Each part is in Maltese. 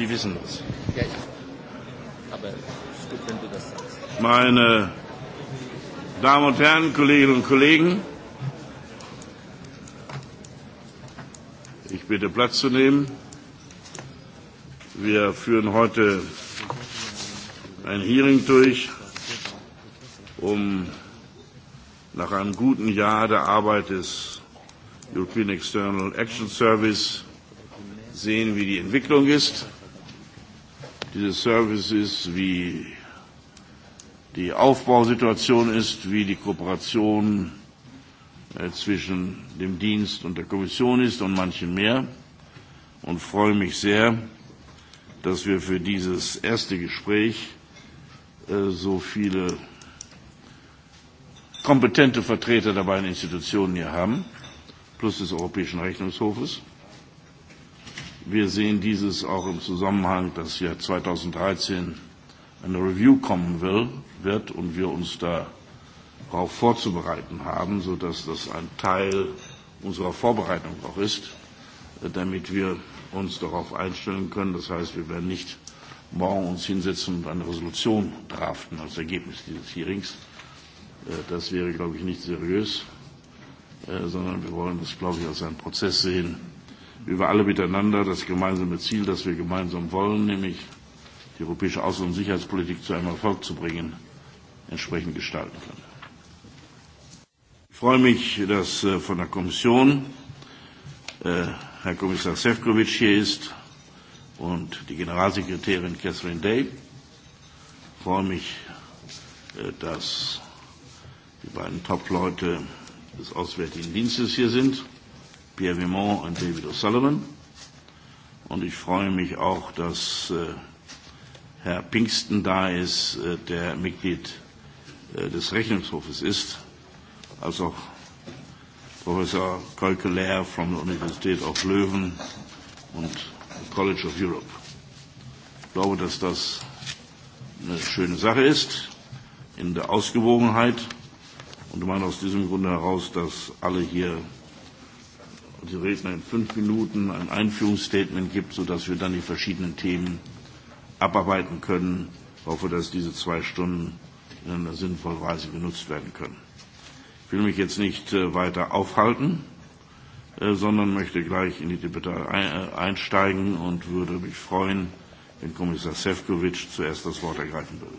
die wissen das. Aber ist Meine Damen und Herren, Kolleginnen und Kollegen, ich bitte Platz zu nehmen. Wir führen heute ein Hearing durch, um nach einem guten Jahr der Arbeit des European External Action Service sehen, wie die Entwicklung ist diese Services, wie die Aufbausituation ist, wie die Kooperation äh, zwischen dem Dienst und der Kommission ist und manchen mehr. Und freue mich sehr, dass wir für dieses erste Gespräch äh, so viele kompetente Vertreter der beiden Institutionen hier haben, plus des Europäischen Rechnungshofes. Wir sehen dieses auch im Zusammenhang, dass ja 2013 eine Review kommen will, wird und wir uns darauf vorzubereiten haben, sodass das ein Teil unserer Vorbereitung auch ist, äh, damit wir uns darauf einstellen können. Das heißt, wir werden nicht morgen uns hinsetzen und eine Resolution draften als Ergebnis dieses Hearings. Äh, das wäre, glaube ich, nicht seriös, äh, sondern wir wollen das, glaube ich, als einen Prozess sehen, wie wir alle miteinander das gemeinsame Ziel, das wir gemeinsam wollen, nämlich die europäische Außen- und Sicherheitspolitik zu einem Erfolg zu bringen, entsprechend gestalten können. Ich freue mich, dass äh, von der Kommission äh, Herr Kommissar Sefcovic hier ist und die Generalsekretärin Catherine Day. Ich freue mich, äh, dass die beiden Top-Leute des Auswärtigen Dienstes hier sind. Pierre Vimont und David O'Sullivan. Und ich freue mich auch, dass äh, Herr Pinkston da ist, äh, der Mitglied äh, des Rechnungshofes ist, als auch Professor Kolkeler von der Universität of Löwen und College of Europe. Ich glaube, dass das eine schöne Sache ist in der Ausgewogenheit und meine aus diesem Grunde heraus, dass alle hier die Redner in fünf Minuten ein Einführungsstatement gibt, sodass wir dann die verschiedenen Themen abarbeiten können. Ich hoffe, dass diese zwei Stunden in einer sinnvollen Weise genutzt werden können. Ich will mich jetzt nicht äh, weiter aufhalten, äh, sondern möchte gleich in die Debatte äh, einsteigen und würde mich freuen, wenn Kommissar Sefcovic zuerst das Wort ergreifen würde.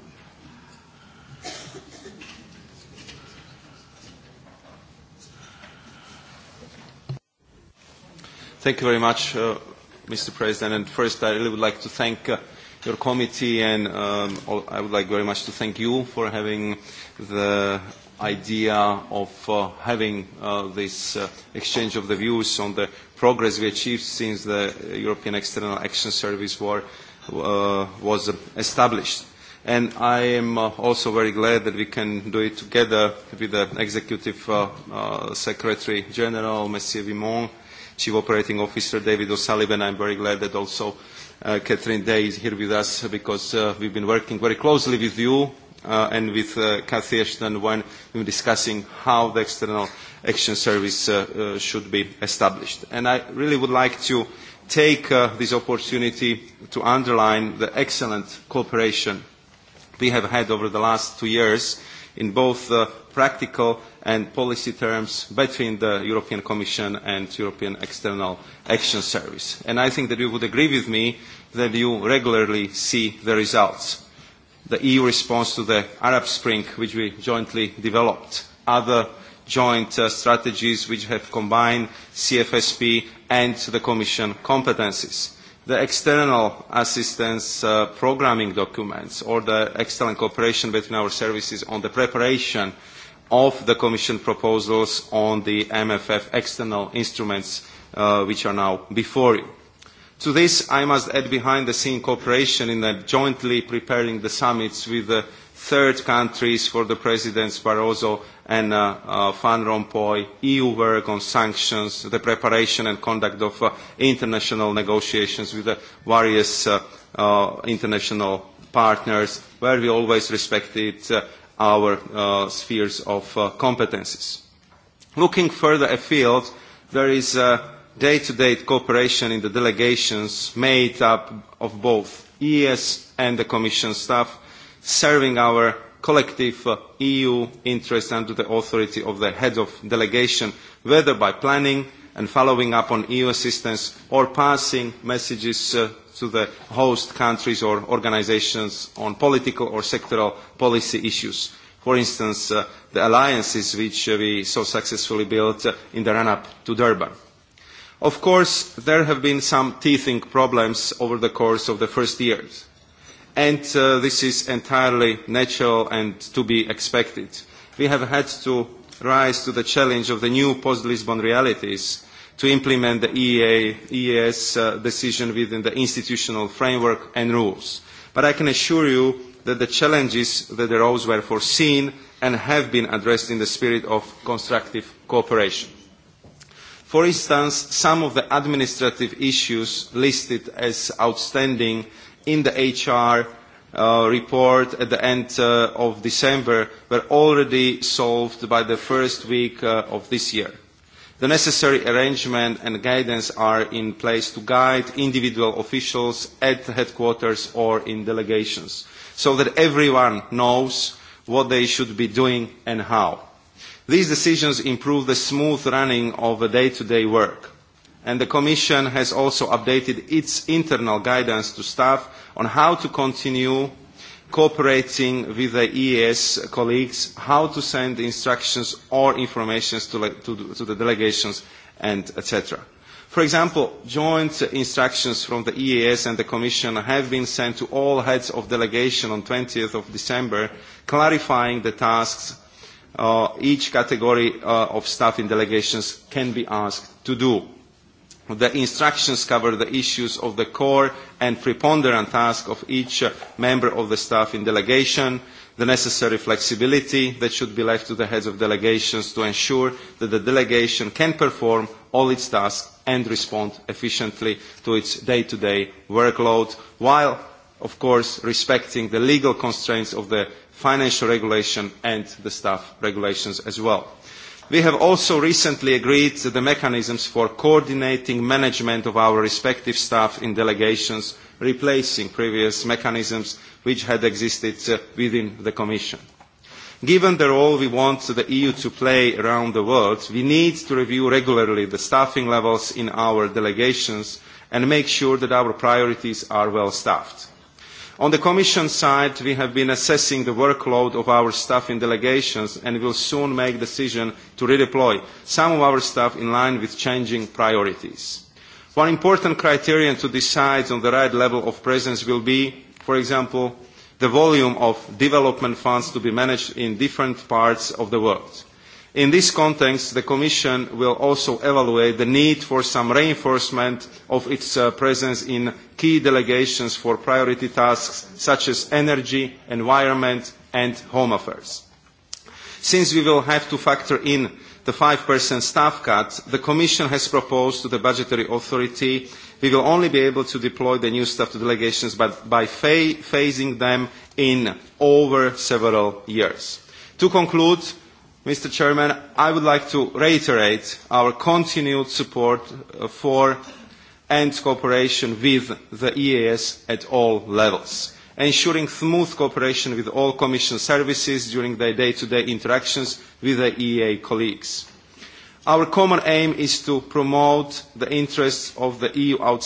Thank you very much, uh, Mr. President. And first, I really would like to thank uh, your committee, and um, all, I would like very much to thank you for having the idea of uh, having uh, this uh, exchange of the views on the progress we achieved since the European External Action Service war, uh, was established. And I am uh, also very glad that we can do it together with the Executive uh, uh, Secretary General, Monsieur Vimon, Chief Operating Officer David O'Sullivan. I'm very glad that also uh, Catherine Day is here with us because uh, we've been working very closely with you uh, and with uh, Cathy Ashton when we were discussing how the External Action Service uh, uh, should be established. And I really would like to take uh, this opportunity to underline the excellent cooperation we have had over the last two years in both uh, practical and policy terms between the European Commission and European External Action Service. And I think that you would agree with me that you regularly see the results. The EU response to the Arab Spring, which we jointly developed, other joint uh, strategies which have combined CFSP and the Commission competences the external assistance uh, programming documents or the external cooperation between our services on the preparation of the Commission proposals on the MFF external instruments uh, which are now before you. To this, I must add behind the scene cooperation in jointly preparing the summits with the third countries for the Presidents Barroso and uh, uh, Van Rompuy, EU work on sanctions, the preparation and conduct of uh, international negotiations with the various uh, uh, international partners, where we always respected uh, our uh, spheres of uh, competences. Looking further afield, there is day-to-day -day cooperation in the delegations made up of both ES and the Commission staff, serving our collective uh, EU interest under the authority of the head of delegation, whether by planning and following up on EU assistance or passing messages uh, to the host countries or organizations on political or sectoral policy issues. For instance, uh, the alliances which uh, we so successfully built uh, in the run-up to Durban. Of course, there have been some teething problems over the course of the first years. And uh, this is entirely natural and to be expected. We have had to rise to the challenge of the new post-Lisbon realities to implement the EA, EAS uh, decision within the institutional framework and rules. But I can assure you that the challenges that arose were foreseen and have been addressed in the spirit of constructive cooperation. For instance, some of the administrative issues listed as outstanding in the HR uh, report at the end uh, of December were already solved by the first week uh, of this year. The necessary arrangement and guidance are in place to guide individual officials at headquarters or in delegations, so that everyone knows what they should be doing and how. These decisions improve the smooth running of the day-to-day -day work. And the Commission has also updated its internal guidance to staff on how to continue cooperating with the EES colleagues how to send instructions or information to, to, to the delegations and etc. For example, joint instructions from the EAS and the Commission have been sent to all heads of delegation on 20th of December, clarifying the tasks uh, each category uh, of staff in delegations can be asked to do. The instructions cover the issues of the core and preponderant task of each uh, member of the staff in delegation, the necessary flexibility that should be left to the heads of delegations to ensure that the delegation can perform all its tasks and respond efficiently to its day-to-day -day workload, while, of course, respecting the legal constraints of the financial regulation and the staff regulations as well. We have also recently agreed to the mechanisms for coordinating management of our respective staff in delegations, replacing previous mechanisms which had existed uh, within the Commission. Given the role we want the EU to play around the world, we need to review regularly the staffing levels in our delegations and make sure that our priorities are well staffed. On the Commission side, we have been assessing the workload of our staff in delegations and will soon make decision to redeploy some of our staff in line with changing priorities. One important criterion to decide on the right level of presence will be, for example, the volume of development funds to be managed in different parts of the world. In this context, the Commission will also evaluate the need for some reinforcement of its uh, presence in key delegations for priority tasks such as energy, environment and home affairs. Since we will have to factor in the 5% staff cut, the Commission has proposed to the budgetary authority we will only be able to deploy the new staff to delegations but by phasing them in over several years. To conclude, Mr. Chairman, I would like to reiterate our continued support uh, for and cooperation with the EAS at all levels, ensuring smooth cooperation with all Commission services during their day-to-day interactions with their EEA colleagues. Our common aim is to promote the interests of the EU uh,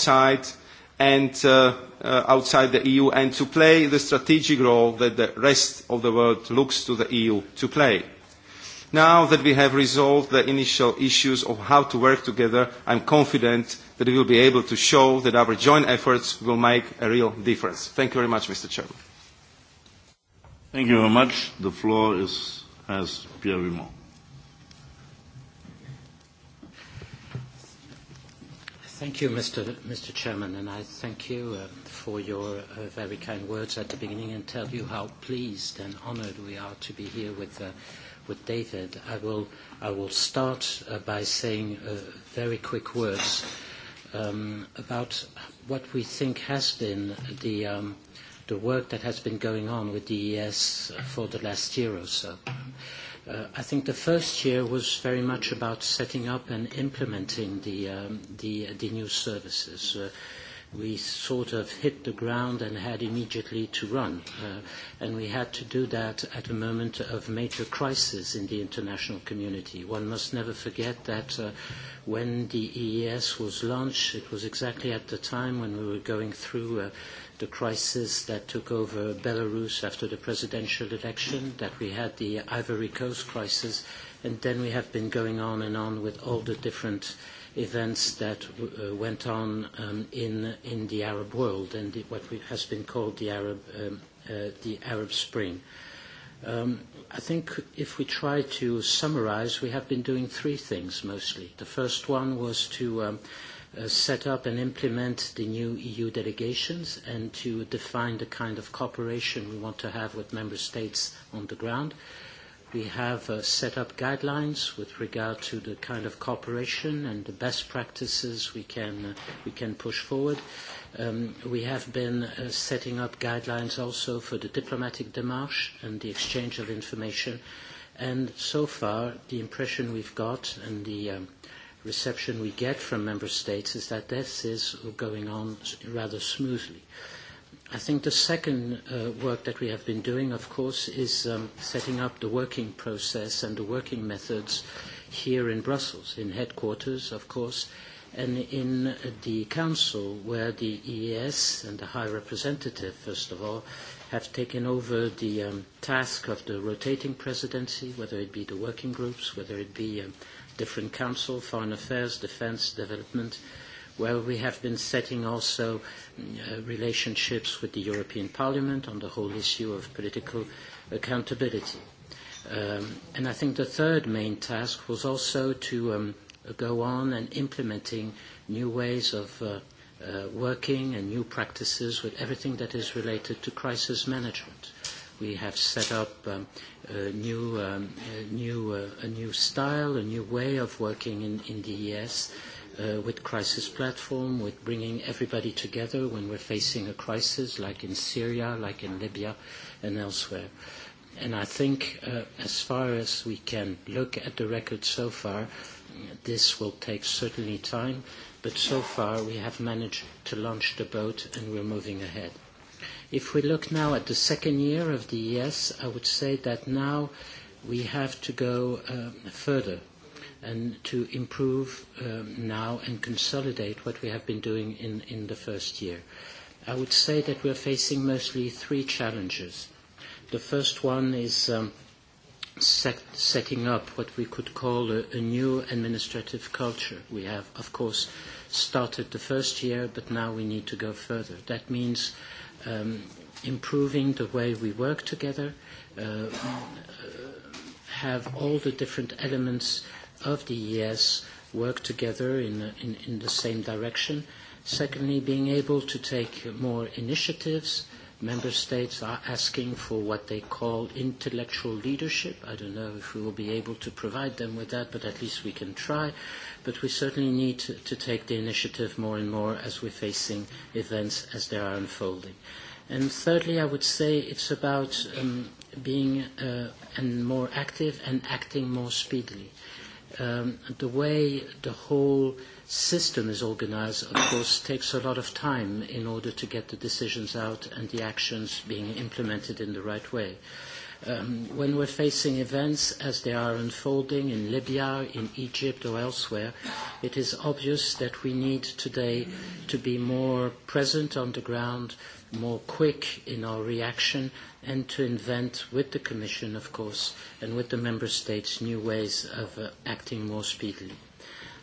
uh, outside the EU and to play the strategic role that the rest of the world looks to the EU to play. Now that we have resolved the initial issues of how to work together, I'm confident that we will be able to show that our joint efforts will make a real difference. Thank you very much, Mr. Chairman. Thank you very much. The floor is, has Pierre Vimont. Thank you, Mr. Mr. Chairman, and I thank you uh, for your uh, very kind words at the beginning and tell you how pleased and honored we are to be here with uh, with David, I will, I will start uh, by saying uh, very quick words um, about what we think has been the, um, the work that has been going on with the ES for the last year or so. Uh, I think the first year was very much about setting up and implementing the, um, the, the new services. Uh, we sort of hit the ground and had immediately to run. Uh, and we had to do that at a moment of major crisis in the international community. One must never forget that uh, when the EES was launched, it was exactly at the time when we were going through uh, the crisis that took over Belarus after the presidential election, that we had the Ivory Coast crisis, and then we have been going on and on with all the different events that uh, went on um, in, in the Arab world and the, what we, has been called the Arab, um, uh, the Arab Spring. Um, I think if we try to summarize, we have been doing three things mostly. The first one was to um, uh, set up and implement the new EU delegations and to define the kind of cooperation we want to have with member states on the ground. Uh, We have uh, set up guidelines with regard to the kind of cooperation and the best practices we can, uh, we can push forward. Um, we have been uh, setting up guidelines also for the diplomatic démarche and the exchange of information. And so far, the impression we've got and the um, reception we get from member states is that this is going on rather smoothly. Uh, I think the second uh, work that we have been doing, of course, is um, setting up the working process and the working methods here in Brussels, in headquarters, of course, and in the Council, where the EES and the High Representative, first of all, have taken over the um, task of the rotating presidency, whether it be the working groups, whether it be um, different council, foreign affairs, defense, development, where we have been setting also mm, uh, relationships with the European Parliament on the whole issue of political accountability. Um, and I think the third main task was also to um, go on and implementing new ways of uh, uh, working and new practices with everything that is related to crisis management. We have set up um, a, new, um, a, new, uh, a new style, a new way of working in, in the ES uh, with Crisis Platform, with bringing everybody together when we're facing a crisis like in Syria, like in Libya and elsewhere. And I think uh, as far as we can look at the record so far, this will take certainly time, but so far we have managed to launch the boat and we're moving ahead. If we look now at the second year of the ES, I would say that now we have to go um, further and to improve um, now and consolidate what we have been doing in, in the first year. I would say that we are facing mostly three challenges. The first one is um, set, setting up what we could call a, a new administrative culture. We have, of course, started the first year, but now we need to go further. That means um, improving the way we work together, uh, uh have all the different elements of the ES work together in, in, in the same direction. Secondly, being able to take more initiatives. Member states are asking for what they call intellectual leadership. I don't know if we will be able to provide them with that, but at least we can try. But we certainly need to, to take the initiative more and more as we're facing events as they are unfolding. And thirdly, I would say it's about um, being uh, and more active and acting more speedily um, the way the whole system is organized, of course, takes a lot of time in order to get the decisions out and the actions being implemented in the right way. Um, when we're facing events as they are unfolding in Libya, in Egypt or elsewhere, it is obvious that we need today to be more present on the ground, uh, more quick in our reaction and to invent with the Commission, of course, and with the Member States new ways of uh, acting more speedily.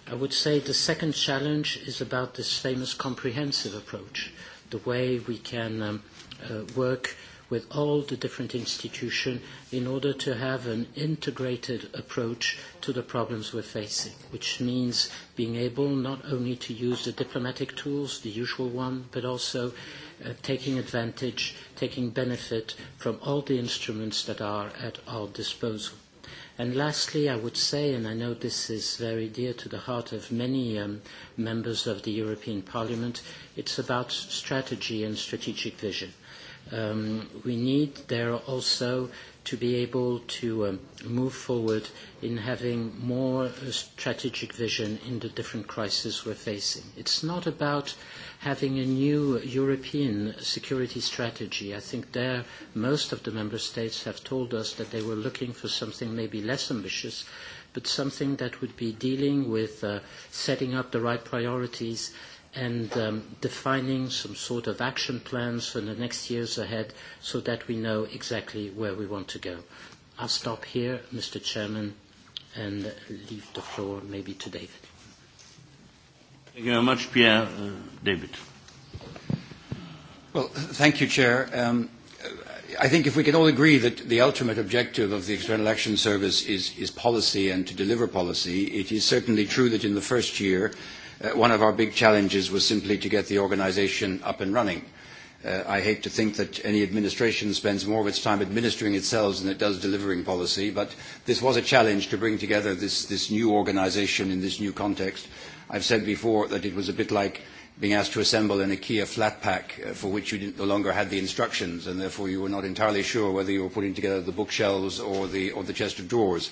I would say the second challenge is about this famous comprehensive approach, the way we can um, uh, work with all the different institutions in order to have an integrated approach to the problems we're facing, which means being able not only to use the diplomatic tools, the usual one, but also uh, taking advantage, taking benefit from all the instruments that are at our disposal. And lastly, I would say, and I know this is very dear to the heart of many um, members of the European Parliament, it's about strategy and strategic vision. Um, we need there also to be able to um, move forward in having more uh, strategic vision in the different crises we're facing. It's not about having a new European security strategy. I think there most of the member states have told us that they were looking for something maybe less ambitious, but something that would be dealing with uh, setting up the right priorities and um, defining some sort of action plans for the next years ahead so that we know exactly where we want to go. I'll stop here, Mr. Chairman, and leave the floor maybe to David. Thank you very much, Pierre. Uh, David. Well, thank you, Chair. Um, I think if we can all agree that the ultimate objective of the External Action Service is, is policy and to deliver policy, it is certainly true that in the first year, uh, one of our big challenges was simply to get the organization up and running. Uh, I hate to think that any administration spends more of its time administering itself than it does delivering policy, but this was a challenge to bring together this, this new organization in this new context I've said before that it was a bit like being asked to assemble an IKEA flat pack uh, for which you didn't, no longer had the instructions and therefore you were not entirely sure whether you were putting together the bookshelves or the, or the chest of drawers.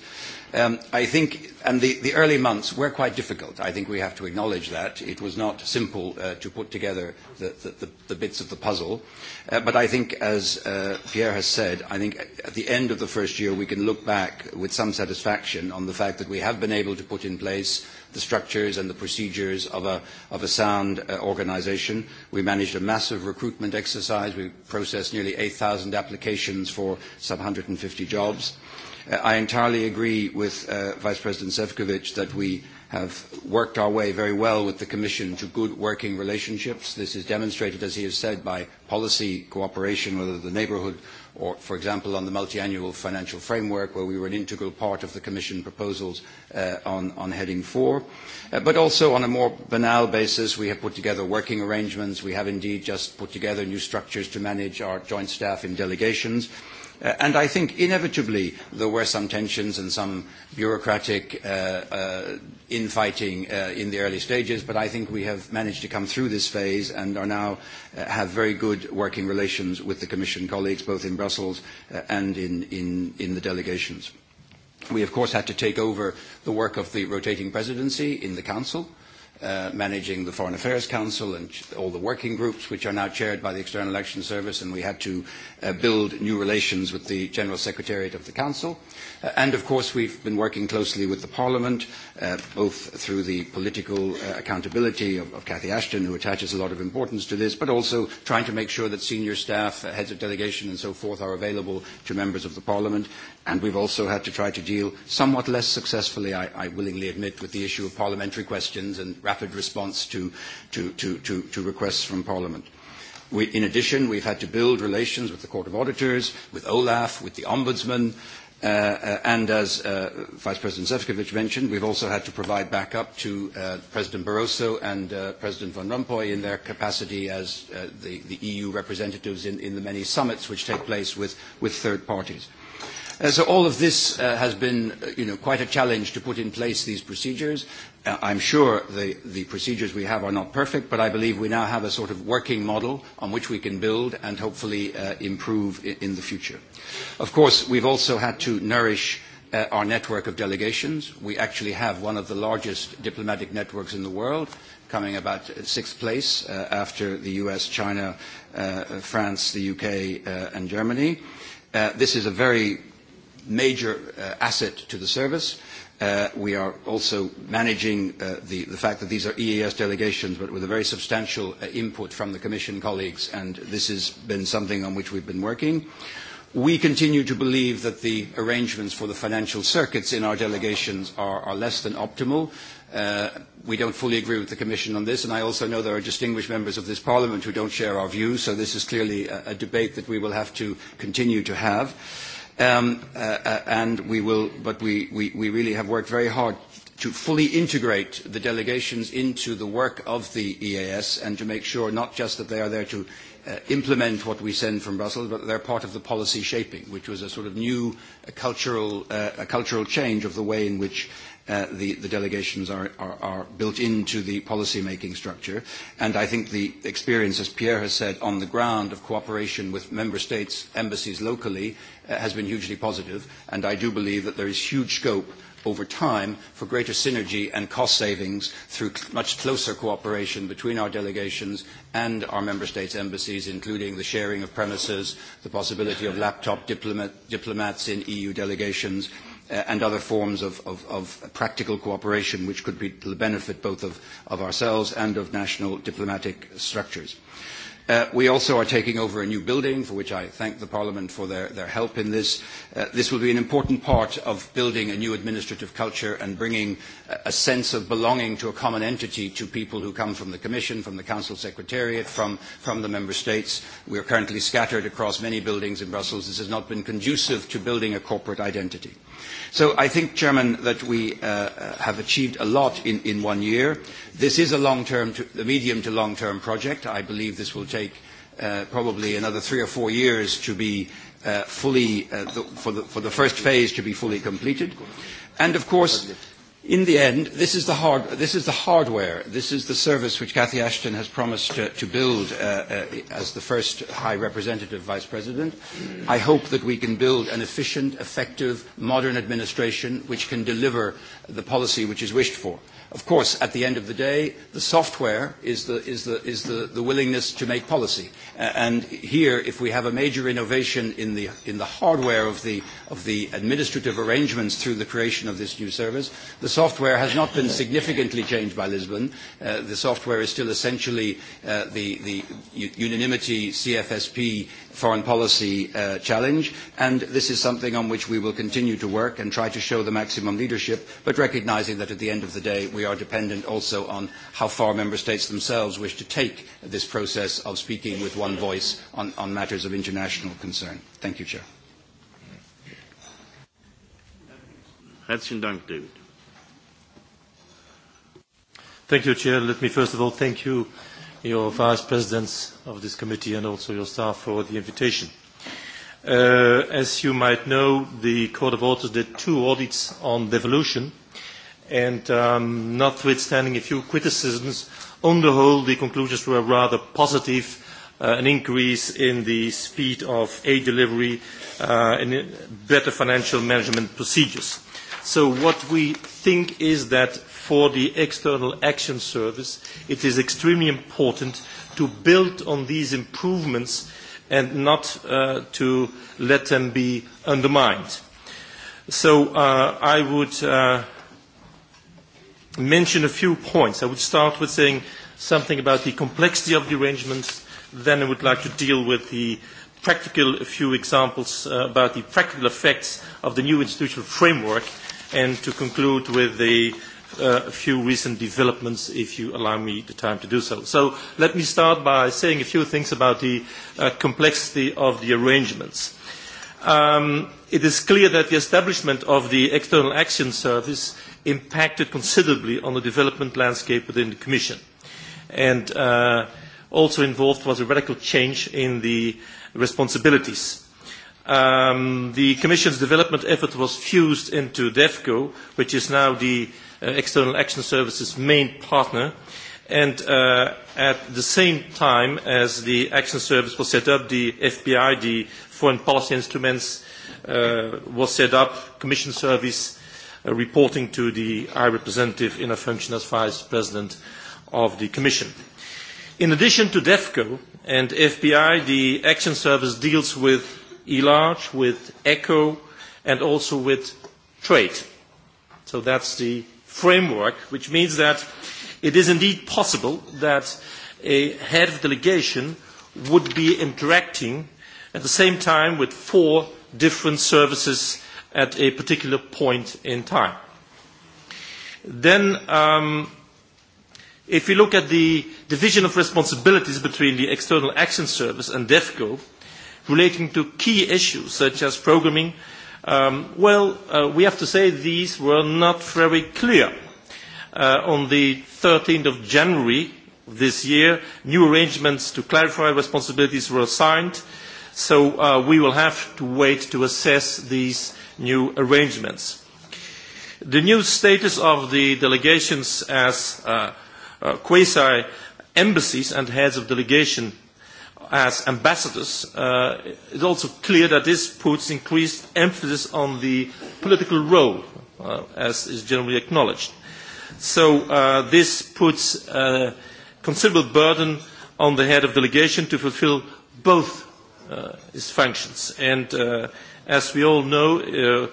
Um, I think, and the, the early months were quite difficult. I think we have to acknowledge that. It was not simple uh, to put together the, the, the bits of the puzzle. Uh, but I think, as uh, Pierre has said, I think at the end of the first year we can look back with some satisfaction on the fact that we have been able to put in place the structures and the procedures of a, of a sound uh, organization. We managed a massive recruitment exercise. We processed nearly 8,000 applications for some 150 jobs. Uh, I entirely agree with uh, Vice President Sefcovic that we have worked our way very well with the Commission to good working relationships. This is demonstrated, as he has said, by policy cooperation, whether the neighbourhood or, for example, on the multi-annual financial framework, where we were an integral part of the Commission proposals uh, on, on Heading 4. Uh, but also on a more banal basis, we have put together working arrangements. We have indeed just put together new structures to manage our joint staff in delegations. Uh, and I think inevitably there were some tensions and some bureaucratic uh, uh, infighting uh, in the early stages, but I think we have managed to come through this phase and are now uh, have very good working relations with the Commission colleagues, both in Brussels uh, and in, in, in the delegations. We, of course, had to take over the work of the rotating presidency in the Council. Uh, uh, managing the Foreign Affairs Council and all the working groups, which are now chaired by the External Action Service, and we had to uh, build new relations with the General Secretariat of the Council. Uh, and, of course, we've been working closely with the Parliament, uh, both through the political uh, accountability of, of Cathy Ashton, who attaches a lot of importance to this, but also trying to make sure that senior staff, uh, heads of delegation and so forth are available to members of the Parliament. And we've also had to try to deal somewhat less successfully, I, I willingly admit, with the issue of parliamentary questions and rapid response to, to, to, to, to requests from Parliament. We, in addition, we've had to build relations with the Court of Auditors, with OLAF, with the Ombudsman, uh, uh, and as uh, Vice President Zefkovic mentioned, we've also had to provide backup to uh, President Barroso and uh, President Van Rompuy in their capacity as uh, the, the EU representatives in, in the many summits which take place with, with third parties. Uh, so all of this uh, has been, uh, you know, quite a challenge to put in place these procedures, Uh, I'm sure the, the procedures we have are not perfect, but I believe we now have a sort of working model on which we can build and hopefully uh, improve in, in the future. Of course, we've also had to nourish uh, our network of delegations. We actually have one of the largest diplomatic networks in the world, coming about uh, sixth place uh, after the US, China, uh, France, the UK, uh, and Germany. Uh, this is a very major uh, asset to the service Uh, we are also managing uh, the, fact that these are EES delegations, but with a very substantial uh, input from the Commission colleagues, and this has been something on which we've been working. We continue to believe that the arrangements for the financial circuits in our delegations are, less than optimal. we don't fully agree with the Commission on this, and I also know there are distinguished members of this Parliament who don't share our views, so this is clearly a debate that we will have to continue to have. Um, uh, uh, and we will, but we, we, we really have worked very hard to fully integrate the delegations into the work of the EAS and to make sure not just that they are there to uh, implement what we send from Brussels, but they're part of the policy shaping, which was a sort of new uh, cultural, uh, a cultural change of the way in which Uh, the, the delegations are, are, are built into the policy-making structure. And I think the experience, as Pierre has said, on the ground of cooperation with member states, embassies locally, uh, has been hugely positive. And I do believe that there is huge scope over time for greater synergy and cost savings through much closer cooperation between our delegations and our member states' embassies, including the sharing of premises, the possibility of laptop diplomat, diplomats in EU delegations, Uh, and other forms of, of, of practical cooperation which could be to the benefit both of, of ourselves and of national diplomatic structures. Uh, we also are taking over a new building, for which I thank the Parliament for their, their help in this. Uh, this will be an important part of building a new administrative culture and bringing a, a sense of belonging to a common entity to people who come from the Commission, from the Council Secretariat, from, from the Member States. We are currently scattered across many buildings in Brussels. This has not been conducive to building a corporate identity. So I think, Chairman, that we uh, uh, have achieved a lot in, in one year. This is a long-term, the medium to long-term project. I believe this will take uh, probably another three or four years to be uh, fully, uh, the, for, the, for the first phase to be fully completed. And of course, In the end, this is the, hard, this is the hardware, this is the service which Cathy Ashton has promised to, to build uh, uh, as the first High Representative Vice President. I hope that we can build an efficient, effective, modern administration which can deliver the policy which is wished for. Of course, at the end of the day, the software is the, is the, is the, the willingness to make policy. And here, if we have a major innovation in the, in the hardware of the, of the administrative arrangements through the creation of this new service, the software has not been significantly changed by Lisbon. Uh, the software is still essentially uh, the, the unanimity CFSP foreign policy uh, challenge, and this is something on which we will continue to work and try to show the maximum leadership, but recognizing that at the end of the day we are dependent also on how far member states themselves wish to take this process of speaking with one voice on, on matters of international concern. Thank you, Chair. Thank you, Chair. Let me first of all thank you your vice presidents of this committee and also your staff for the invitation. Uh, as you might know, the Court of Auditors did two audits on devolution, and um, notwithstanding a few criticisms, on the whole, the conclusions were rather positive, uh, an increase in the speed of aid delivery uh, and better financial management procedures. So what we think is that for the External Action Service, it is extremely important to build on these improvements and not uh, to let them be undermined. So uh, I would uh, mention a few points. I would start with saying something about the complexity of the arrangements, then I would like to deal with the practical, a few examples uh, about the practical effects of the new institutional framework, and to conclude with the Uh, a few recent developments, if you allow me the time to do so. So let me start by saying a few things about the uh, complexity of the arrangements. Um, it is clear that the establishment of the External Action Service impacted considerably on the development landscape within the Commission. And uh, also involved was a radical change in the responsibilities. Um, the Commission's development effort was fused into DEFCO, which is now the uh, Uh, External Action Service's main partner. And uh, at the same time as the Action Service was set up, the FBI, the Foreign Policy Instruments, uh, was set up, Commission Service uh, reporting to the High Representative in a function as Vice President of the Commission. In addition to DEFCO and FBI, the Action Service deals with ELARGE, with ECHO, and also with trade. So that's the framework, which means that it is indeed possible that a head of delegation would be interacting at the same time with four different services at a particular point in time. Then, um, if you look at the division of responsibilities between the External Action Service and DEFCO relating to key issues such as programming, Um, well, uh, we have to say these were not very clear. Uh, on the 13th of January this year, new arrangements to clarify responsibilities were signed, so uh, we will have to wait to assess these new arrangements. The new status of the delegations as uh, uh, quasi-embassies and heads of delegation as ambassadors, uh, it's also clear that this puts increased emphasis on the political role, uh, as is generally acknowledged. So uh, this puts uh, considerable burden on the head of delegation to fulfill both uh, his functions. And uh, as we all know, uh,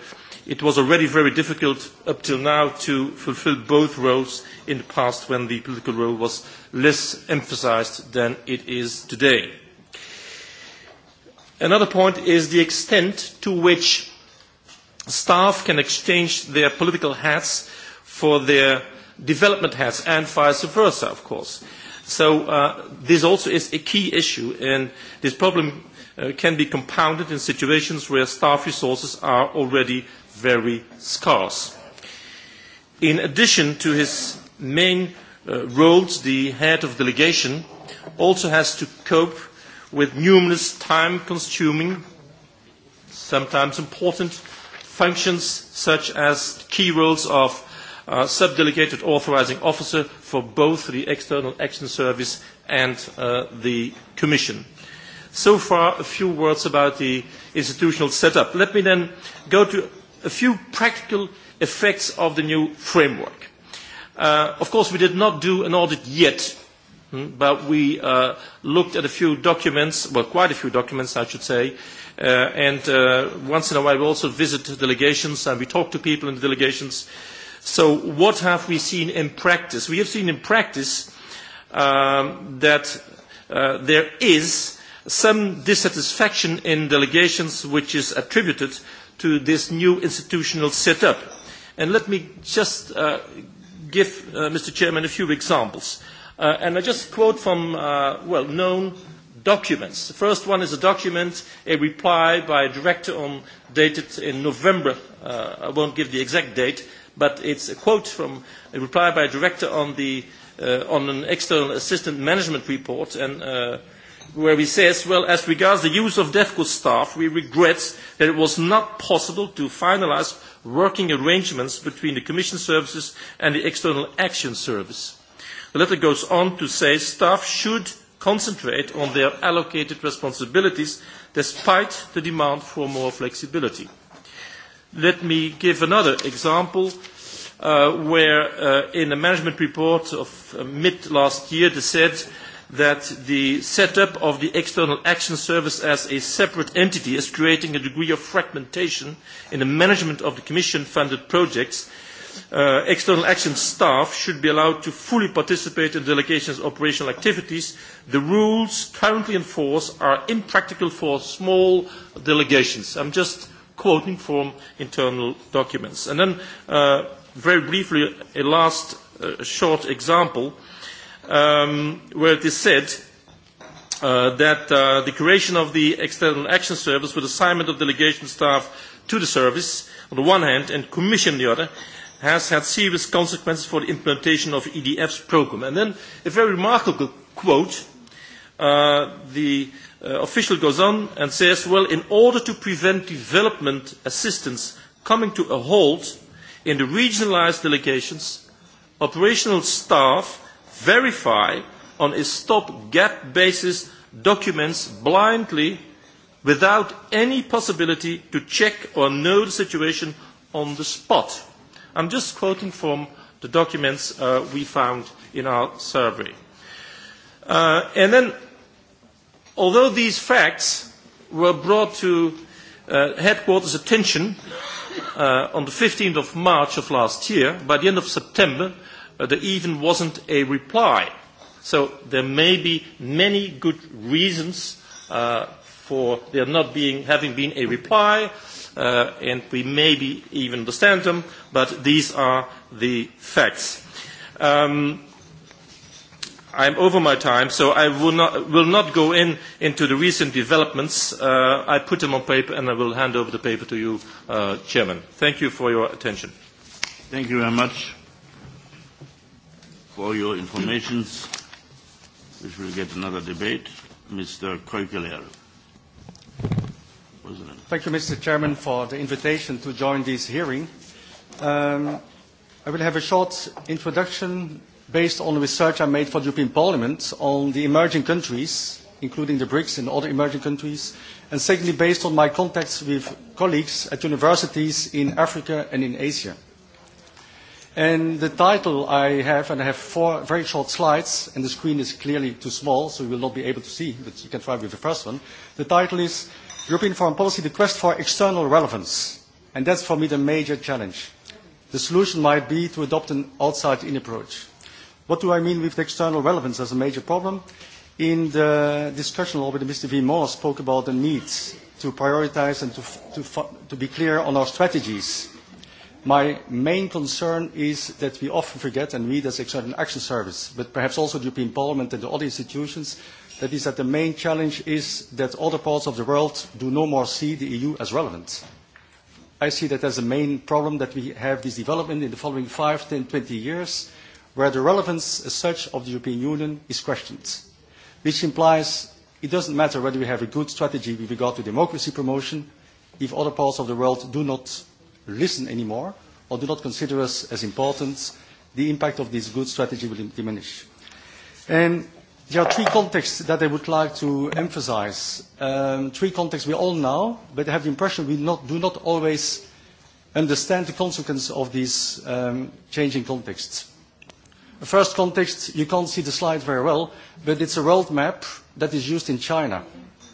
it was already very difficult up till now to fulfill both roles in the past when the political role was less emphasized than it is today. Another point is the extent to which staff can exchange their political hats for their development hats and vice versa, of course. So uh, this also is a key issue, and this problem uh, can be compounded in situations where staff resources are already very scarce. In addition to his main uh, roles, the head of delegation also has to cope with numerous time-consuming, sometimes important, functions such as key roles of uh, subdelegated authorizing officer for both the External Action Service and uh, the Commission. So far, a few words about the institutional setup. Let me then go to a few practical effects of the new framework. Uh, of course, we did not do an audit yet Hmm? but we uh, looked at a few documents, well, quite a few documents, I should say, uh, and uh, once in a while we also visit delegations and we talk to people in the delegations. So what have we seen in practice? We have seen in practice um, that uh, there is some dissatisfaction in delegations which is attributed to this new institutional setup. And let me just uh, give, uh, Mr. Chairman, a few examples. Uh, Uh, and I just quote from uh, well known documents. The first one is a document, a reply by a director on dated in November. Uh, I won't give the exact date, but it's a quote from a reply by a director on the uh, on an external assistant management report and. Uh, where he says, well, as regards the use of DEFCO staff, we regret that it was not possible to finalize working arrangements between the Commission services and the External Action Service. The letter goes on to say staff should concentrate on their allocated responsibilities despite the demand for more flexibility. Let me give another example uh, where uh, in a management report of uh, mid last year they said that the setup of the External Action Service as a separate entity is creating a degree of fragmentation in the management of the Commission-funded projects uh, external action staff should be allowed to fully participate in the delegation's operational activities. The rules currently in force are impractical for small delegations. I'm just quoting from internal documents. And then, uh, very briefly, a last uh, short example um, where it is said uh, that uh, the creation of the External Action Service with assignment of delegation staff to the service on the one hand and commission on the other has had serious consequences for the implementation of EDF's program. And then a very remarkable quote, uh, the uh, official goes on and says, well, in order to prevent development assistance coming to a halt in the regionalized delegations, operational staff verify on a stop-gap basis documents blindly without any possibility to check or know the situation on the spot. I'm just quoting from the documents uh, we found in our survey. Uh, and then, although these facts were brought to uh, headquarters' attention uh, on the 15th of March of last year, by the end of September, uh, there even wasn't a reply. So there may be many good reasons uh, for there not being, having been a reply. Uh, uh, and we maybe even understand them, but these are the facts. Um, I'm over my time, so I will not, will not go in into the recent developments. Uh, I put them on paper, and I will hand over the paper to you, uh, Chairman. Thank you for your attention. Thank you very much for your information. We will get another debate. Mr. Koikeler. President. Thank you, Mr. Chairman, for the invitation to join this hearing. Um, I will have a short introduction based on the research I made for the European Parliament on the emerging countries, including the BRICS and other emerging countries, and secondly, based on my contacts with colleagues at universities in Africa and in Asia. And the title I have, and I have four very short slides, and the screen is clearly too small, so you will not be able to see, but you can try with the first one. The title is European foreign policy, the quest for external relevance. And that's for me the major challenge. The solution might be to adopt an outside-in approach. What do I mean with external relevance as a major problem? In the discussion already, Mr. V. Moore spoke about the need to prioritize and to, to, to be clear on our strategies. My main concern is that we often forget, and we as External Action Service, but perhaps also the European Parliament and the other institutions, that is that the main challenge is that other parts of the world do no more see the EU as relevant. I see that as the main problem that we have this development in the following 5, 10, 20 years, where the relevance as such of the European Union is questioned, which implies it doesn't matter whether we have a good strategy with regard to democracy promotion if other parts of the world do not listen anymore or do not consider us as important, the impact of this good strategy will diminish. And There are three contexts that I would like to emphasize. Um, three contexts we all know, but I have the impression we not, do not always understand the consequence of these um, changing contexts. The first context, you can't see the slide very well, but it's a world map that is used in China.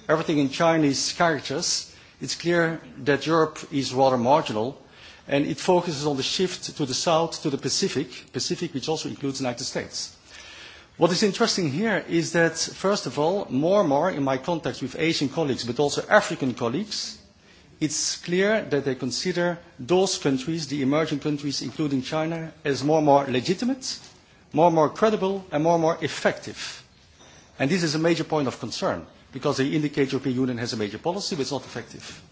Everything in Chinese characters, it's clear that Europe is rather marginal, and it focuses on the shift to the south, to the Pacific, Pacific which also includes the United States. What is interesting here is that, first of all, more and more in my contacts with Asian colleagues, but also African colleagues, it's clear that they consider those countries, the emerging countries, including China, as more and more legitimate, more and more credible, and more and more effective. And this is a major point of concern, because they indicate the European Union has a major policy, but it's not effective.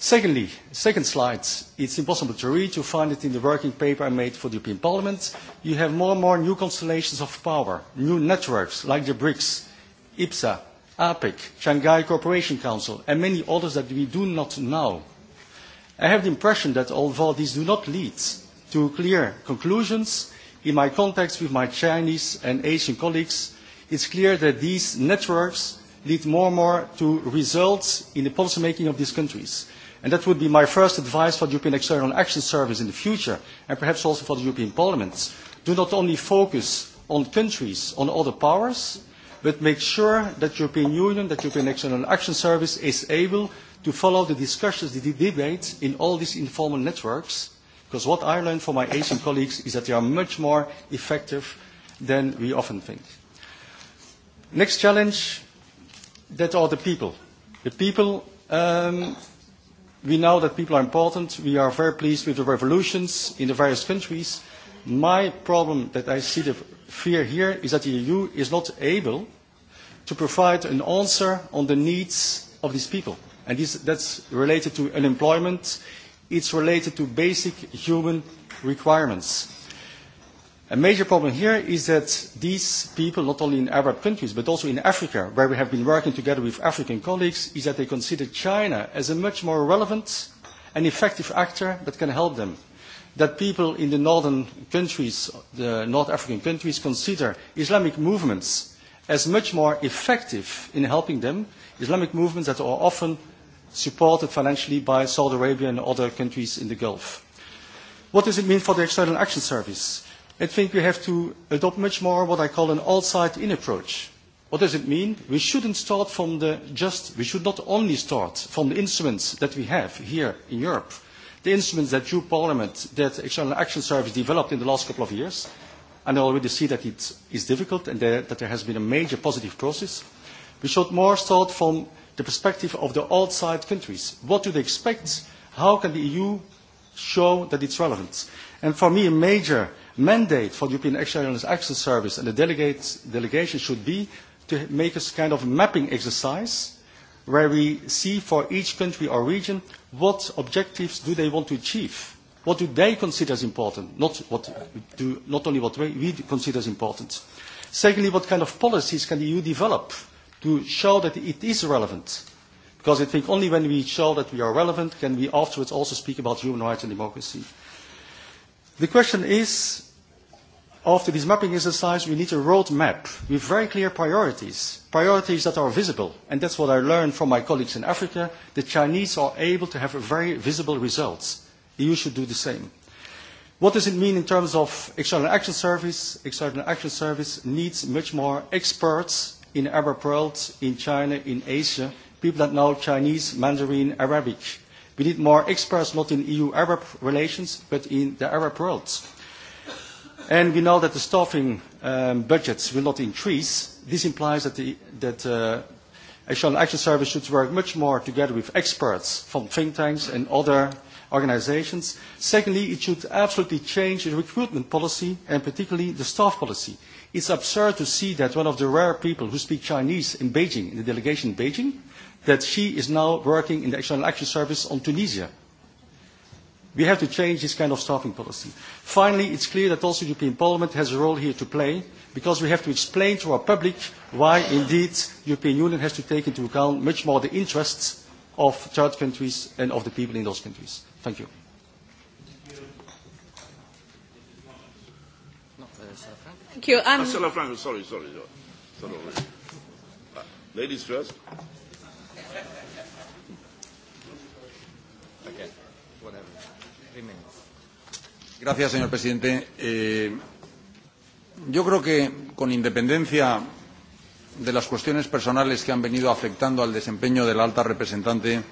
Secondly, second slide, it's impossible to read. You find it in the working paper I made for the European Parliament. You have more and more new constellations of power, new networks like the BRICS, IPSA, APEC, Shanghai Cooperation Council, and many others that we do not know. I have the impression that although these do not lead to clear conclusions, in my contacts with my Chinese and Asian colleagues, it's clear that these networks lead more and more to results in the policymaking of these countries. And that would be my first advice for the European External Action Service in the future, and perhaps also for the European Parliament. Do not only focus on countries, on other powers, but make sure that the European Union, that the European External Action Service is able to follow the discussions, the debates in all these informal networks, because what I learned from my Asian colleagues is that they are much more effective than we often think. Next challenge, that are the people. The people um, We know that people are important. We are very pleased with the revolutions in the various countries. My problem that I see the fear here is that the EU is not able to provide an answer on the needs of these people. And this, that's related to unemployment. It's related to basic human requirements. A major problem here is that these people, not only in Arab countries, but also in Africa, where we have been working together with African colleagues, is that they consider China as a much more relevant and effective actor that can help them. That people in the northern countries, the North African countries, consider Islamic movements as much more effective in helping them, Islamic movements that are often supported financially by Saudi Arabia and other countries in the Gulf. What does it mean for the External Action Service? I think we have to adopt much more what I call an outside in approach. What does it mean? We shouldn't start from the just, we should not only start from the instruments that we have here in Europe, the instruments that you Parliament, that External Action Service developed in the last couple of years, and I already see that it is difficult and that there has been a major positive process. We should more start from the perspective of the outside countries. What do they expect? How can the EU show that it's relevant? And for me, a major mandate for the European External Action Service and the delegates, delegation should be to make a kind of mapping exercise where we see for each country or region what objectives do they want to achieve, what do they consider as important, not, what do, not only what we consider as important. Secondly, what kind of policies can the EU develop to show that it is relevant? Because I think only when we show that we are relevant can we afterwards also speak about human rights and democracy. The question is, after this mapping exercise, we need a roadmap with very clear priorities, priorities that are visible. And that's what I learned from my colleagues in Africa. The Chinese are able to have very visible results. The EU should do the same. What does it mean in terms of External Action Service? External Action Service needs much more experts in Arab world, in China, in Asia, people that know Chinese, Mandarin, Arabic. We need more experts not in EU-Arab relations, but in the Arab world And we know that the staffing um, budgets will not increase. This implies that the that, uh, Action Action Service should work much more together with experts from think tanks and other organizations. Secondly, it should absolutely change the recruitment policy and particularly the staff policy. It's absurd to see that one of the rare people who speak Chinese in Beijing, in the delegation in Beijing, that she is now working in the Action Action Service on Tunisia. We have to change this kind of staffing policy. Finally, it's clear that also the European Parliament has a role here to play because we have to explain to our public why indeed the European Union has to take into account much more the interests of third countries and of the people in those countries. Thank you. Thank you. Um, sorry, sorry. sorry. Uh, ladies first. Gracias, señor presidente. Eh, yo creo que, con independencia de las cuestiones personales que han venido afectando al desempeño de la alta representante,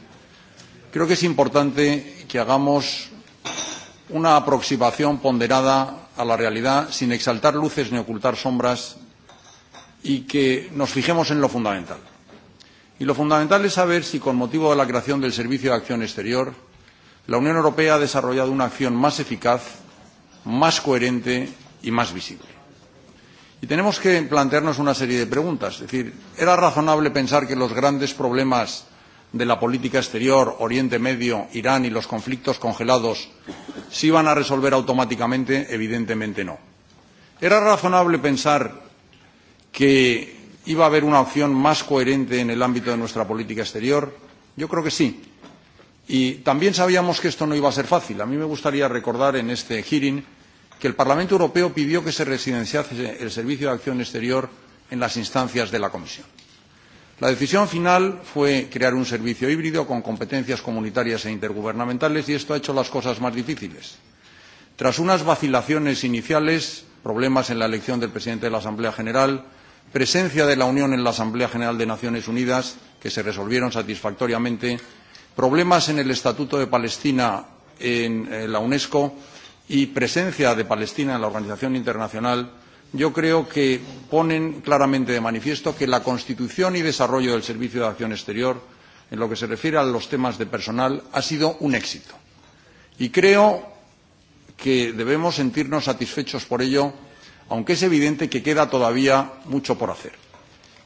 creo que es importante que hagamos una aproximación ponderada a la realidad sin exaltar luces ni ocultar sombras y que nos fijemos en lo fundamental. Y lo fundamental es saber si con motivo de la creación del Servicio de Acción Exterior la Unión Europea ha desarrollado una acción más eficaz, más coherente y más visible. Y tenemos que plantearnos una serie de preguntas. Es decir, ¿era razonable pensar que los grandes problemas de la política exterior, Oriente Medio, Irán y los conflictos congelados se iban a resolver automáticamente? Evidentemente no. ¿Era razonable pensar que iba a haber una opción más coherente en el ámbito de nuestra política exterior? Yo creo que sí. Y también sabíamos que esto no iba a ser fácil. A mí me gustaría recordar en este hearing que el Parlamento Europeo pidió que se residenciase el Servicio de Acción Exterior en las instancias de la Comisión. La decisión final fue crear un servicio híbrido con competencias comunitarias e intergubernamentales y esto ha hecho las cosas más difíciles. Tras unas vacilaciones iniciales, problemas en la elección del presidente de la Asamblea General, presencia de la Unión en la Asamblea General de Naciones Unidas, que se resolvieron satisfactoriamente, problemas en el Estatuto de Palestina en eh, la UNESCO y presencia de Palestina en la Organización Internacional, yo creo que ponen claramente de manifiesto que la constitución y desarrollo del Servicio de Acción Exterior, en lo que se refiere a los temas de personal, ha sido un éxito. Y creo que debemos sentirnos satisfechos por ello, aunque es evidente que queda todavía mucho por hacer.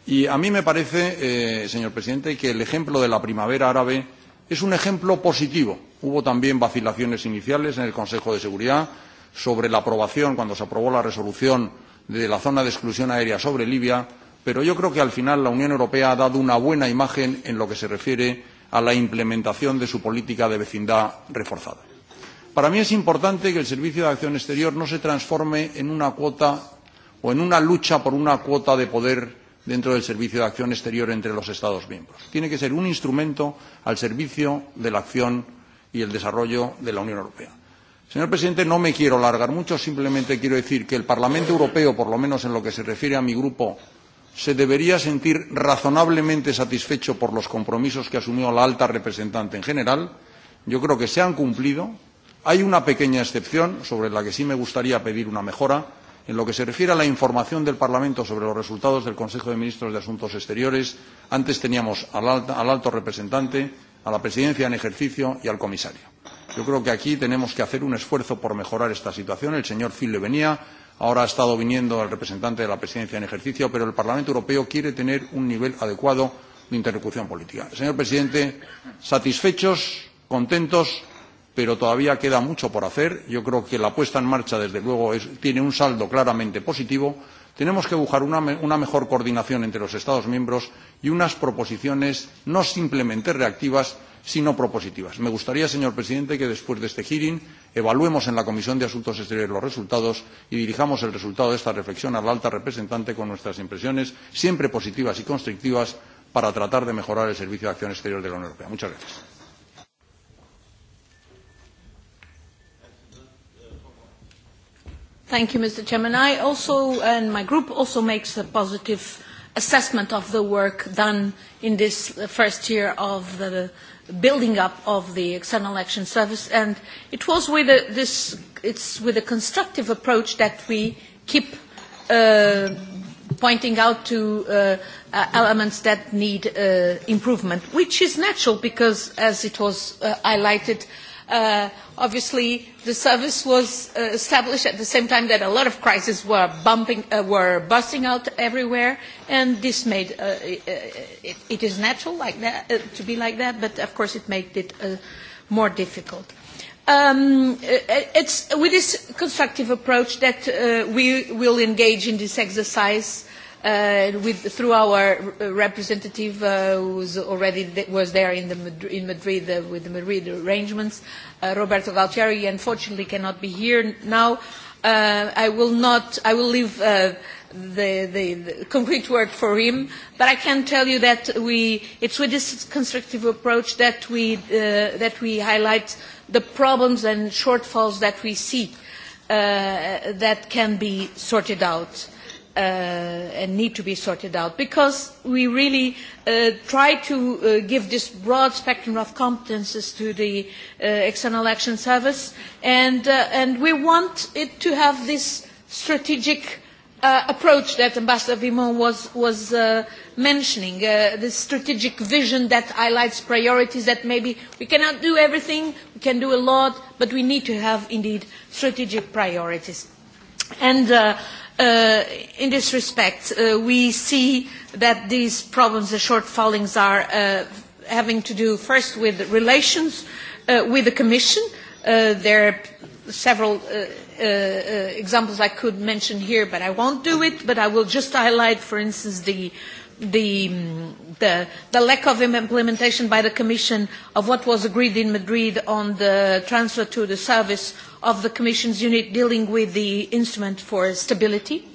Y a mí me parece, eh, señor presidente, que el ejemplo de la primavera árabe es un ejemplo positivo. Hubo también vacilaciones iniciales en el Consejo de Seguridad sobre la aprobación, cuando se aprobó la resolución de la zona de exclusión aérea sobre Libia, pero yo creo que al final la Unión Europea ha dado una buena imagen en lo que se refiere a la implementación de su política de vecindad reforzada. Para mí es importante que el Servicio de Acción Exterior no se transforme en una cuota o en una lucha por una cuota de poder dentro del Servicio de Acción Exterior entre los Estados miembros. Tiene que ser un instrumento al servicio de la acción y el desarrollo de la Unión Europea. Señor presidente, no me quiero alargar mucho, simplemente quiero decir que el Parlamento Europeo, por lo menos en lo que se refiere a mi grupo, se debería sentir razonablemente satisfecho por los compromisos que asumió la alta representante en general. Yo creo que se han cumplido. Hay una pequeña excepción sobre la que sí me gustaría pedir una mejora, En lo que se refiere a la información del Parlamento sobre los resultados del Consejo de Ministros de Asuntos Exteriores, antes teníamos al, al alto representante, a la presidencia en ejercicio y al comisario. Yo creo que aquí tenemos que hacer un esfuerzo por mejorar esta situación. El señor Zille venía, ahora ha estado viniendo el representante de la presidencia en ejercicio, pero el Parlamento Europeo quiere tener un nivel adecuado de interlocución política. Señor presidente, satisfechos, contentos pero todavía queda mucho por hacer. Yo creo que la puesta en marcha, desde luego, es, tiene un saldo claramente positivo. Tenemos que buscar una, una mejor coordinación entre los Estados miembros y unas proposiciones no simplemente reactivas, sino propositivas. Me gustaría, señor presidente, que después de este hearing evaluemos en la Comisión de Asuntos Exteriores los resultados y dirijamos el resultado de esta reflexión a la alta representante con nuestras impresiones, siempre positivas y constructivas, para tratar de mejorar el Servicio de Acción Exterior de la Unión Europea. Muchas gracias. Thank you, Mr. Chairman. I also, and my group also makes a positive assessment of the work done in this first year of the building up of the External Action Service. And it was with a, this, it's with a constructive approach that we keep uh, pointing out to uh, uh elements that need uh, improvement, which is natural because, as it was uh, highlighted, uh, Uh, obviously, the service was uh, established at the same time that a lot of crises were, bumping, uh, were busting out everywhere, and this made uh, uh, it, it is natural like that, uh, to be like that, but of course it made it uh, more difficult. Um, uh, uh, it's with this constructive approach that uh, we will engage in this exercise uh, with, through our representative uh, who already th was there in, the Madri in Madrid uh, with the Madrid arrangements, uh, Roberto Galtieri, unfortunately cannot be here now. Uh, I will not, I will leave uh, the, the, the concrete work for him, but I can tell you that we, it's with this constructive approach that we, uh, that we highlight the problems and shortfalls that we see uh, that can be sorted out uh, and need to be sorted out because we really uh, try to uh, give this broad spectrum of competences to the uh, External Action Service and, uh, and we want it to have this strategic uh, approach that Ambassador Vimon was, was uh, mentioning, uh, this strategic vision that highlights priorities that maybe we cannot do everything, we can do a lot, but we need to have indeed strategic priorities. And uh, Uh, in this respect, uh, we see that these problems, the shortfallings, are uh, having to do first with relations uh, with the Commission. Uh, there are several uh, uh, uh examples I could mention here, but I won't do it. But I will just highlight, for instance, the uh, the, the, the lack of implementation by the Commission of what was agreed in Madrid on the transfer to the service of the Commission's unit dealing with the instrument for stability.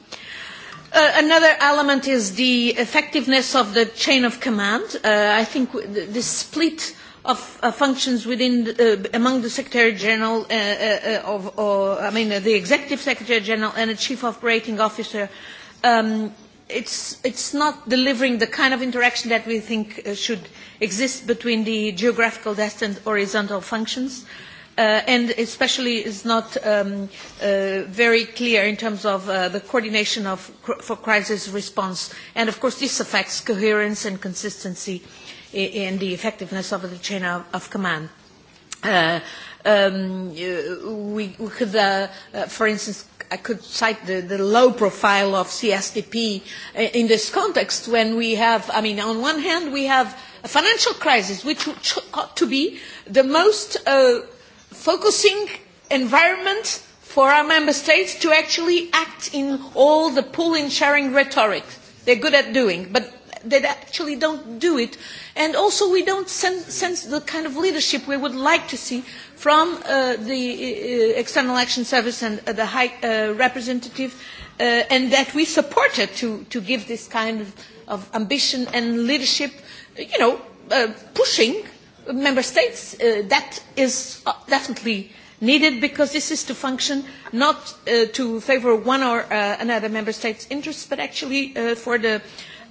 Uh, another element is the effectiveness of the chain of command. Uh, I think the the split of uh, functions within the, uh, among the Secretary General, uh, uh, of, or, I mean uh, the Executive Secretary General and the Chief Operating Officer um, it's, it's not delivering the kind of interaction that we think uh, should exist between the geographical destined horizontal functions. Uh, and especially is not um, uh, very clear in terms of uh, the coordination of, for crisis response. And of course this affects coherence and consistency in the effectiveness of the chain of, of command. Uh, um, uh, we, we could, uh, uh, for instance, I could cite the, the low profile of CSDP in this context when we have, I mean, on one hand, we have a financial crisis, which ought to be the most uh, focusing environment for our member states to actually act in all the pull and sharing rhetoric they're good at doing, but they actually don't do it. And also we don't sen sense the kind of leadership we would like to see from uh, the uh, External Action Service and uh, the High uh, Representative, uh, and that we supported to, to give this kind of, of ambition and leadership, you know, uh, pushing member states. Uh, that is uh, definitely needed because this is to function not uh, to favor one or uh, another member state's interests, but actually uh, for the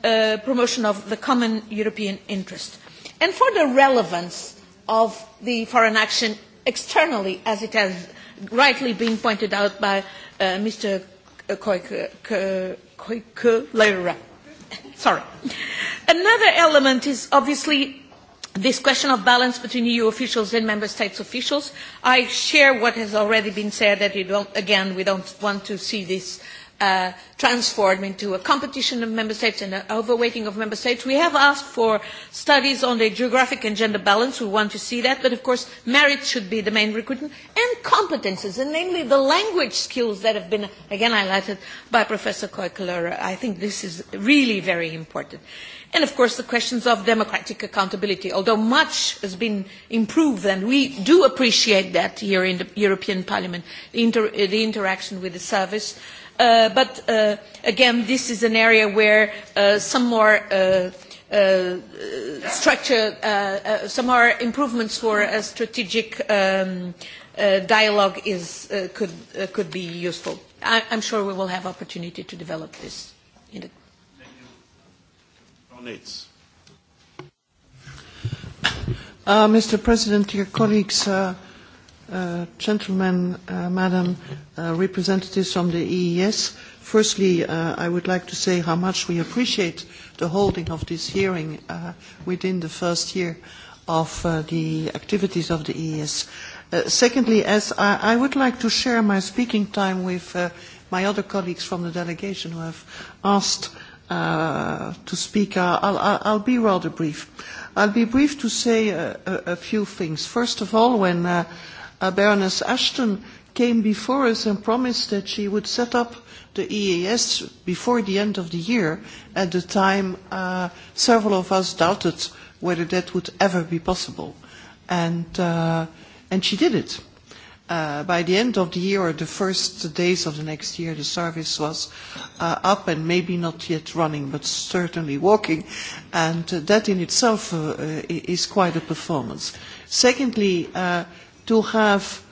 uh, promotion of the common European interest. And for the relevance of the foreign action externally, as it has rightly been pointed out by uh, Mr. Koikulera. Sorry. Another element is obviously this question of balance between EU officials and Member States officials. I share what has already been said that you don't, again, we don't want to see this Uh, transform into a competition of member states and an overweighting of member states. We have asked for studies on the geographic and gender balance. We want to see that. But of course, merit should be the main recruitment and competences, and namely the language skills that have been, again, highlighted by Professor Koikalora. I think this is really very important. And of course, the questions of democratic accountability. Although much has been improved, and we do appreciate that here in the European Parliament, the, inter the interaction with the service, uh, Uh, but uh, again, this is an area where uh, some more uh, uh, structure, uh, uh, some more improvements for a strategic um, uh, dialogue is, uh, could, uh, could be useful. I I'm sure we will have opportunity to develop this. In the uh, Mr. President, your colleagues, uh, uh, gentlemen, uh, madam, uh, representatives from the EES. Firstly, uh, I would like to say how much we appreciate the holding of this hearing uh, within the first year of uh, the activities of the EES. Uh, secondly, as I, I would like to share my speaking time with uh, my other colleagues from the delegation who have asked uh, to speak, uh, I'll, I'll be rather brief. I'll be brief to say uh, a, a few things. First of all, when uh, uh, Baroness Ashton came before us and promised that she would set up the EAS before the end of the year. At the time, uh, several of us doubted whether that would ever be possible. And, uh, and she did it. Uh, by the end of the year or the first days of the next year, the service was uh, up and maybe not yet running, but certainly walking. And uh, that in itself uh, is quite a performance. Secondly, uh, to have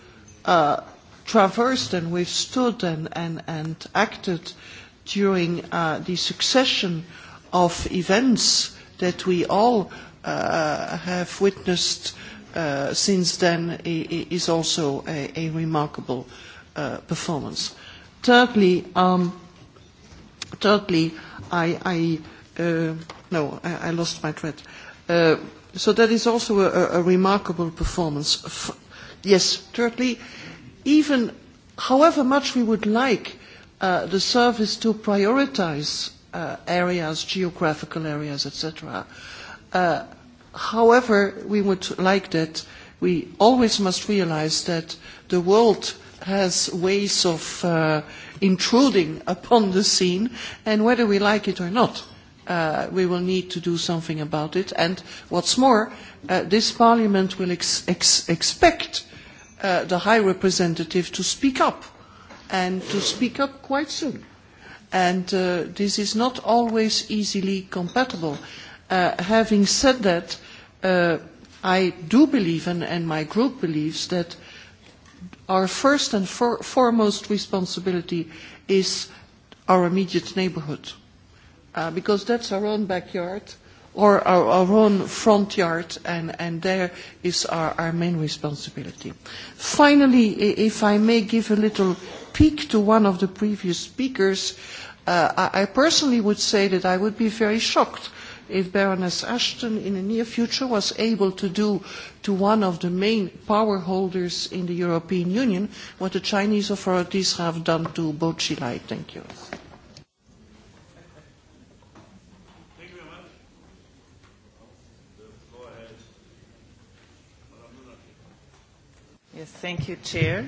uh, traversed and withstood and, and, and acted during uh, the succession of events that we all uh, have witnessed uh, since then is also a, a remarkable uh, performance. Thirdly, um, thirdly I, I uh, no, I, I lost my thread. Uh, so that is also a, a remarkable performance. F Yes, thirdly, even however much we would like uh, the service to prioritize uh, areas, geographical areas, etc., uh, however we would like that, we always must realize that the world has ways of uh, intruding upon the scene, and whether we like it or not, uh, we will need to do something about it. And what's more, uh, this Parliament will ex ex expect uh, the High Representative to speak up, and to speak up quite soon. And uh, this is not always easily compatible. Uh, having said that, uh, I do believe, and, and my group believes, that our first and for foremost responsibility is our immediate neighborhood, uh, because that's our own backyard or our, our own front yard, and, and there is our, our main responsibility. Finally, if I may give a little peek to one of the previous speakers, uh, I, I personally would say that I would be very shocked if Baroness Ashton in the near future was able to do to one of the main power holders in the European Union what the Chinese authorities have done to Bo Xilai. Thank you. Yes, thank you, Chair.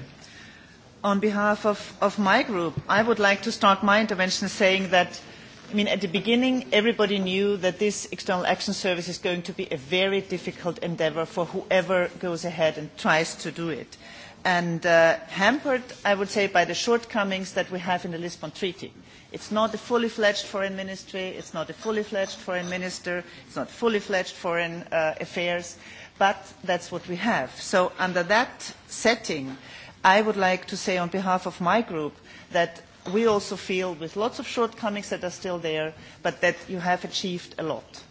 On behalf of, of my group, I would like to start my intervention saying that, I mean, at the beginning, everybody knew that this External Action Service is going to be a very difficult endeavor for whoever goes ahead and tries to do it. And uh, hampered, I would say, by the shortcomings that we have in the Lisbon Treaty. It's not a fully fledged foreign ministry, it's not a fully fledged foreign minister, it's not fully fledged foreign uh, affairs but that's what we have. So under that setting, I would like to say on behalf of my group that we also feel with lots of shortcomings that are still there, but that you have achieved a lot.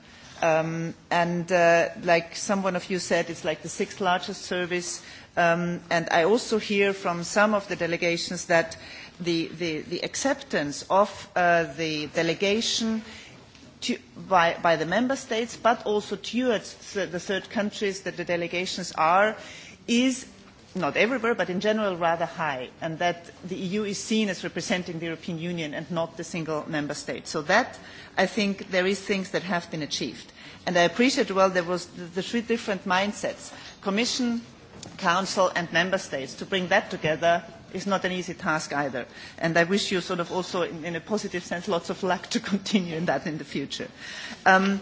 Um, and uh, like someone of you said, it's like the sixth largest service. Um, and I also hear from some of the delegations that the, the, the acceptance of uh, the delegation to, by, by the member states, but also towards the third countries that the delegations are, is not everywhere, but in general rather high, and that the EU is seen as representing the European Union and not the single member state. So that, I think, there is things that have been achieved. And I appreciate, well, there was the, the three different mindsets, Commission, Council and Member States, to bring that together is not an easy task either. And I wish you sort of also, in, in a positive sense, lots of luck to continue in that in the future. Um,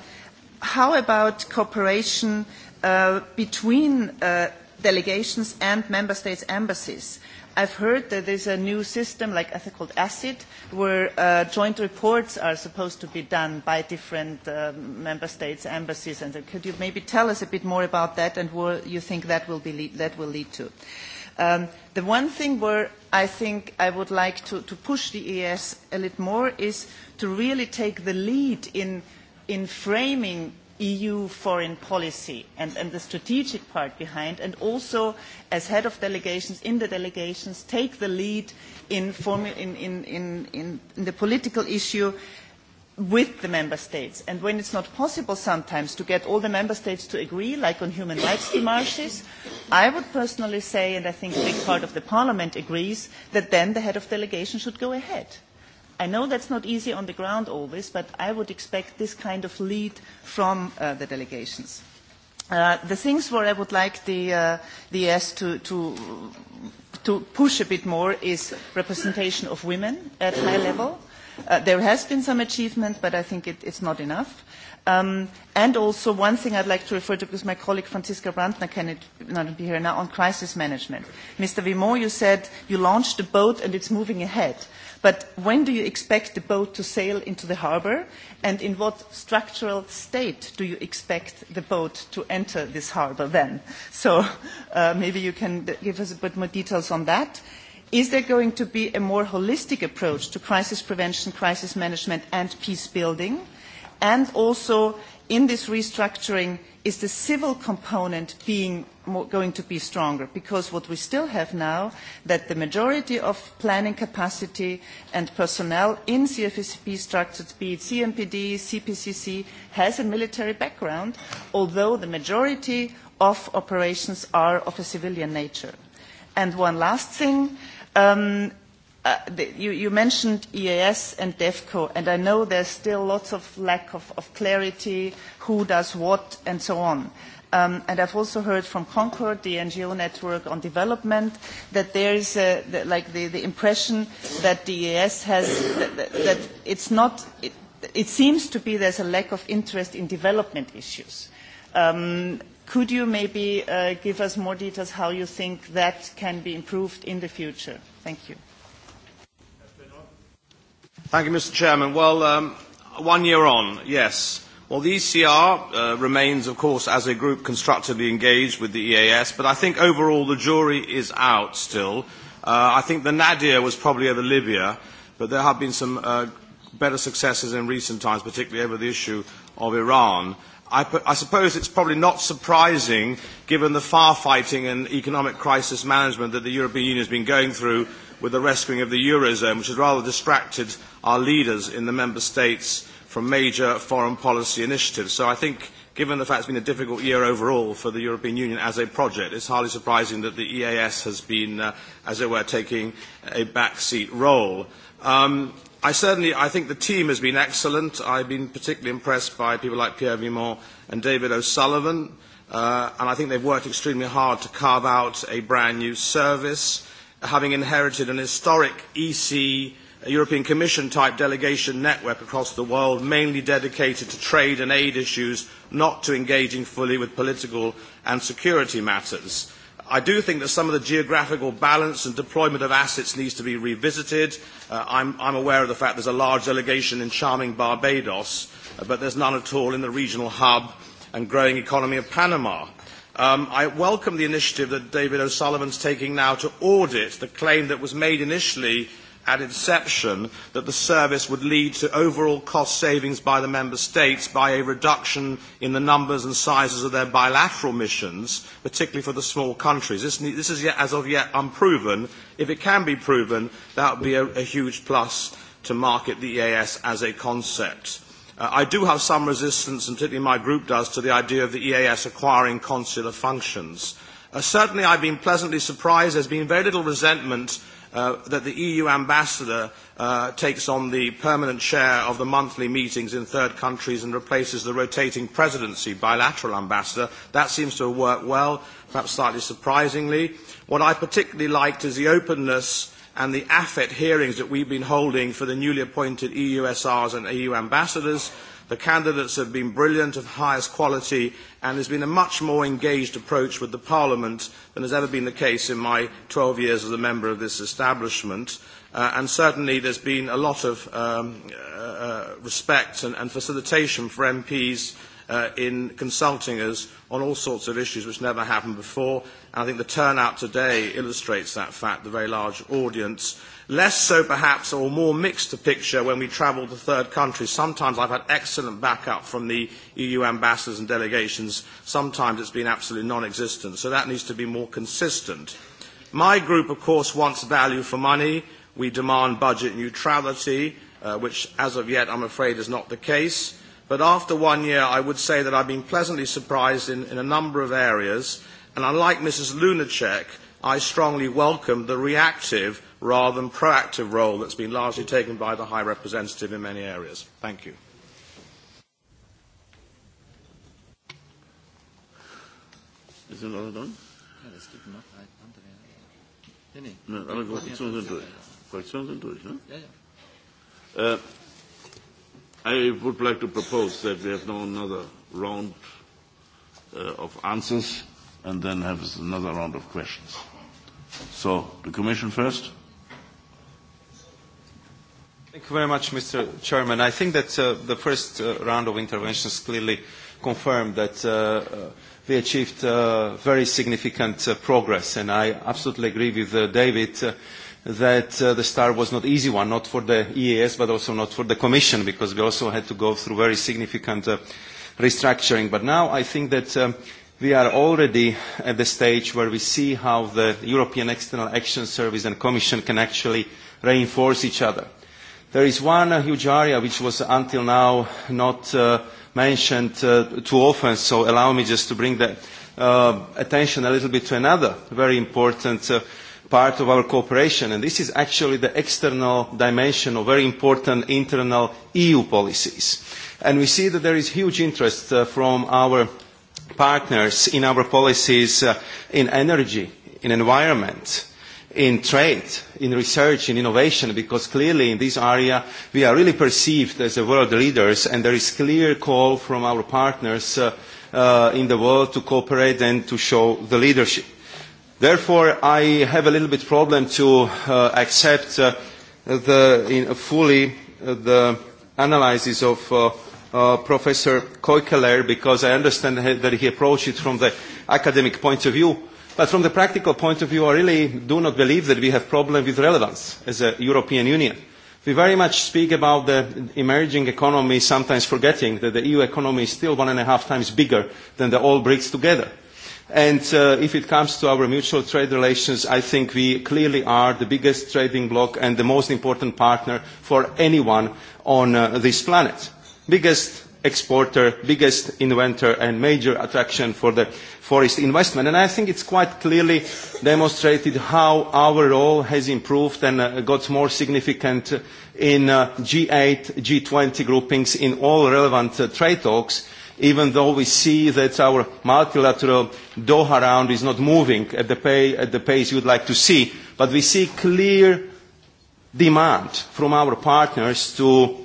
how about cooperation uh, between uh, delegations and member states' embassies? I've heard that there's a new system, like I think called ACID, where uh, joint reports are supposed to be done by different uh, member states, embassies, and could you maybe tell us a bit more about that and what you think that will, be lead, that will lead to? Um, the one thing where I think I would like to, to push the ES a little more is to really take the lead in, in framing EU foreign policy and, and the strategic part behind, and also as head of delegations in the delegations, take the lead in, in, in, in, in, in the political issue with the member states. And when it's not possible sometimes to get all the member states to agree, like on human rights demarches, I would personally say, and I think a big part of the parliament agrees, that then the head of delegation should go ahead. I know that's not easy on the ground always, but I would expect this kind of lead from uh, the delegations. Uh, the things where I would like the, uh, the S to, to, to push a bit more is representation of women at high level Uh, there has been some achievement, but I think it, it's not enough. Um, and also one thing I'd like to refer to, because my colleague Franziska Brandner cannot be here now, on crisis management. Mr. Vimon, you said you launched the boat and it's moving ahead. But when do you expect the boat to sail into the harbour? And in what structural state do you expect the boat to enter this harbour then? So uh, maybe you can give us a bit more details on that. Is there going to be a more holistic approach to crisis prevention, crisis management and peace building? And also in this restructuring, is the civil component being more, going to be stronger? Because what we still have now, that the majority of planning capacity and personnel in CFSP structures, be it CMPD, CPCC, has a military background, although the majority of operations are of a civilian nature. And one last thing, Um, uh, the, you, you mentioned EAS and DEFCO, and I know there's still lots of lack of, of clarity, who does what, and so on. Um, and I've also heard from Concord, the NGO network on development, that there is a, the, like the, the impression that the EAS has, that, that, that it's not, it, it seems to be there's a lack of interest in development issues. Um, Could you maybe uh, give us more details how you think that can be improved in the future? Thank you. Thank you, Mr. Chairman. Well, um, one year on, yes. Well, the ECR uh, remains, of course, as a group constructively engaged with the EAS, but I think overall the jury is out still. Uh, I think the Nadia was probably over Libya, but there have been some uh, better successes in recent times, particularly over the issue of Iran. I, I suppose it's probably not surprising, given the far-fighting and economic crisis management that the European Union has been going through with the rescuing of the Eurozone, which has rather distracted our leaders in the Member States from major foreign policy initiatives. So I think, given the fact it's been a difficult year overall for the European Union as a project, it's hardly surprising that the EAS has been, uh, as it were, taking a backseat role. Um, I certainly, I think the team has been excellent. I've been particularly impressed by people like Pierre Vimont and David O'Sullivan, uh, and I think they've worked extremely hard to carve out a brand new service, having inherited an historic EC, European Commission-type delegation network across the world, mainly dedicated to trade and aid issues, not to engaging fully with political and security matters. I do think that some of the geographical balance and deployment of assets needs to be revisited. Uh, I'm, I'm aware of the fact there's a large delegation in charming Barbados, uh, but there's none at all in the regional hub and growing economy of Panama. Um, I welcome the initiative that David O'Sullivan's taking now to audit the claim that was made initially at inception that the service would lead to overall cost savings by the member states by a reduction in the numbers and sizes of their bilateral missions, particularly for the small countries. This, this is yet, as of yet unproven. If it can be proven, that would be a, a huge plus to market the EAS as a concept. Uh, I do have some resistance, and particularly my group does, to the idea of the EAS acquiring consular functions. Uh, certainly I've been pleasantly surprised. There's been very little resentment Uh, that the EU ambassador uh, takes on the permanent chair of the monthly meetings in third countries and replaces the rotating presidency bilateral ambassador. That seems to have worked well, perhaps slightly surprisingly. What I particularly liked is the openness and the AFET hearings that we've been holding for the newly appointed EUSRs and EU ambassadors The candidates have been brilliant, of highest quality, and there's been a much more engaged approach with the Parliament than has ever been the case in my 12 years as a member of this establishment. Uh, and certainly there's been a lot of um, uh, uh respect and, and facilitation for MPs uh, in consulting us on all sorts of issues which never happened before. And I think the turnout today illustrates that fact, the very large audience. Less so perhaps or more mixed a picture when we travel to third countries. Sometimes I've had excellent backup from the EU ambassadors and delegations. Sometimes it's been absolutely non-existent. So that needs to be more consistent. My group, of course, wants value for money. We demand budget neutrality, uh, which as of yet I'm afraid is not the case. But after one year, I would say that I've been pleasantly surprised in, in a number of areas. And unlike Mrs. Lunacek, I strongly welcome the reactive rather than proactive role that's been largely taken by the High Representative in many areas. Thank you. Is there another one? Uh, I would like to propose that we have now another round uh, of answers and then have another round of questions. So, the Commission first. Thank you very much, Mr. Chairman. I think that uh, the first uh, round of interventions clearly confirmed that uh, uh, we achieved uh, very significant uh, progress, and I absolutely agree with uh, David uh, that uh, the start was not easy one, not for the EAS, but also not for the Commission, because we also had to go through very significant uh, restructuring. But now I think that um, we are already at the stage where we see how the European External Action Service and Commission can actually reinforce each other There is one uh, huge area which was until now not uh, mentioned uh, too often, so allow me just to bring the uh, attention a little bit to another very important uh, part of our cooperation, and this is actually the external dimension of very important internal EU policies. And we see that there is huge interest uh, from our partners in our policies uh, in energy, in environment, in trade, in research, in innovation, because clearly in this area we are really perceived as the world leaders and there is clear call from our partners uh, uh, in the world to cooperate and to show the leadership. Therefore, I have a little bit problem to uh, accept uh, the, in, fully uh, the analysis of uh, uh, Professor Koikeler because I understand that he approached it from the academic point of view, But from the practical point of view, I really do not believe that we have problem with relevance as a European Union. We very much speak about the emerging economy, sometimes forgetting that the EU economy is still one and a half times bigger than the all BRICS together. And uh, if it comes to our mutual trade relations, I think we clearly are the biggest trading bloc and the most important partner for anyone on uh, this planet. Biggest exporter, biggest inventor and major attraction for the forest investment. And I think it's quite clearly demonstrated how our role has improved and uh, got more significant in uh, G8, G20 groupings in all relevant uh, trade talks, even though we see that our multilateral Doha round is not moving at the, pay, at the pace you'd like to see. But we see clear demand from our partners to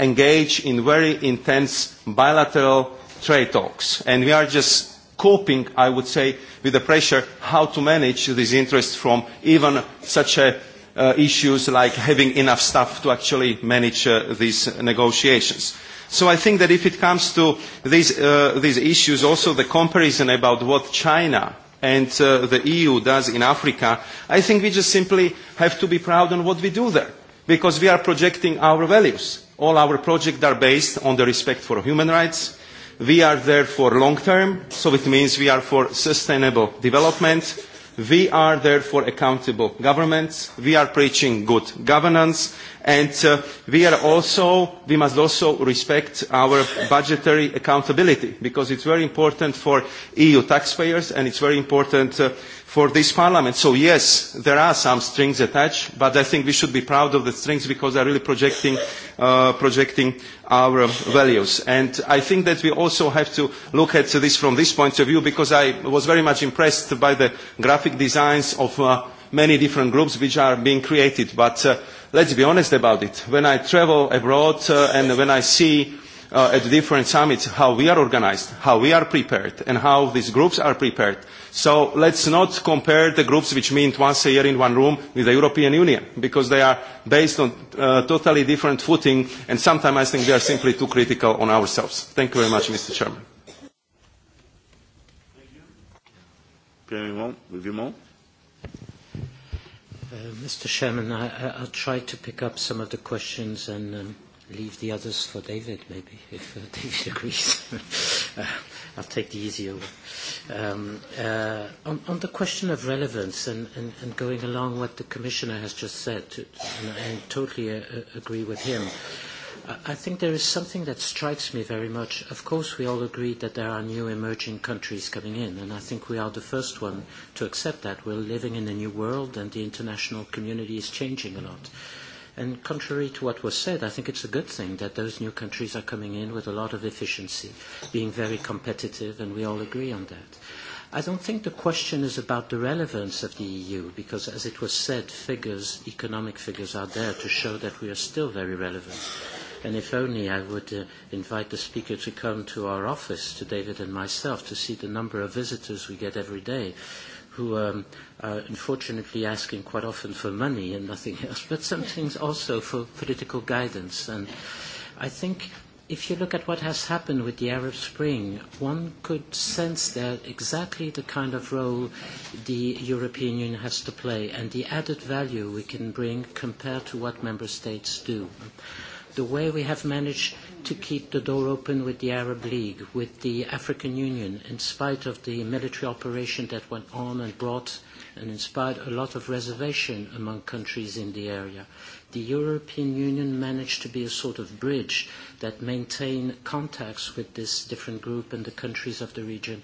engage in very intense bilateral trade talks. And we are just coping, I would say, with the pressure how to manage these interests from even such a, uh, uh, issues like having enough staff to actually manage uh, these negotiations. So I think that if it comes to these, uh, these issues, also the comparison about what China and uh, the EU does in Africa, I think we just simply have to be proud on what we do there, because we are projecting our values All our projects are based on the respect for human rights. We are there for long term, so it means we are for sustainable development. We are there for accountable governments. We are preaching good governance. And uh, we, are also, we must also respect our budgetary accountability because it's very important for EU taxpayers and it's very important uh, for this parliament. So yes, there are some strings attached, but I think we should be proud of the strings because they're really projecting, uh, projecting our um, values. And I think that we also have to look at this from this point of view because I was very much impressed by the graphic designs of uh, many different groups which are being created. But uh, let's be honest about it. When I travel abroad uh, and when I see uh, at different summits how we are organized, how we are prepared, and how these groups are prepared. So let's not compare the groups which meet once a year in one room with the European Union, because they are based on uh, totally different footing, and sometimes I think they are simply too critical on ourselves. Thank you very much, Mr. Chairman. Uh, Mr. Chairman, I, I'll try to pick up some of the questions and um, leave the others for David, maybe, if uh, David agrees. uh, I'll take the easier one. Um, uh, on, on the question of relevance and, and, and going along what the Commissioner has just said, and I totally uh, uh, agree with him, I, I think there is something that strikes me very much. Of course, we all agree that there are new emerging countries coming in, and I think we are the first one to accept that. We're living in a new world, and the international community is changing a lot. Mm-hmm. And contrary to what was said, I think it's a good thing that those new countries are coming in with a lot of efficiency, being very competitive, and we all agree on that. I don't think the question is about the relevance of the EU, because as it was said, figures, economic figures are there to show that we are still very relevant. And if only I would uh, invite the speaker to come to our office, to David and myself, to see the number of visitors we get every day who um, are unfortunately asking quite often for money and nothing else, but sometimes also for political guidance. And I think if you look at what has happened with the Arab Spring, one could sense that exactly the kind of role the European Union has to play and the added value we can bring compared to what member states do. The way we have managed to keep the door open with the Arab League, with the African Union, in spite of the military operation that went on and brought and inspired a lot of reservation among countries in the area. The European Union managed to be a sort of bridge that maintained contacts with this different group and the countries of the region,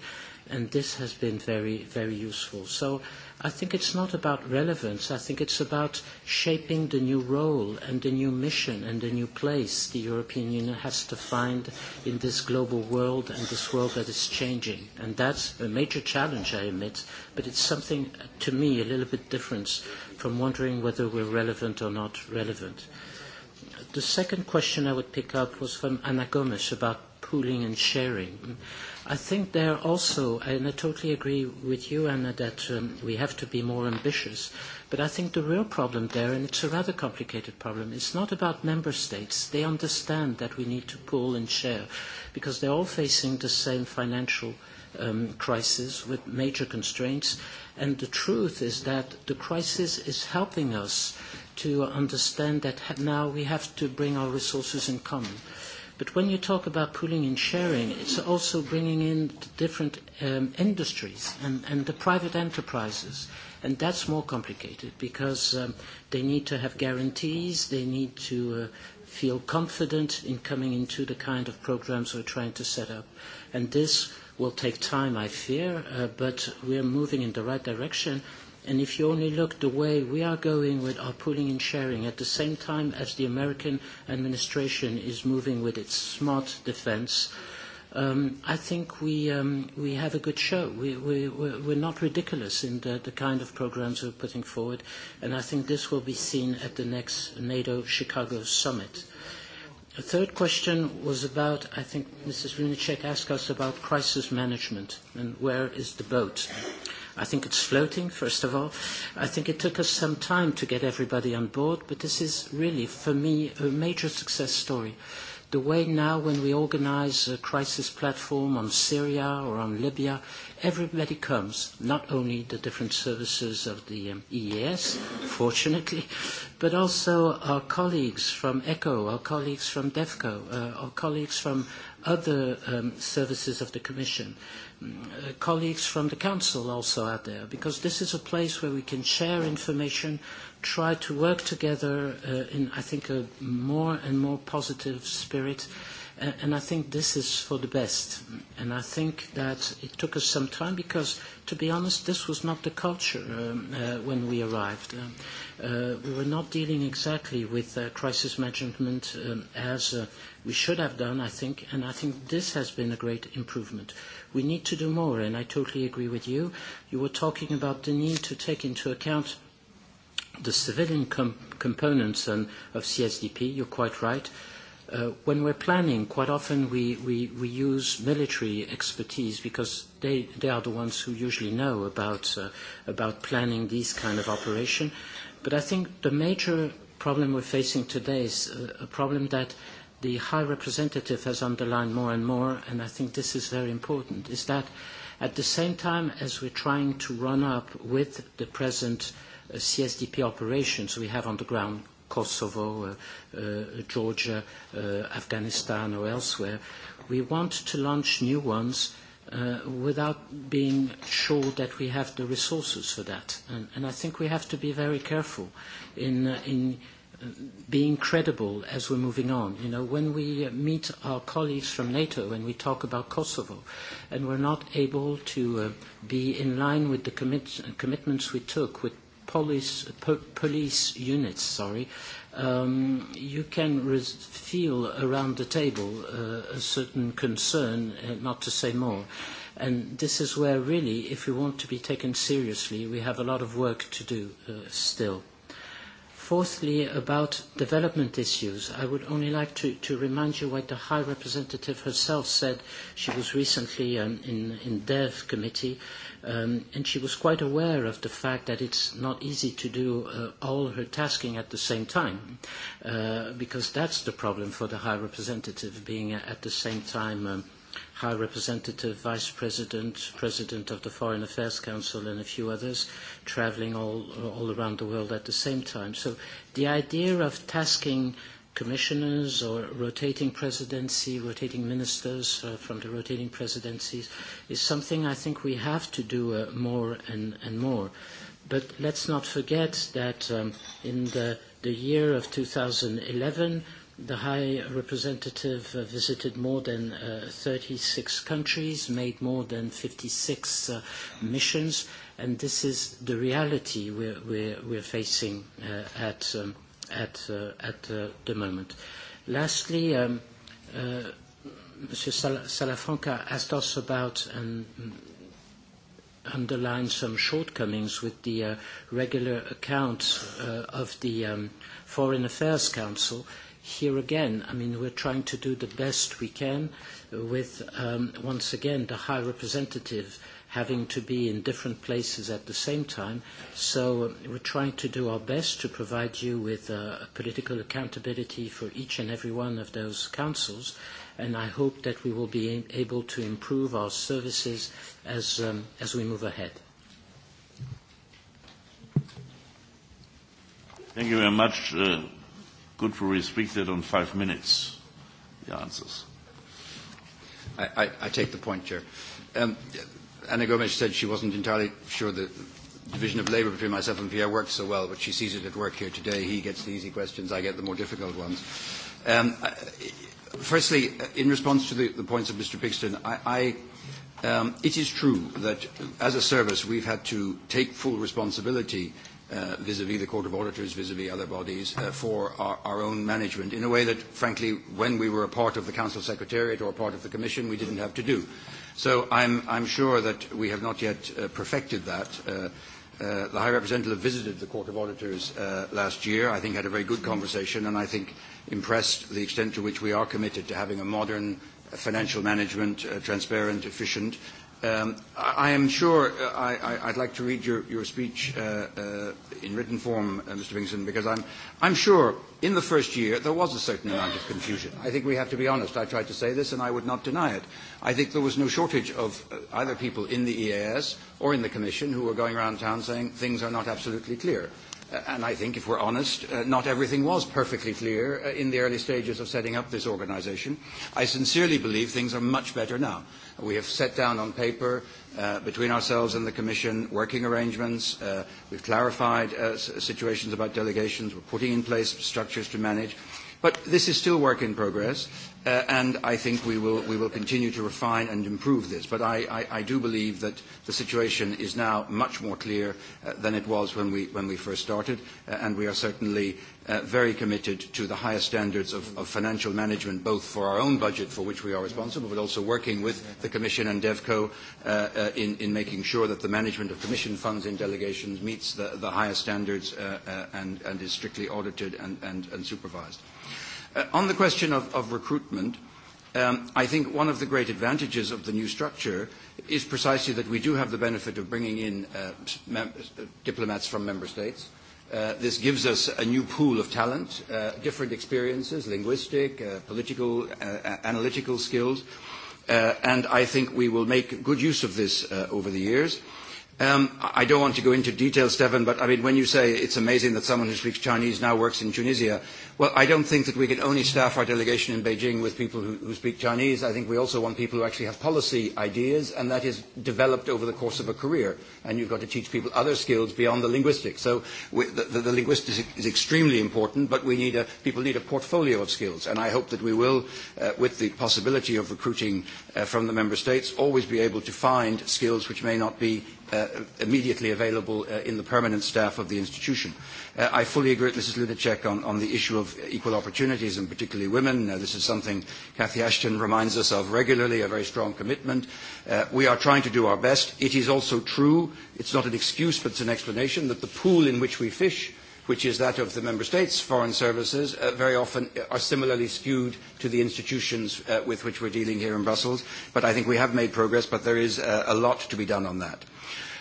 and this has been very, very useful. So I think it's not about relevance. I think it's about shaping the new role and the new mission and the new place the European Union has to find in this global world and this world that is changing. And that's a major challenge, I admit, but it's something, to me, a little bit different from wondering whether we're relevant or not relevant. The second question I would pick up was from Anna Gomes about pooling and sharing. I think there also, and I totally agree with you, Anna, that um, we have to be more ambitious. But I think the real problem there, and it's a rather complicated problem, it's not about member states. They understand that we need to pool and share because they're all facing the same financial um, crisis with major constraints. And the truth is that the crisis is helping us to understand that now we have to bring our resources in common. But when you talk about pooling and sharing, it's also bringing in the different um, industries and, and the private enterprises. And that's more complicated because um, they need to have guarantees, they need to uh, feel confident in coming into the kind of programs we're trying to set up. And this will take time, I fear, uh, but we're moving in the right direction And if you only look the way we are going with our pooling and sharing at the same time as the American administration is moving with its smart defense, um, I think we, um, we have a good show. We, we, we're not ridiculous in the, the kind of programs we're putting forward, and I think this will be seen at the next NATO Chicago summit. The third question was about, I think Mrs. Lunacek asked us about crisis management and where is the boat. I think it's floating, first of all. I think it took us some time to get everybody on board, but this is really, for me, a major success story. The way now when we organize a crisis platform on Syria or on Libya, everybody comes, not only the different services of the um, EES, fortunately, but also our colleagues from ECHO, our colleagues from DEFCO, uh, our colleagues from other um, services of the Commission. Mm, uh, colleagues from the Council also are there, because this is a place where we can share information, try to work together uh, in, I think, a more and more positive spirit and I think this is for the best. And I think that it took us some time because, to be honest, this was not the culture um, uh, when we arrived. Um, uh, we were not dealing exactly with uh, crisis management um, as uh, we should have done, I think, and I think this has been a great improvement. We need to do more, and I totally agree with you. You were talking about the need to take into account the civilian com components and, um, of CSDP. You're quite right. Uh, Uh, when we're planning, quite often we, we, we use military expertise because they, they are the ones who usually know about, uh, about planning these kind of operation. But I think the major problem we're facing today is a, uh, a problem that the High Representative has underlined more and more, and I think this is very important, is that at the same time as we're trying to run up with the present uh, CSDP operations we have on the ground, Kosovo, uh, uh, Georgia, uh, Afghanistan or elsewhere. We want to launch new ones uh, without being sure that we have the resources for that. And, and I think we have to be very careful in, uh, in uh, being credible as we're moving on. You know, when we meet our colleagues from NATO and we talk about Kosovo and we're not able to uh, be in line with the commit commitments we took with police, po police units, sorry, um, you can res feel around the table uh, a certain concern, uh, not to say more. And this is where really, if we want to be taken seriously, we have a lot of work to do uh, still fourthly, about development issues, I would only like to, to remind you what the High Representative herself said. She was recently um, in, in DEV committee, um, and she was quite aware of the fact that it's not easy to do uh, all her tasking at the same time, uh, because that's the problem for the High Representative, being at the same time um, High Representative, Vice President, President of the Foreign Affairs Council and a few others traveling all, all around the world at the same time. So the idea of tasking commissioners or rotating presidency, rotating ministers uh, from the rotating presidencies is something I think we have to do uh, more and, and more. But let's not forget that um, in the, the year of 2011, The High Representative uh, visited more than uh, 36 countries, made more than 56 uh, missions, and this is the reality we're, we're, we're facing uh, at, um, at, uh, at uh, the moment. Lastly, um, uh, Mr. Sal Salafranca asked us about and um, mm, underlined some shortcomings with the uh, regular accounts uh, of the um, Foreign Affairs Council here again, I mean, we're trying to do the best we can with, um, once again, the High Representative having to be in different places at the same time. So um, we're trying to do our best to provide you with uh, political accountability for each and every one of those councils. And I hope that we will be able to improve our services as, um, as we move ahead. Thank you very much. Uh good for restricted on five minutes, the answers. I, I, I take the point, Chair. Um, Anna Gomes said she wasn't entirely sure the division of labour between myself and Pierre works so well, but she sees it at work here today. He gets the easy questions, I get the more difficult ones. Um, I, firstly, in response to the, the points of Mr. Pixton, I, I, um, it is true that as a service we've had to take full responsibility Uh, vis-à-vis the Court of Auditors, vis-à-vis -vis other bodies, uh, for our, our own management in a way that, frankly, when we were a part of the Council Secretariat or a part of the Commission, we didn't have to do. So I'm, I'm sure that we have not yet uh, perfected that. Uh, uh, the High Representative visited the Court of Auditors uh, last year, I think had a very good conversation, and I think impressed the extent to which we are committed to having a modern uh, financial management, uh, transparent, efficient, uh, Um, I, I am sure uh, I, I, I'd like to read your, your speech uh, uh, in written form, uh, Mr. Bingson, because I'm, I'm sure in the first year there was a certain amount of confusion. I think we have to be honest. I tried to say this and I would not deny it. I think there was no shortage of uh, either people in the EAS or in the Commission who were going around town saying things are not absolutely clear. Uh, and I think, if we're honest, uh, not everything was perfectly clear uh, in the early stages of setting up this organization. I sincerely believe things are much better now. We have set down on paper uh, between ourselves and the Commission working arrangements. Uh, we've clarified uh, situations about delegations. We're putting in place structures to manage. But this is still work in progress. Uh, and I think we will, we will continue to refine and improve this. But I, I, I do believe that the situation is now much more clear uh, than it was when we, when we first started, uh, and we are certainly uh, very committed to the highest standards of, of financial management, both for our own budget, for which we are responsible, but also working with the Commission and DevCo uh, uh, in, in making sure that the management of Commission funds in delegations meets the, the highest standards uh, uh, and, and is strictly audited and, and, and supervised. Uh, on the question of, of recruitment, um, I think one of the great advantages of the new structure is precisely that we do have the benefit of bringing in uh, mem diplomats from member states. Uh, this gives us a new pool of talent, uh, different experiences, linguistic, uh, political, uh, analytical skills, uh, and I think we will make good use of this uh, over the years. Uh, Um, I don't want to go into detail, Stefan, but I mean, when you say it's amazing that someone who speaks Chinese now works in Tunisia, well, I don't think that we can only staff our delegation in Beijing with people who, who speak Chinese. I think we also want people who actually have policy ideas, and that is developed over the course of a career. And you've got to teach people other skills beyond the linguistics. So we, the, the, the linguistics is extremely important, but we need a, people need a portfolio of skills. And I hope that we will, uh, with the possibility of recruiting uh, from the member states, always be able to find skills which may not be uh, immediately available uh, in the permanent staff of the institution. Uh, I fully agree with Mrs. Lunacek on, on the issue of equal opportunities and particularly women. Uh, this is something Cathy Ashton reminds us of regularly, a very strong commitment. Uh, we are trying to do our best. It is also true, it's not an excuse but it's an explanation, that the pool in which we fish which is that of the Member States' foreign services, uh, very often are similarly skewed to the institutions uh, with which we're dealing here in Brussels. But I think we have made progress, but there is uh, a lot to be done on that.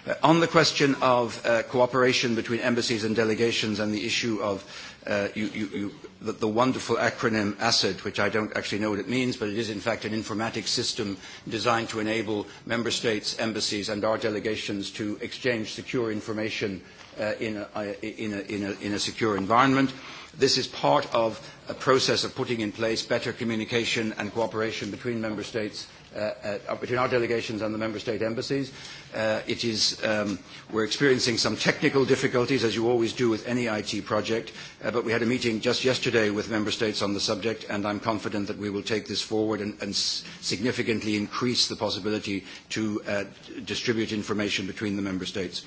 Uh, on the question of uh, cooperation between embassies and delegations and the issue of uh, you, you, you, the, the wonderful acronym ACID, which I don't actually know what it means, but it is in fact an informatic system designed to enable member states, embassies, and our delegations to exchange secure information uh, in, a, uh, in, a, in, a, in a secure environment. This is part of a process of putting in place better communication and cooperation between member states uh, uh, between our delegations and the member state embassies. Uh, it is, um, we're experiencing some technical difficulties, as you always do with any IT project, uh, but we had a meeting just yesterday with member states on the subject, and I'm confident that we will take this forward and, and significantly increase the possibility to uh, distribute information between the member states.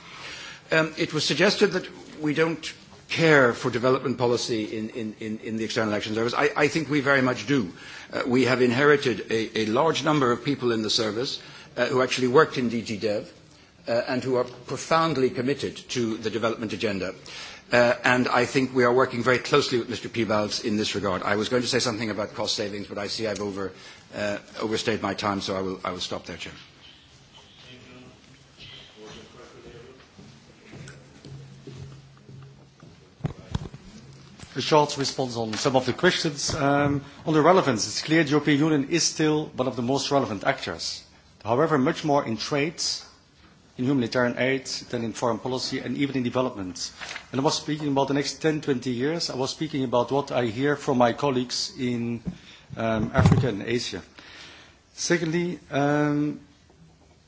Um, it was suggested that we don't care for development policy in, in, in, in the External Action Service? I, I think we very much do. Uh, we have inherited a, a large number of people in the service uh, who actually worked in DG Dev uh, and who are profoundly committed to the development agenda. Uh, and I think we are working very closely with Mr. Piebalgs in this regard. I was going to say something about cost savings, but I see I've over, uh, overstayed my time, so I will, I will stop there, Chair. a short response on some of the questions. Um, on the relevance, it's clear the European Union is still one of the most relevant actors. However, much more in trade, in humanitarian aid, than in foreign policy, and even in development. And I was speaking about the next 10, 20 years. I was speaking about what I hear from my colleagues in um, Africa and Asia. Secondly, um,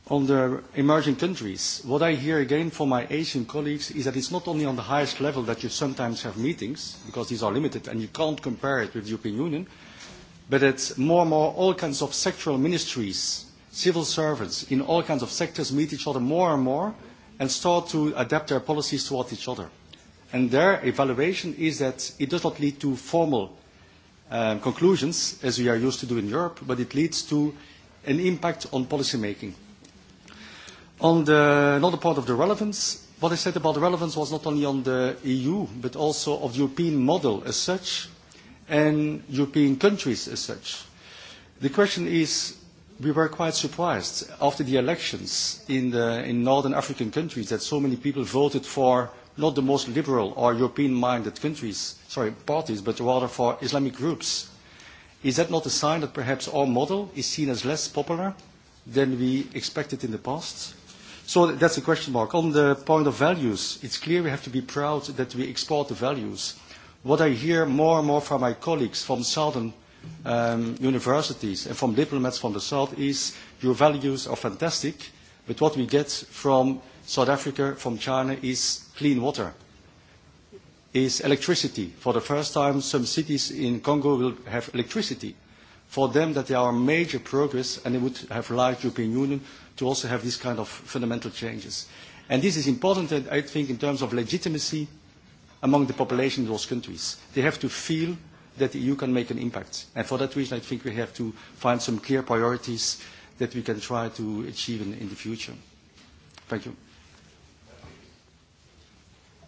on the emerging countries, what I hear again from my Asian colleagues is that it's not only on the highest level that you sometimes have meetings, because these are limited and you can't compare it with the European Union, but it's more and more all kinds of sectoral ministries, civil servants in all kinds of sectors meet each other more and more and start to adapt their policies towards each other. And their evaluation is that it does not lead to formal um, conclusions, as we are used to do in Europe, but it leads to an impact on policy making. On the another part of the relevance, what I said about the relevance was not only on the EU, but also of the European model as such and European countries as such. The question is, we were quite surprised after the elections in, the, in northern African countries that so many people voted for not the most liberal or European-minded countries, sorry, parties, but rather for Islamic groups. Is that not a sign that perhaps our model is seen as less popular than we expected in the past? So that's a question mark. On the point of values, it's clear we have to be proud that we export the values. What I hear more and more from my colleagues from southern um, universities and from diplomats from the south is your values are fantastic, but what we get from South Africa, from China, is clean water, is electricity. For the first time, some cities in Congo will have electricity. For them, that they are major progress, and they would have liked European Union to also have these kind of fundamental changes. And this is important, uh, I think, in terms of legitimacy among the population in those countries. They have to feel that the EU can make an impact. And for that reason, I think we have to find some clear priorities that we can try to achieve in, in the future. Thank you.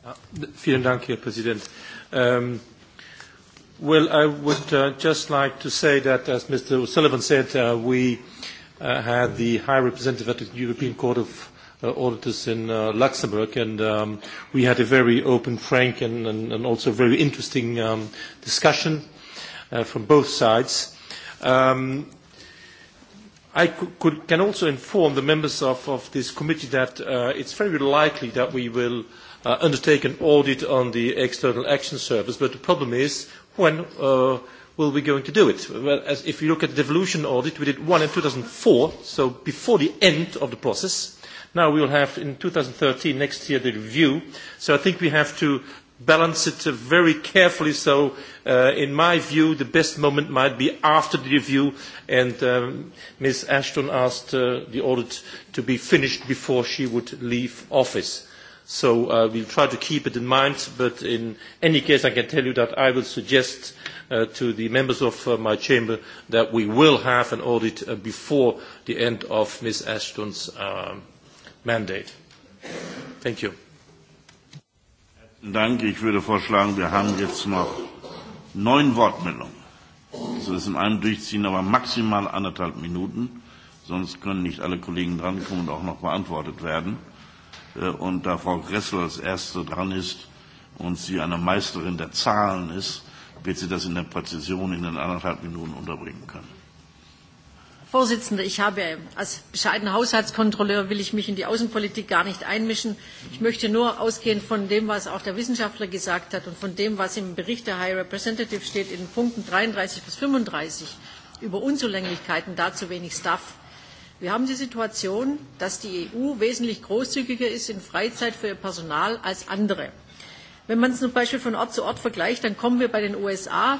Ah, vielen Dank, Herr Präsident. Um, well, I would uh, just like to say that, as Mr. Sullivan said, uh, we uh, had the High Representative at the European Court of uh, Auditors in uh, Luxembourg, and um, we had a very open, frank, and, and, and also very interesting um, discussion uh, from both sides. Um, I could, could, can also inform the members of, of this committee that uh, it's very likely that we will uh, undertake an audit on the External Action Service, but the problem is when uh, will we going to do it? Well, as if you look at the devolution audit, we did one in 2004, so before the end of the process. Now we will have in 2013, next year, the review. So I think we have to balance it uh, very carefully. So uh, in my view, the best moment might be after the review. And um, Ms. Ashton asked uh, the audit to be finished before she would leave office. So uh, we'll try to keep it in mind, but in any case I can tell you that I will suggest uh, to the members of uh, my chamber that we will have an audit uh, before the end of Ms. Ashton's um, mandate. Thank you. Danke. Ich würde vorschlagen, wir haben jetzt noch neun Wortmeldungen. Das ist in einem Durchziehen aber maximal anderthalb Minuten. Sonst können nicht alle Kollegen drankommen und auch noch beantwortet werden. Äh, und da Frau Gressel als Erste dran ist und sie eine Meisterin der Zahlen ist, wird sie das in der Präzision in den anderthalb Minuten unterbringen können. Vorsitzende, ich habe als bescheidener Haushaltskontrolleur will ich mich in die Außenpolitik gar nicht einmischen. Ich möchte nur ausgehend von dem, was auch der Wissenschaftler gesagt hat und von dem, was im Bericht der High Representative steht in Punkten 33 bis 35 über Unzulänglichkeiten, dazu wenig Staff Wir haben die Situation, dass die EU wesentlich großzügiger ist in Freizeit für ihr Personal als andere. Wenn man es zum Beispiel von Ort zu Ort vergleicht, dann kommen wir bei den USA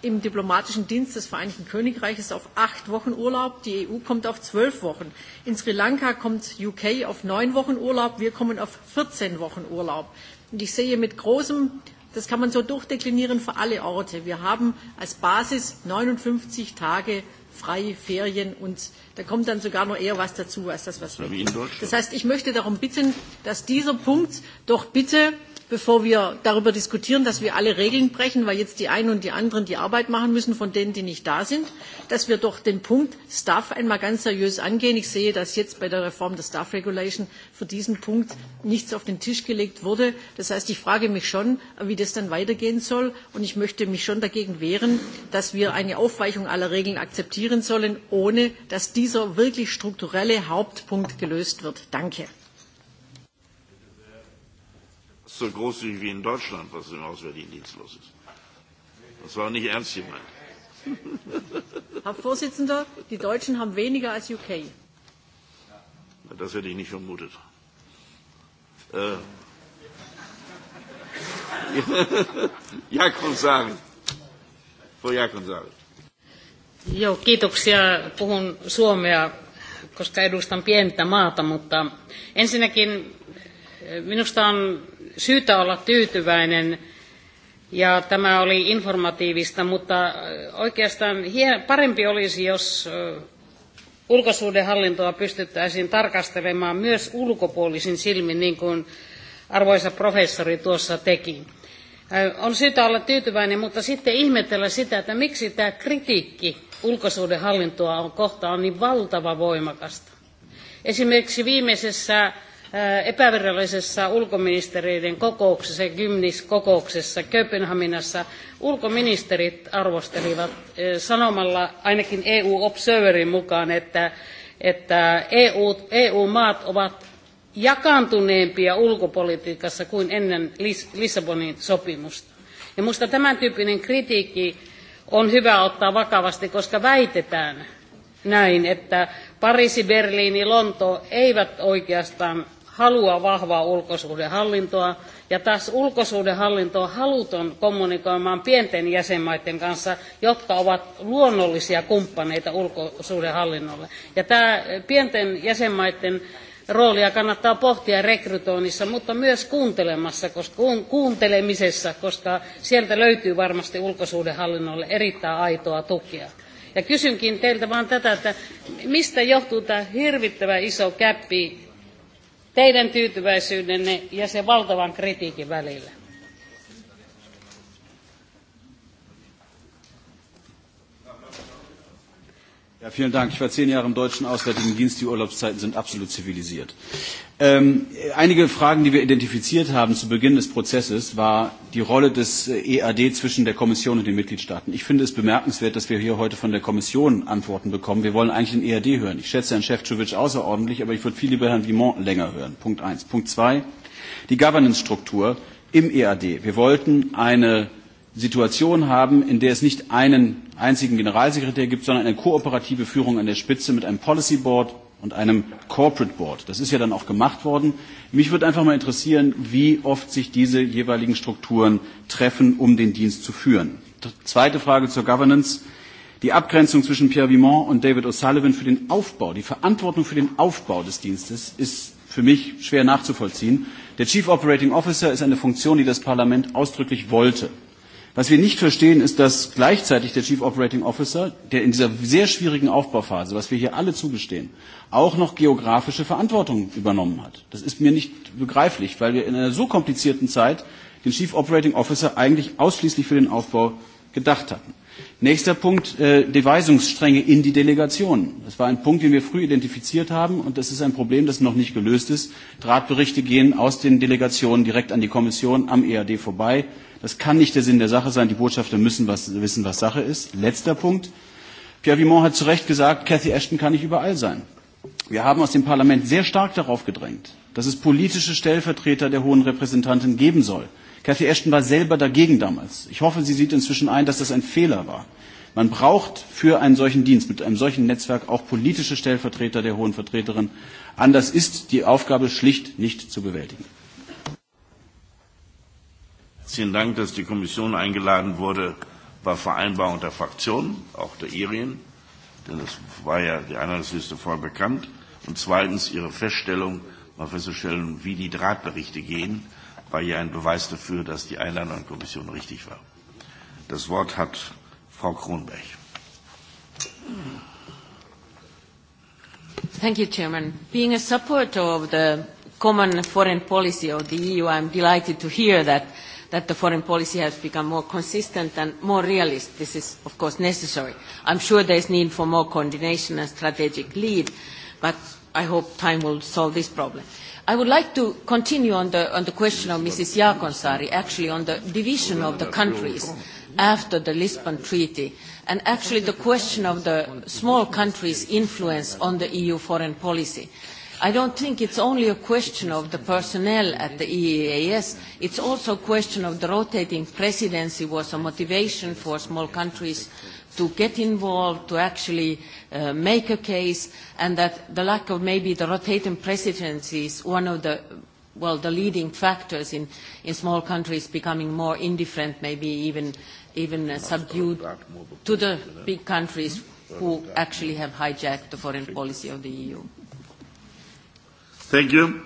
im diplomatischen Dienst des Vereinigten Königreiches auf acht Wochen Urlaub, die EU kommt auf zwölf Wochen. In Sri Lanka kommt UK auf neun Wochen Urlaub, wir kommen auf 14 Wochen Urlaub. Und ich sehe mit großem, das kann man so durchdeklinieren für alle Orte. Wir haben als Basis 59 Tage frei, Ferien und da kommt dann sogar noch eher was dazu, als das was wir. Das heißt, ich möchte darum bitten, dass dieser Punkt doch bitte bevor wir darüber diskutieren, dass wir alle Regeln brechen, weil jetzt die einen und die anderen die Arbeit machen müssen von denen, die nicht da sind, dass wir doch den Punkt Staff einmal ganz seriös angehen. Ich sehe, dass jetzt bei der Reform der Staff Regulation für diesen Punkt nichts auf den Tisch gelegt wurde. Das heißt, ich frage mich schon, wie das dann weitergehen soll und ich möchte mich schon dagegen wehren, dass wir eine Aufweichung aller Regeln akzeptieren sollen, ohne dass dieser wirklich strukturelle Hauptpunkt gelöst wird. Danke so großzügig wie in Deutschland, was im Auswärtigen Dienst los ist. Das war nicht ernst gemeint. Herr Vorsitzender, die Deutschen haben weniger als UK. Das hätte ich nicht vermutet. Äh. Jakon Sagen. Frau Jakon Sagen. Joo, kiitoksia. Puhun suomea, koska edustan pientä maata, mutta ensinnäkin eh, minusta on syytä olla tyytyväinen ja tämä oli informatiivista, mutta äh, oikeastaan parempi olisi, jos äh, ulkosuhdehallintoa pystyttäisiin tarkastelemaan myös ulkopuolisin silmin, niin kuin arvoisa professori tuossa teki. Äh, on syytä olla tyytyväinen, mutta sitten ihmetellä sitä, että miksi tämä kritiikki ulkosuhdehallintoa on kohtaan on niin valtava voimakasta. Esimerkiksi viimeisessä epävirallisessa ulkoministereiden kokouksessa, gymniskokouksessa Kööpenhaminassa ulkoministerit arvostelivat sanomalla ainakin EU-observerin mukaan, että, että EU, EU-maat ovat jakaantuneempia ulkopolitiikassa kuin ennen Lis Lissabonin sopimusta. Ja minusta tämän tyyppinen kritiikki on hyvä ottaa vakavasti, koska väitetään näin, että Pariisi, Berliini, Lonto eivät oikeastaan halua vahvaa ulkosuhdehallintoa ja taas ulkosuhdehallinto on haluton kommunikoimaan pienten jäsenmaiden kanssa, jotka ovat luonnollisia kumppaneita ulkosuhdehallinnolle. Ja tämä pienten jäsenmaiden roolia kannattaa pohtia rekrytoinnissa, mutta myös kuuntelemassa, koska, kuuntelemisessa, koska sieltä löytyy varmasti ulkosuhdehallinnolle erittäin aitoa tukea. Ja kysynkin teiltä vaan tätä, että mistä johtuu tämä hirvittävä iso käppi teidän tyytyväisyydenne ja se valtavan kritiikin välillä. Ja, vielen Dank. Ich war zehn Jahre im deutschen Auswärtigen Dienst. Die Urlaubszeiten sind absolut zivilisiert. Ähm, einige Fragen, die wir identifiziert haben zu Beginn des Prozesses, war die Rolle des äh, EAD zwischen der Kommission und den Mitgliedstaaten. Ich finde es bemerkenswert, dass wir hier heute von der Kommission Antworten bekommen. Wir wollen eigentlich den EAD hören. Ich schätze Herrn Šefčovič außerordentlich, aber ich würde viel lieber Herrn Vimont länger hören. Punkt eins. Punkt zwei, die Governance-Struktur im EAD. Wir wollten eine Situation haben, in der es nicht einen einzigen Generalsekretär gibt, sondern eine kooperative Führung an der Spitze mit einem Policy Board und einem Corporate Board. Das ist ja dann auch gemacht worden. Mich würde einfach mal interessieren, wie oft sich diese jeweiligen Strukturen treffen, um den Dienst zu führen. Zweite Frage zur Governance. Die Abgrenzung zwischen Pierre Vimont und David O'Sullivan für den Aufbau, die Verantwortung für den Aufbau des Dienstes ist für mich schwer nachzuvollziehen. Der Chief Operating Officer ist eine Funktion, die das Parlament ausdrücklich wollte. Was wir nicht verstehen, ist, dass gleichzeitig der Chief Operating Officer, der in dieser sehr schwierigen Aufbauphase, was wir hier alle zugestehen, auch noch geografische Verantwortung übernommen hat. Das ist mir nicht begreiflich, weil wir in einer so komplizierten Zeit den Chief Operating Officer eigentlich ausschließlich für den Aufbau gedacht hatten. Nächster Punkt, äh, die Weisungsstränge in die Delegationen. Das war ein Punkt, den wir früh identifiziert haben und das ist ein Problem, das noch nicht gelöst ist. Drahtberichte gehen aus den Delegationen direkt an die Kommission am EAD vorbei. Das kann nicht der Sinn der Sache sein. Die Botschafter müssen was, wissen, was Sache ist. Letzter Punkt. Pierre Vimont hat zu Recht gesagt, Cathy Ashton kann nicht überall sein. Wir haben aus dem Parlament sehr stark darauf gedrängt, dass es politische Stellvertreter der hohen Repräsentanten geben soll. Cathy Ashton war selber dagegen damals. Ich hoffe, sie sieht inzwischen ein, dass das ein Fehler war. Man braucht für einen solchen Dienst, mit einem solchen Netzwerk auch politische Stellvertreter der hohen Vertreterin. Anders ist die Aufgabe schlicht nicht zu bewältigen. Vielen Dank, dass die Kommission eingeladen wurde, bei Vereinbarung der Fraktionen, auch der Irien, denn das war ja die Einheitsliste vorher bekannt. Und zweitens ihre Feststellung, mal festzustellen, wie die Drahtberichte gehen, war ja ein Beweis dafür, dass die Einladung der Kommission richtig war. Das Wort hat Frau Kronberg. Thank you, Chairman. Being a supporter of the common foreign policy of the EU, I'm delighted to hear that that the foreign policy has become more consistent and more realist. This is, of course, necessary. I'm sure there is need for more coordination and strategic lead, but I hope time will solve this problem. I would like to continue on the, on the question of Mrs. Jakonsari, actually on the division of the countries after the Lisbon Treaty, and actually the question of the small countries' influence on the EU foreign policy. I don't think it's only a question of the personnel at the EEAS. It's also a question of the rotating presidency was a motivation for small countries to get involved, to actually uh, make a case, and that the lack of maybe the rotating presidency is one of the, well, the leading factors in, in small countries becoming more indifferent, maybe even, even uh, subdued to the big countries mm-hmm. who actually have hijacked the foreign policy of the EU. Thank you.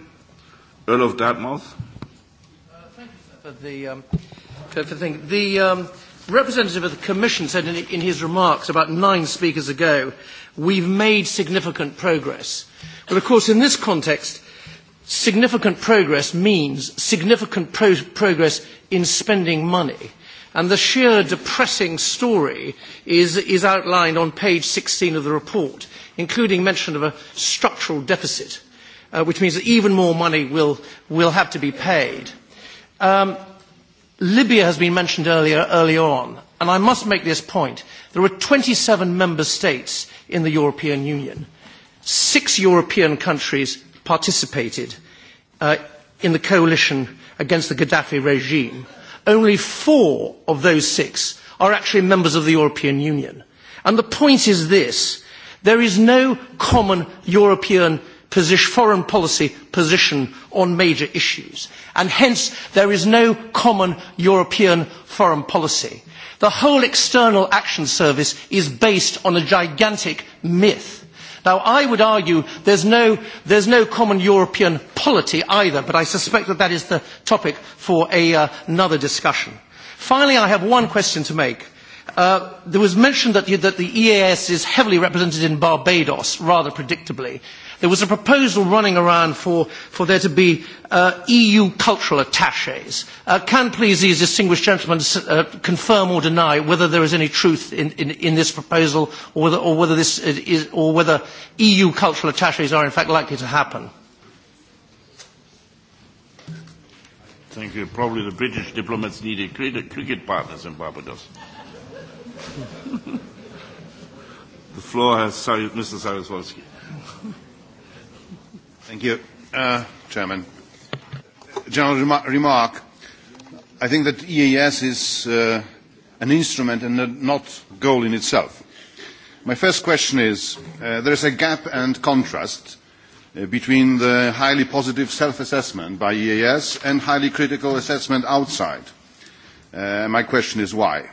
Earl of Dartmouth. Uh, thank you for the, um, for the thing. The um, representative of the Commission said in, in his remarks about nine speakers ago, we've made significant progress. But of course, in this context, significant progress means significant pro progress in spending money. And the sheer depressing story is, is outlined on page 16 of the report, including mention of a structural deficit uh, which means that even more money will, will have to be paid. Um, Libya has been mentioned earlier, early on, and I must make this point. There are 27 member states in the European Union. Six European countries participated uh, in the coalition against the Gaddafi regime. Only four of those six are actually members of the European Union. And the point is this, there is no common European position, foreign policy position on major issues. And hence, there is no common European foreign policy. The whole external action service is based on a gigantic myth. Now, I would argue there's no, there's no common European polity either, but I suspect that that is the topic for a, uh, another discussion. Finally, I have one question to make. Uh, there was mentioned that, that the EAS is heavily represented in Barbados, rather predictably. There was a proposal running around for, for there to be uh, EU cultural attaches. Uh, can please these distinguished gentlemen uh, confirm or deny whether there is any truth in, in, in this proposal or whether, or, whether this is, or whether EU cultural attaches are in fact likely to happen? Thank you. Probably the British diplomats need a cricket partners in Barbados. the floor has Mr. Saraswalski. Thank you, uh, Chairman. General rem remark. I think that EAS is uh, an instrument and not goal in itself. My first question is, uh, there is a gap and contrast uh, between the highly positive self-assessment by EAS and highly critical assessment outside. Uh, my question is why?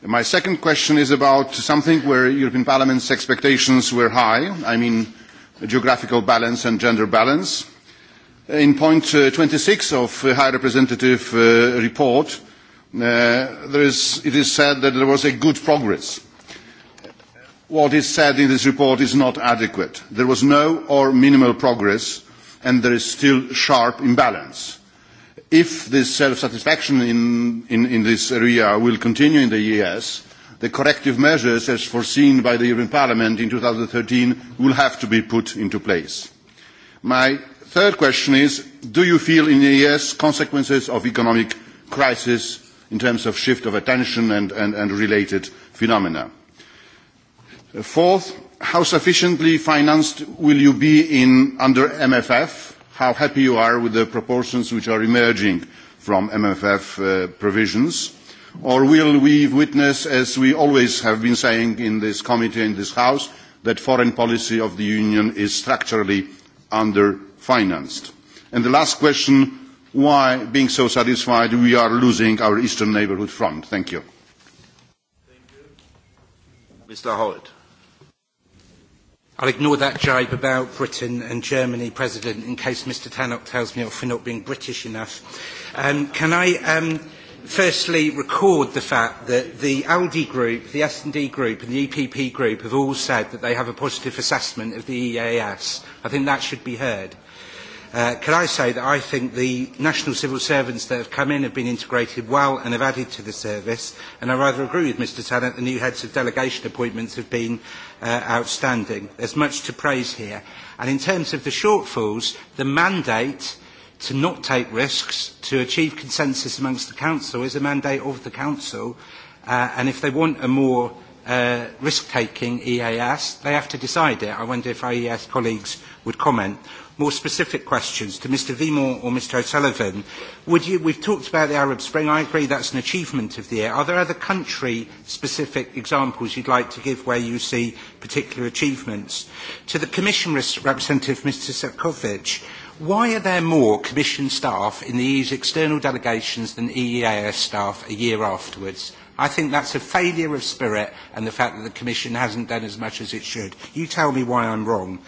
My second question is about something where European Parliament's expectations were high, I mean geographical balance and gender balance. In point uh, 26 of the uh, High Representative uh, report, uh, there is, it is said that there was a good progress. What is said in this report is not adequate. There was no or minimal progress and there is still sharp imbalance. If this self-satisfaction in, in, in this area will continue in the ES, the corrective measures as foreseen by the European Parliament in 2013 will have to be put into place. My third question is, do you feel in the ES consequences of economic crisis in terms of shift of attention and, and, and related phenomena? Fourth, how sufficiently financed will you be in, under MFF? How happy you are with the proportions which are emerging from MFF uh, provisions? Or will we witness, as we always have been saying in this committee and this House, that foreign policy of the Union is structurally underfinanced? And the last question, why, being so satisfied, we are losing our Eastern Neighbourhood Front? Thank you. Thank you. Mr. Howitt. I'll ignore that jibe about Britain and Germany, President, in case Mr Tannock tells me off for not being British enough. Um, can I... Um, firstly record the fact that the ALDI group, the S&D group and the EPP group have all said that they have a positive assessment of the EAS. I think that should be heard. Uh, can I say that I think the national civil servants that have come in have been integrated well and have added to the service, and I rather agree with Mr Tennant, the new heads of delegation appointments have been uh, outstanding. There's much to praise here. And in terms of the shortfalls, the mandate to not take risks, to achieve consensus amongst the Council is a mandate of the Council, uh, and if they want a more uh, risk-taking EAS, they have to decide it. I wonder if IES colleagues would comment. More specific questions to Mr. Vimor or Mr. O'Sullivan. Would you, we've talked about the Arab Spring. I agree that's an achievement of the year. Are there other country-specific examples you'd like to give where you see particular achievements? To the Commission representative, Mr. Sepkovic, Why are there more Commission staff in the EU's external delegations than EEAS staff a year afterwards? I think that's a failure of spirit and the fact that the Commission hasn't done as much as it should. You tell me why I'm wrong.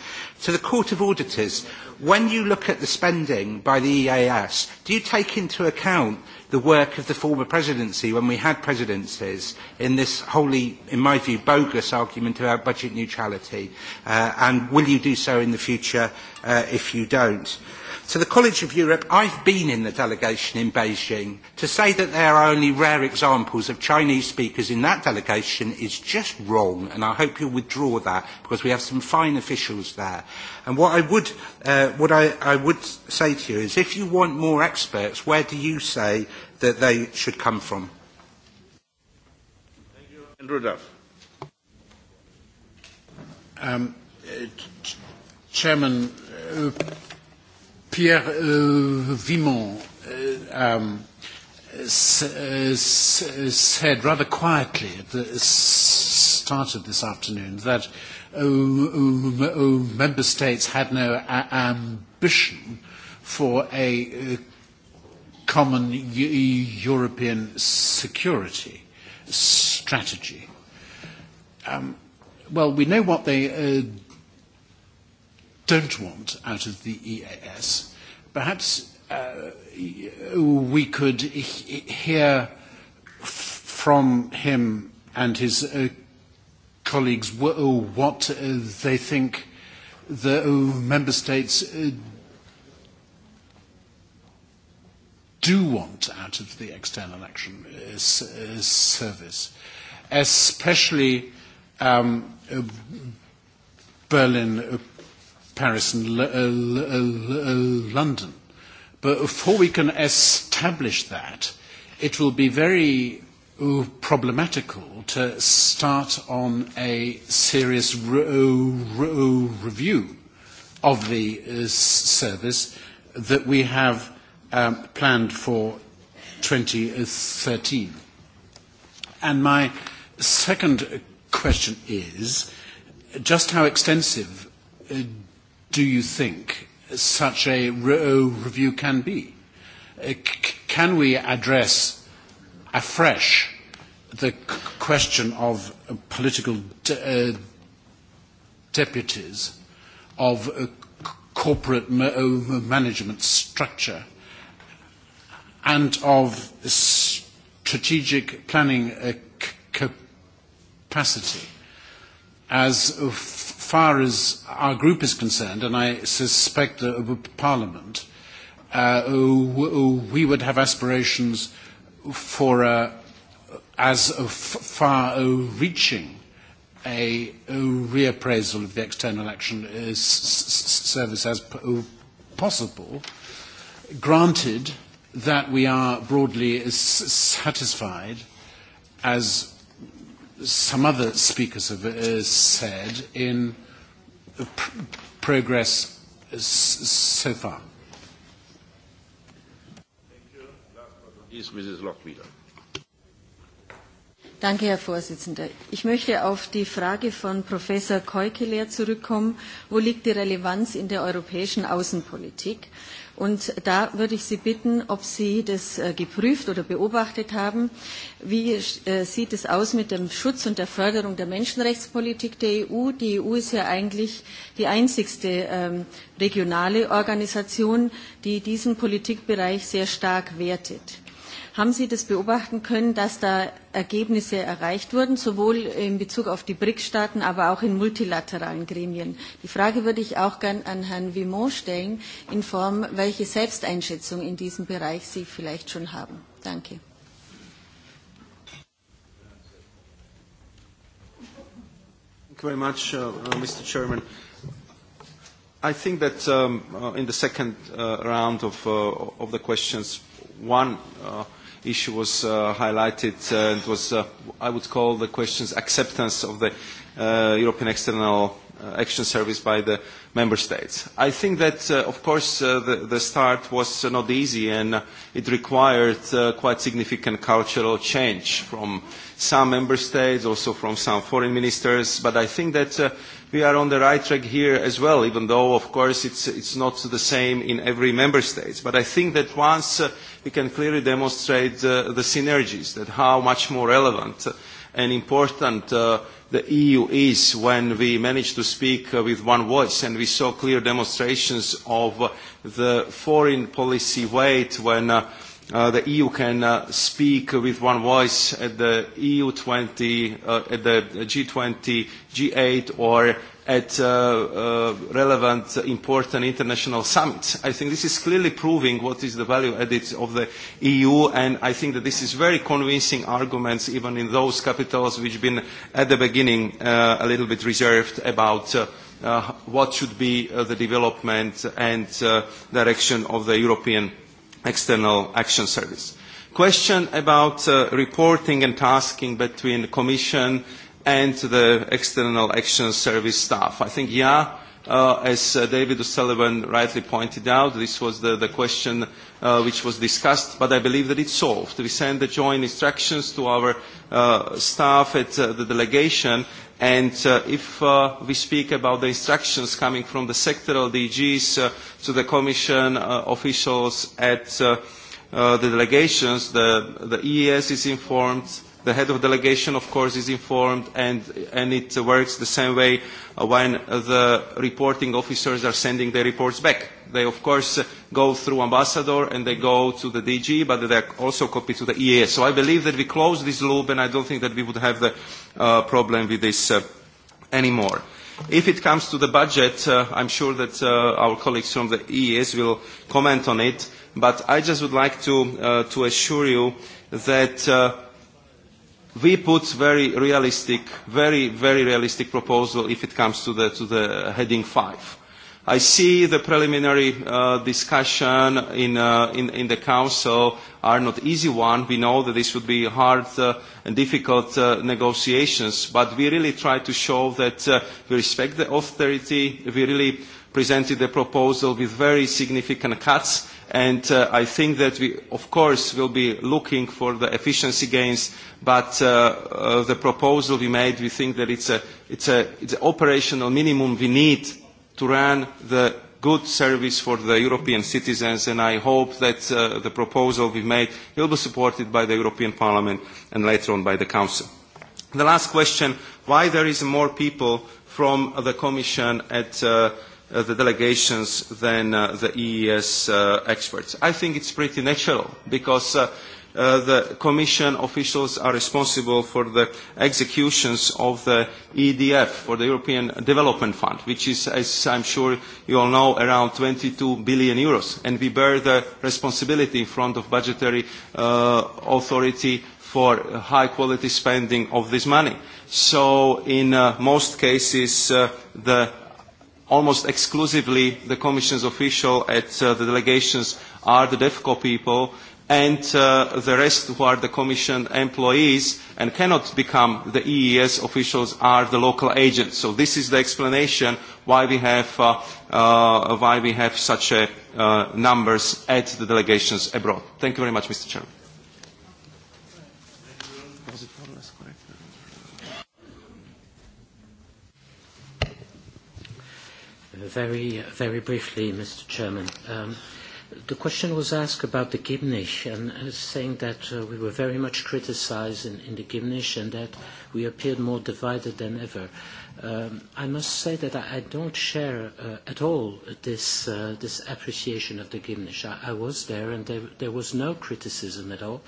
To the Court of Auditors, when you look at the spending by the EAS, do you take into account the work of the former presidency when we had presidencies in this wholly, in my view, bogus argument about budget neutrality? Uh, and will you do so in the future uh, if you don't? To the College of Europe, I've been in the delegation in Beijing. To say that there are only rare examples of Chinese speakers in that delegation is just wrong, and I hope you'll withdraw that, because we have some fine officials there. And what I would, uh, what I, I would say to you is, if you want more experts, where do you say that they should come from? Thank you. Andrew Duff. Um, uh, Chairman, uh, Pierre euh, Vimont euh, um, uh, said rather quietly at the start of this afternoon that uh, uh, uh member states had no ambition for a common European security strategy. Um, well, we know what they uh, don't want out of the EAS, perhaps uh, we could hear from him and his uh, colleagues what uh, they think the uh, member states uh, do want out of the external action uh, uh, service, especially um, Berlin uh, Paris and L uh, L uh, L uh, London. But before we can establish that, it will be very problematical to start on a serious re re review of the uh, service that we have um, planned for 2013. And my second question is just how extensive uh, do you think such a re review can be? Uh, c can we address afresh the question of uh, political de uh, deputies, of uh, corporate ma uh, management structure, and of strategic planning capacity as far as our group is concerned, and I suspect the uh, Parliament, uh, we would have aspirations for uh, a, as far-reaching a reappraisal of the External Action uh, Service as possible, granted that we are broadly satisfied as some other speakers have uh, said in pr progress uh, so far. Is Mrs. Danke, Herr Vorsitzender. Ich möchte auf die Frage von Professor Keukeler zurückkommen. Wo liegt die Relevanz in der europäischen Außenpolitik? Und da würde ich Sie bitten, ob Sie das äh, geprüft oder beobachtet haben. Wie äh, sieht es aus mit dem Schutz und der Förderung der Menschenrechtspolitik der EU? Die EU ist ja eigentlich die einzigste ähm, regionale Organisation, die diesen Politikbereich sehr stark wertet. Haben Sie das beobachten können, dass da Ergebnisse erreicht wurden, sowohl in Bezug auf die BRIC-Staaten, aber auch in multilateralen Gremien? Die Frage würde ich auch gern an Herrn Vimont stellen, in Form, welche Selbsteinschätzung in diesem Bereich Sie vielleicht schon haben. Danke. Thank you very much, uh, uh, Mr. Chairman. I think that um, uh, in the second uh, round of, uh, of the questions, one, uh, issue was uh, highlighted uh, and was, uh, I would call the questions acceptance of the uh, European External uh, Action Service by the member states. I think that, uh, of course, uh, the, the start was uh, not easy and uh, it required uh, quite significant cultural change from some member states, also from some foreign ministers, but I think that uh, we are on the right track here as well, even though, of course, it's, it's not the same in every member state. But I think that once uh, we can clearly demonstrate uh, the synergies, that how much more relevant and important uh, the EU is when we manage to speak uh, with one voice and we saw clear demonstrations of uh, the foreign policy weight when uh, uh, the EU can uh, speak with one voice at the EU 20, uh, at the G20, G8, or at uh, uh, relevant, important international summits. I think this is clearly proving what is the value added of the EU, and I think that this is very convincing arguments, even in those capitals which have been at the beginning uh, a little bit reserved about uh, uh, what should be uh, the development and uh, direction of the European Union External Action Service. Question about uh, reporting and tasking between the Commission and the External Action Service staff. I think, yeah, uh, as uh, David O'Sullivan rightly pointed out, this was the, the question uh, which was discussed, but I believe that it's solved. We sent the joint instructions to our uh, staff at uh, the delegation, And uh, if uh, we speak about the instructions coming from the sectoral DGs uh, to the Commission uh, officials at uh, uh, the delegations, the, the EES is informed, the head of delegation, of course, is informed, and, and it works the same way uh, when the reporting officers are sending their reports back. They, of course, uh, go through ambassador and they go to the DG, but they are also copied to the EA. So I believe that we close this loop, and I don't think that we would have the uh, problem with this uh, anymore. If it comes to the budget, uh, I'm sure that uh, our colleagues from the EES will comment on it, but I just would like to, uh, to assure you that uh, we put very realistic, very, very realistic proposal if it comes to the, to the heading five. I see the preliminary uh, discussion in, uh, in, in the Council are not easy one. We know that this would be hard uh, and difficult uh, negotiations, but we really try to show that uh, we respect the austerity. We really presented the proposal with very significant cuts, and uh, I think that we, of course, will be looking for the efficiency gains, but uh, uh, the proposal we made, we think that it's, a, it's, a, it's an operational minimum we need to run the good service for the European citizens and I hope that uh, the proposal we made will be supported by the European Parliament and later on by the Council. The last question, why there is more people from the Commission at uh, uh the delegations than uh, the EES uh, experts? I think it's pretty natural because uh, Uh, the Commission officials are responsible for the executions of the EDF, for the European Development Fund, which is, as I'm sure you all know, around 22 billion euros. And we bear the responsibility in front of budgetary uh, authority for high quality spending of this money. So in uh, most cases, uh, the almost exclusively the Commission's official at uh, the delegations are the DEFCO people and uh, the rest who are the Commission employees and cannot become the EES officials are the local agents. So this is the explanation why we have, uh, uh, why we have such a, uh, numbers at the delegations abroad. Thank you very much, Mr. Chairman. Very, very briefly, Mr. Chairman. Um, The question was asked about the Gimnish and uh, saying that uh, we were very much criticized in, in the Gimnish and that we appeared more divided than ever. Um, I must say that I, I don't share uh, at all this, uh, this appreciation of the Gimnish. I, I was there and there, there was no criticism at all.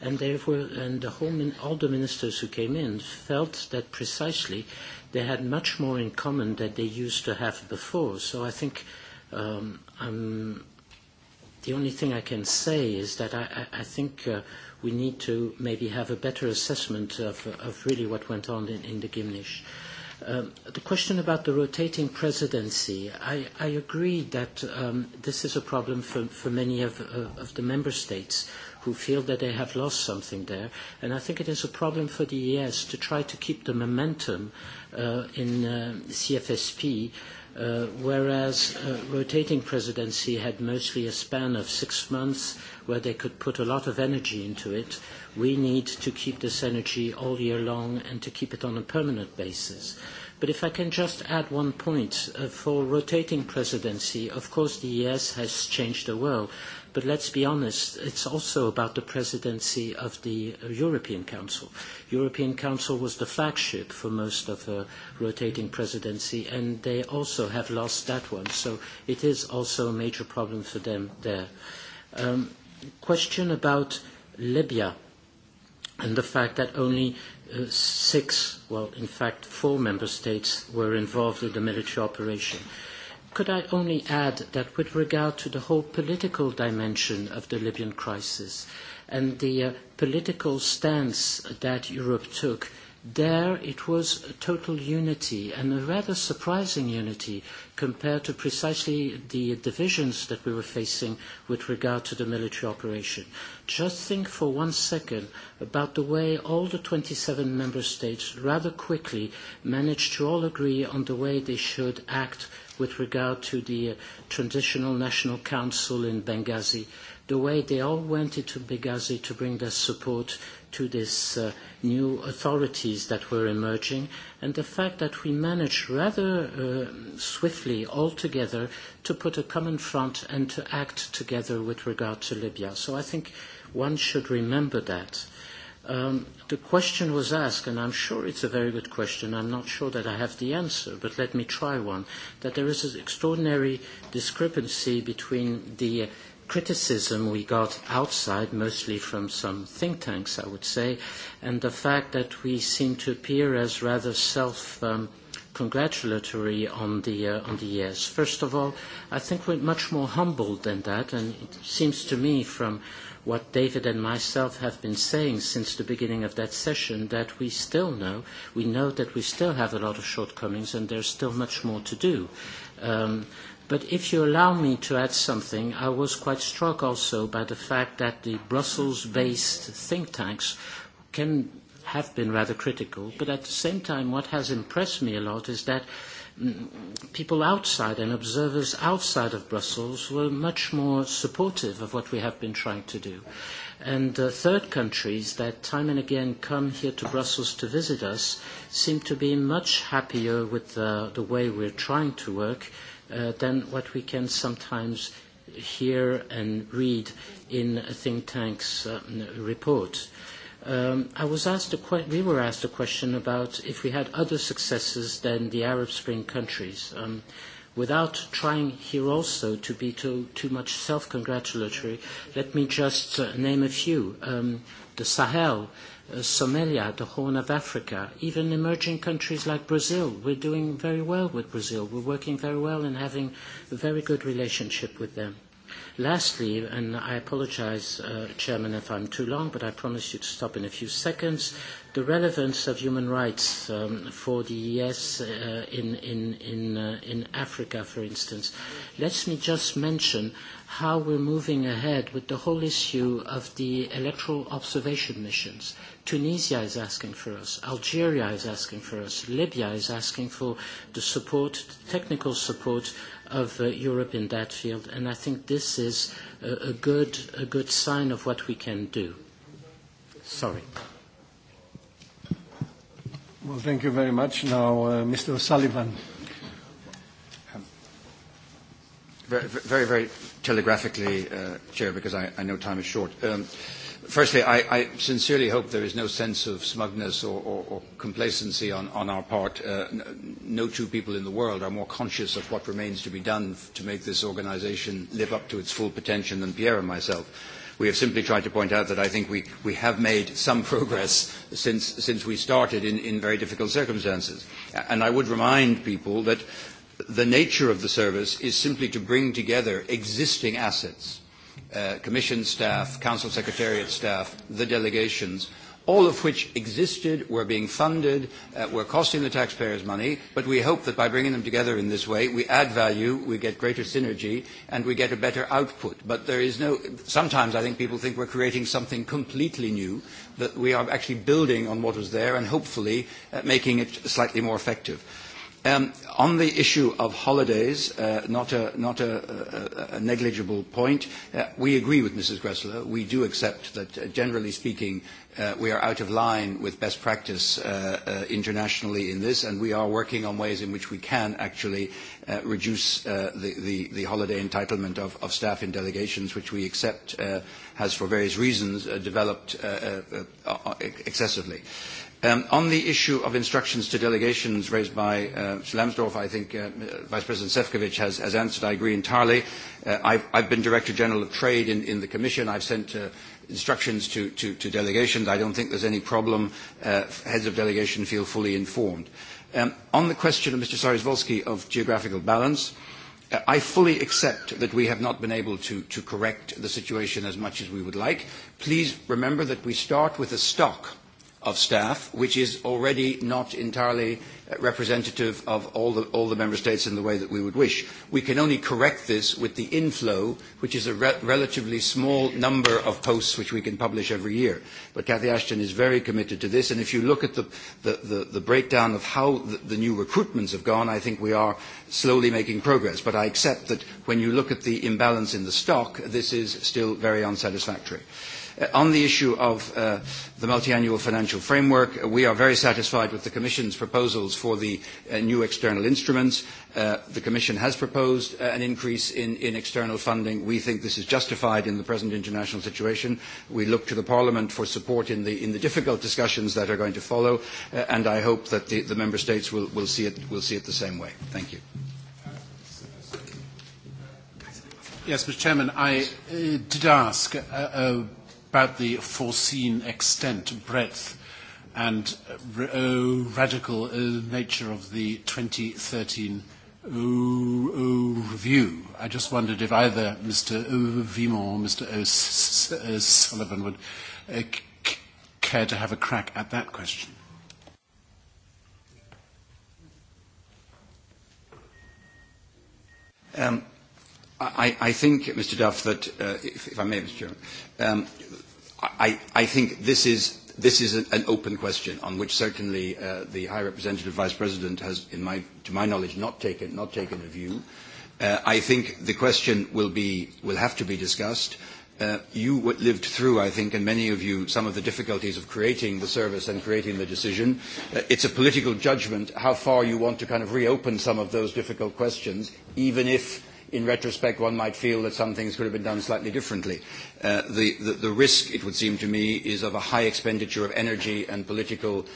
And, therefore, and the whole min, all the ministers who came in felt that precisely they had much more in common than they used to have before. So I think um, I'm The only thing I can say is that I, I, I think uh, we need to maybe have a better assessment of, of really what went on in, in the Gimnish. Um, the question about the rotating presidency, I, I agree that um, this is a problem for, for many of, uh, of the member states who feel that they have lost something there. And I think it is a problem for the ES to try to keep the momentum uh, in uh, CFSP Uh, whereas a uh, rotating presidency had mostly a span of six months where they could put a lot of energy into it, we need to keep this energy all year long and to keep it on a permanent basis. But if I can just add one point, uh, for rotating presidency, of course the ES has changed the world but let's be honest, it's also about the presidency of the European Council. European Council was the flagship for most of the rotating presidency, and they also have lost that one, so it is also a major problem for them there. Um, question about Libya and the fact that only uh, six, well, in fact, four member states were involved in the military operation. Uh, Could I only add that with regard to the whole political dimension of the Libyan crisis and the uh, political stance that Europe took, there it was a total unity and a rather surprising unity compared to precisely the divisions that we were facing with regard to the military operation. Just think for one second about the way all the 27 member states rather quickly managed to all agree on the way they should act with regard to the uh, Transitional National Council in Benghazi, the way they all went into Benghazi to bring their support to these uh, new authorities that were emerging, and the fact that we managed rather uh, swiftly all together to put a common front and to act together with regard to Libya. So I think one should remember that. Um, the question was asked, and I'm sure it's a very good question. I'm not sure that I have the answer, but let me try one. That there is an extraordinary discrepancy between the criticism we got outside, mostly from some think tanks, I would say, and the fact that we seem to appear as rather self. Um, congratulatory on the uh, on the yes. First of all, I think we're much more humble than that, and it seems to me from what David and myself have been saying since the beginning of that session, that we still know, we know that we still have a lot of shortcomings and there's still much more to do. Um, but if you allow me to add something, I was quite struck also by the fact that the Brussels-based think tanks can have been rather critical, but at the same time what has impressed me a lot is that Mm, people outside and observers outside of Brussels were much more supportive of what we have been trying to do. And uh, third countries that time and again come here to Brussels to visit us seem to be much happier with uh, the way we're trying to work uh, than what we can sometimes hear and read in think tank's uh, report. Uh, Um, I was asked a que we were asked a question about if we had other successes than the Arab Spring countries. Um, without trying here also to be too, too much self-congratulatory, let me just uh, name a few. Um, the Sahel, uh, Somalia, the Horn of Africa, even emerging countries like Brazil. We're doing very well with Brazil. We're working very well and having a very good relationship with them. Lastly, and I apologize, uh, Chairman, if I'm too long, but I promise you to stop in a few seconds, the relevance of human rights um, for the ES uh, in, in, in, uh, in Africa, for instance. Let me just mention how we're moving ahead with the whole issue of the electoral observation missions. Tunisia is asking for us, Algeria is asking for us, Libya is asking for the support, the technical support of uh, Europe in that field, and I think this is a, a, good, a good sign of what we can do. Sorry. Well, thank you very much. Now, uh, Mr. Sullivan. very, very, very telegraphically, uh, Chair, because I, I know time is short. Um, Firstly, I, I sincerely hope there is no sense of smugness or, or, or complacency on, on our part. Uh, no two people in the world are more conscious of what remains to be done to make this organization live up to its full potential than Pierre and myself. We have simply tried to point out that I think we, we have made some progress since, since we started in, in very difficult circumstances. And I would remind people that the nature of the service is simply to bring together existing assets – uh, Commission staff, Council Secretariat staff, the delegations, all of which existed, were being funded, uh, were costing the taxpayers money, but we hope that by bringing them together in this way, we add value, we get greater synergy, and we get a better output. But there is no, sometimes I think people think we're creating something completely new, that we are actually building on what was there and hopefully uh, making it slightly more effective. Um, on the issue of holidays, uh, not, a, not a, a, a negligible point, uh, we agree with Mrs. Gressler. We do accept that, uh, generally speaking, uh, we are out of line with best practice uh, uh, internationally in this, and we are working on ways in which we can actually uh, reduce uh, the, the, the holiday entitlement of, of staff in delegations, which we accept uh, has, for various reasons, uh, developed uh, uh, uh, excessively. Uh, Um, on the issue of instructions to delegations raised by uh, Mr. Lambsdorff, I think uh, Vice President Sefcovic has, has answered. I agree entirely. Uh, I've, I've been Director General of Trade in, in the Commission. I've sent uh, instructions to, to, to delegations. I don't think there's any problem. Uh, heads of delegation feel fully informed. Um, on the question of Mr. Sarizvolsky of geographical balance, uh, I fully accept that we have not been able to, to correct the situation as much as we would like. Please remember that we start with a stock – of staff, which is already not entirely uh, representative of all the, all the member states in the way that we would wish. We can only correct this with the inflow, which is a re relatively small number of posts which we can publish every year. But Cathy Ashton is very committed to this, and if you look at the, the, the, the breakdown of how the, the new recruitments have gone, I think we are slowly making progress. But I accept that when you look at the imbalance in the stock, this is still very unsatisfactory. Uh, on the issue of uh, the multiannual financial framework, uh, we are very satisfied with the Commission's proposals for the uh, new external instruments. Uh, the Commission has proposed uh, an increase in, in external funding. We think this is justified in the present international situation. We look to the Parliament for support in the, in the difficult discussions that are going to follow, uh, and I hope that the, the Member States will, will, see it, will see it the same way. Thank you. Yes, Mr. Chairman, I uh, did ask uh, uh, about the foreseen extent, breadth, and uh, oh, radical uh, nature of the 2013 uh, review. I just wondered if either Mr. Vimon or Mr. Sullivan would care to have a crack at that question. Um, I, I think, Mr. Duff, that, uh, if, if I may, Mr. Chairman, um, I, I think this is, this is an open question on which certainly uh, the High Representative Vice President has, in my, to my knowledge, not taken, not taken a view. Uh, I think the question will, be, will have to be discussed. Uh, you lived through, I think, and many of you, some of the difficulties of creating the service and creating the decision. Uh, it's a political judgment how far you want to kind of reopen some of those difficult questions, even if in retrospect one might feel that some things could have been done slightly differently. Uh, the, the, the risk, it would seem to me, is of a high expenditure of energy and political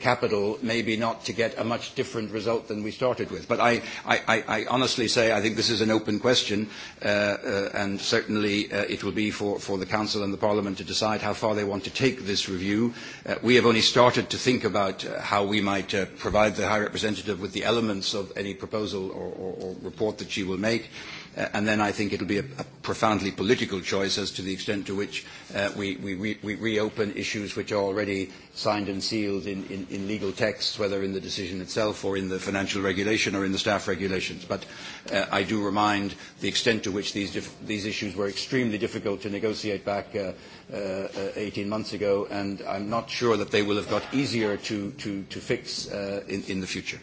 capital, maybe not to get a much different result than we started with. But I, I, I honestly say I think this is an open question, uh, uh, and certainly uh, it will be for, for the Council and the Parliament to decide how far they want to take this review. Uh, we have only started to think about uh, how we might uh, provide the High Representative with the elements of any proposal or, or, or report that she will make. Uh, uh, and then I think it'll be a, a profoundly political choice as to the extent to which uh, we, we, re we reopen issues which are already signed and sealed in, in, in legal texts, whether in the decision itself or in the financial regulation or in the staff regulations. But uh, I do remind the extent to which these, these issues were extremely difficult to negotiate back uh, uh, 18 months ago, and I'm not sure that they will have got easier to, to, to fix uh, in, in the future.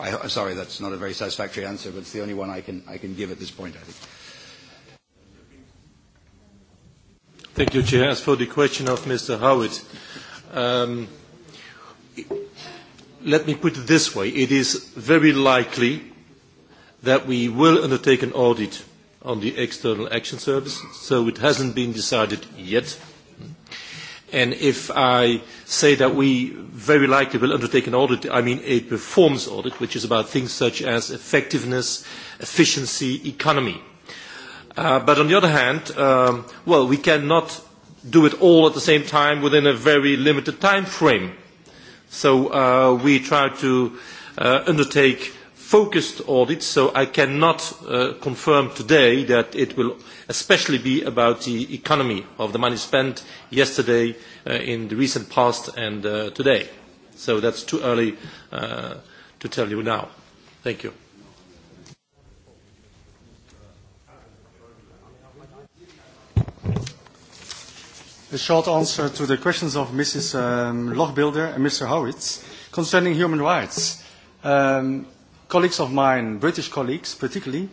I, sorry, that's not a very satisfactory answer, but it's the only one I can, I can give at this point, I think. Thank you, Chair. As for the question of Mr. Howard, um, let me put it this way. It is very likely that we will undertake an audit on the External Action Service, so it hasn't been decided yet And if I say that we very likely will undertake an audit, I mean a performance audit, which is about things such as effectiveness, efficiency, economy. Uh, but on the other hand, um, well, we cannot do it all at the same time within a very limited time frame. So uh, we try to uh, undertake focused audit, so I cannot uh, confirm today that it will especially be about the economy of the money spent yesterday, uh, in the recent past, and uh, today. So that's too early uh, to tell you now. Thank you. A short answer to the questions of Mrs. Um, Lochbilder and Mr. Howitz concerning human rights. Um, colleagues of mine, British colleagues particularly,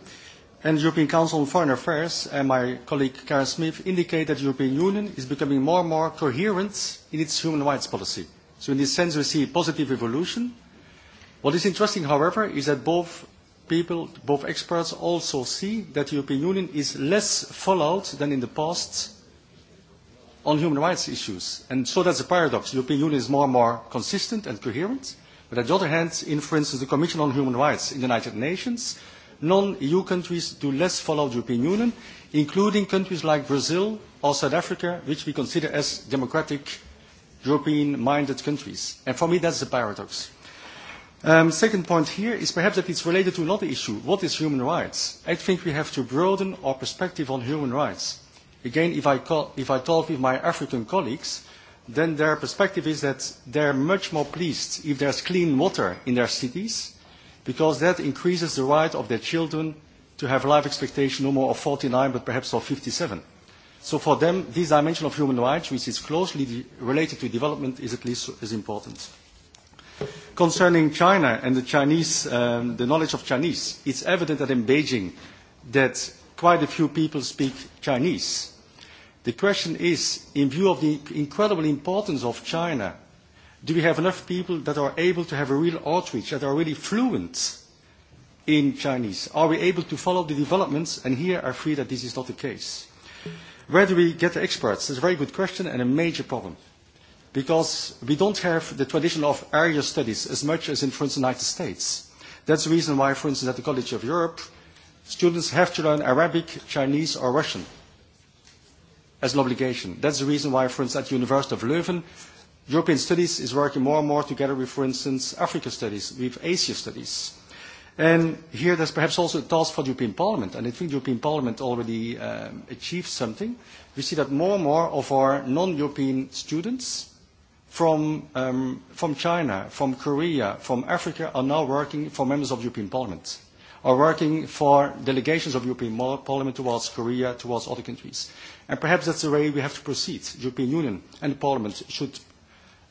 and European Council on Foreign Affairs and my colleague Karen Smith indicate that the European Union is becoming more and more coherent in its human rights policy. So in this sense we see a positive evolution. What is interesting, however, is that both people, both experts also see that the European Union is less followed than in the past on human rights issues. And so that's a paradox. The European Union is more and more consistent and coherent, But on the other hand, in, for instance, the Commission on Human Rights in the United Nations, non-EU countries do less follow the European Union, including countries like Brazil or South Africa, which we consider as democratic, European-minded countries. And for me, that's the paradox. Um, second point here is perhaps that it's related to another issue. What is human rights? I think we have to broaden our perspective on human rights. Again, if I, call, if I talk with my African colleagues, then their perspective is that they're much more pleased if there's clean water in their cities, because that increases the right of their children to have life expectation no more of 49, but perhaps of 57. So for them, this dimension of human rights, which is closely related to development, is at least as important. Concerning China and the Chinese, um, the knowledge of Chinese, it's evident that in Beijing that quite a few people speak Chinese The question is, in view of the incredible importance of China, do we have enough people that are able to have a real outreach, that are really fluent in Chinese? Are we able to follow the developments? And here I fear that this is not the case. Where do we get the experts? It's a very good question and a major problem. Because we don't have the tradition of area studies as much as in, for instance, the United States. That's the reason why, for instance, at the College of Europe, students have to learn Arabic, Chinese, or Russian as an obligation. That's the reason why, for instance, at the University of Leuven, European studies is working more and more together with, for instance, Africa studies, with Asia studies. And here there's perhaps also a task for the European Parliament, and I think the European Parliament already um, achieved something. We see that more and more of our non-European students from, um, from China, from Korea, from Africa are now working for members of the European Parliament are working for delegations of European Parliament towards Korea, towards other countries. And perhaps that's the way we have to proceed. The European Union and the Parliament should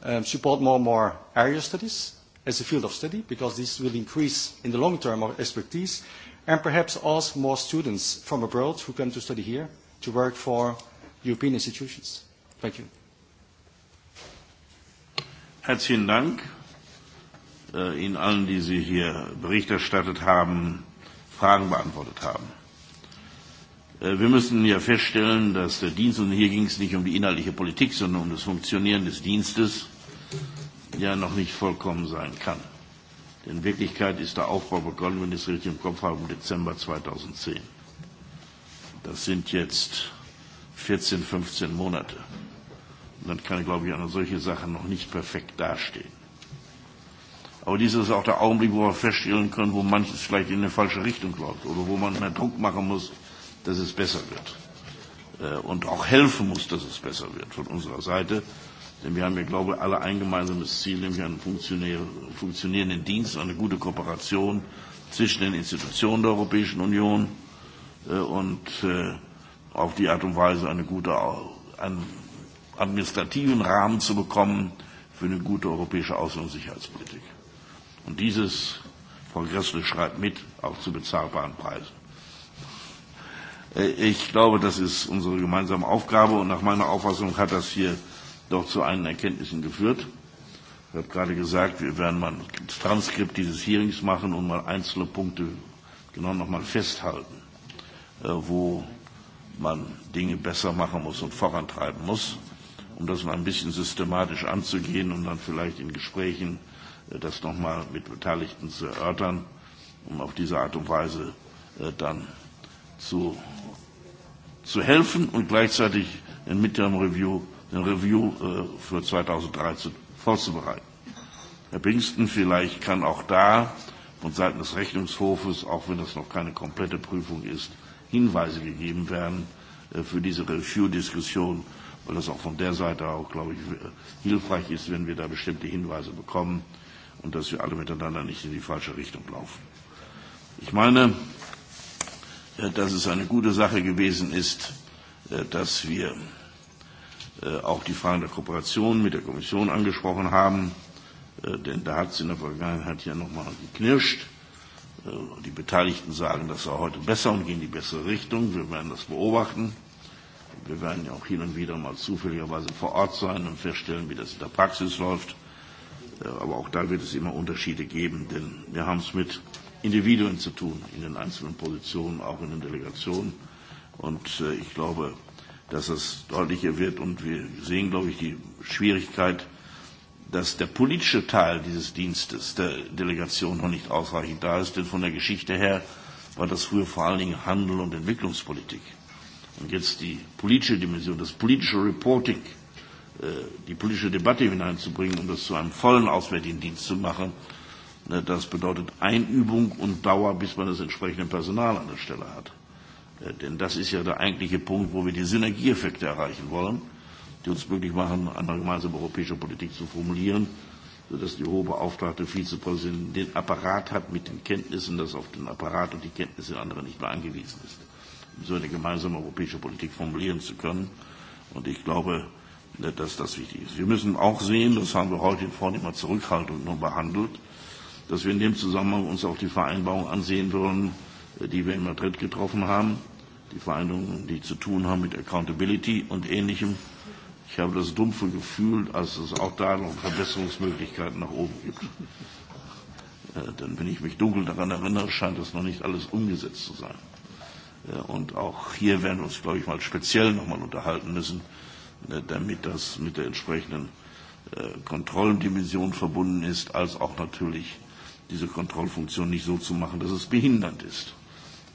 um, support more and more area studies as a field of study because this will increase in the long term our expertise and perhaps ask more students from abroad who come to study here to work for European institutions. Thank you. Herzlichen Dank äh, Ihnen allen, die Sie hier Bericht erstattet haben, Fragen beantwortet haben. Äh, wir müssen ja feststellen, dass der Dienst, und hier ging es nicht um die inhaltliche Politik, sondern um das Funktionieren des Dienstes, ja noch nicht vollkommen sein kann. Denn in Wirklichkeit ist der Aufbau begonnen, wenn ich es richtig im Kopf habe, im Dezember 2010. Das sind jetzt 14, 15 Monate. Und dann kann, glaube ich, eine solche Sache noch nicht perfekt dastehen. Aber dies ist auch der Augenblick, wo wir feststellen können, wo manches vielleicht in eine falsche Richtung läuft oder wo man mehr Druck machen muss, dass es besser wird. Äh, und auch helfen muss, dass es besser wird von unserer Seite. Denn wir haben ja, glaube ich, alle ein gemeinsames Ziel, nämlich einen funktionierenden Dienst, eine gute Kooperation zwischen den Institutionen der Europäischen Union äh, und äh, auf die Art und Weise eine gute, einen administrativen Rahmen zu bekommen für eine gute europäische Außen- und Sicherheitspolitik. Und dieses, Frau schreibt mit, auch zu bezahlbaren Preisen. Äh, ich glaube, das ist unsere gemeinsame Aufgabe und nach meiner Auffassung hat das hier doch zu einigen Erkenntnissen geführt. Ich habe gerade gesagt, wir werden mal ein Transkript dieses Hearings machen und mal einzelne Punkte genau noch mal festhalten, äh, wo man Dinge besser machen muss und vorantreiben muss, um das mal ein bisschen systematisch anzugehen und dann vielleicht in Gesprächen das nochmal mit Beteiligten zu erörtern, um auf diese Art und Weise äh, dann zu, zu helfen und gleichzeitig den Midterm Review, den Review äh, für 2013 vorzubereiten. Herr Pinkston, vielleicht kann auch da von Seiten des Rechnungshofes, auch wenn das noch keine komplette Prüfung ist, Hinweise gegeben werden äh, für diese Review-Diskussion, weil das auch von der Seite auch, glaube ich, hilfreich ist, wenn wir da bestimmte Hinweise bekommen, und dass wir alle miteinander nicht in die falsche Richtung laufen. Ich meine, äh, dass es eine gute Sache gewesen ist, äh, dass wir äh, auch die Fragen der Kooperation mit der Kommission angesprochen haben, denn da hat es in der Vergangenheit ja noch mal geknirscht. Die Beteiligten sagen, das war heute besser und gehen in die bessere Richtung. Wir werden das beobachten. Wir werden ja auch hin und wieder mal zufälligerweise vor Ort sein und feststellen, wie das in der Praxis läuft. Äh, aber auch da wird es immer Unterschiede geben, denn wir haben es mit Individuen zu tun, in den einzelnen Positionen, auch in den Delegationen. Und äh, ich glaube, dass es deutlicher wird und wir sehen, glaube ich, die Schwierigkeit, dass der politische Teil dieses Dienstes der Delegation noch nicht ausreichend da ist, denn von der Geschichte her war das früher vor allen Dingen Handel und Entwicklungspolitik. Und jetzt die politische Dimension, das politische Reporting – Äh, die politische Debatte hineinzubringen, und um das zu einem vollen Auswärtigen Dienst zu machen. Äh, das bedeutet Einübung und Dauer, bis man das entsprechende Personal an der Stelle hat. Äh, denn das ist ja der eigentliche Punkt, wo wir die Synergieeffekte erreichen wollen, die uns möglich machen, eine gemeinsame europäische Politik zu formulieren, sodass die hohe Beauftragte Vizepräsidentin den Apparat hat mit den Kenntnissen, dass auf den Apparat und die Kenntnisse anderer nicht mehr angewiesen ist, um so eine gemeinsame europäische Politik formulieren zu können. Und ich glaube, dass äh, das wichtig ist. Wir müssen auch sehen, das haben wir heute in immer zurückhaltend nur behandelt, dass wir in dem Zusammenhang uns auch die Vereinbarung ansehen würden, äh, die wir in Madrid getroffen haben, die Vereinbarungen, die zu tun haben mit Accountability und Ähnlichem. Ich habe das dumpfe Gefühl, dass es auch da noch Verbesserungsmöglichkeiten nach oben gibt. Äh, denn wenn ich mich dunkel daran erinnere, scheint das noch nicht alles umgesetzt zu sein. Und auch hier werden wir uns, glaube ich, mal speziell nochmal unterhalten müssen, Äh, damit das mit der entsprechenden äh, Kontrollendimension verbunden ist, als auch natürlich diese Kontrollfunktion nicht so zu machen, dass es behindernd ist,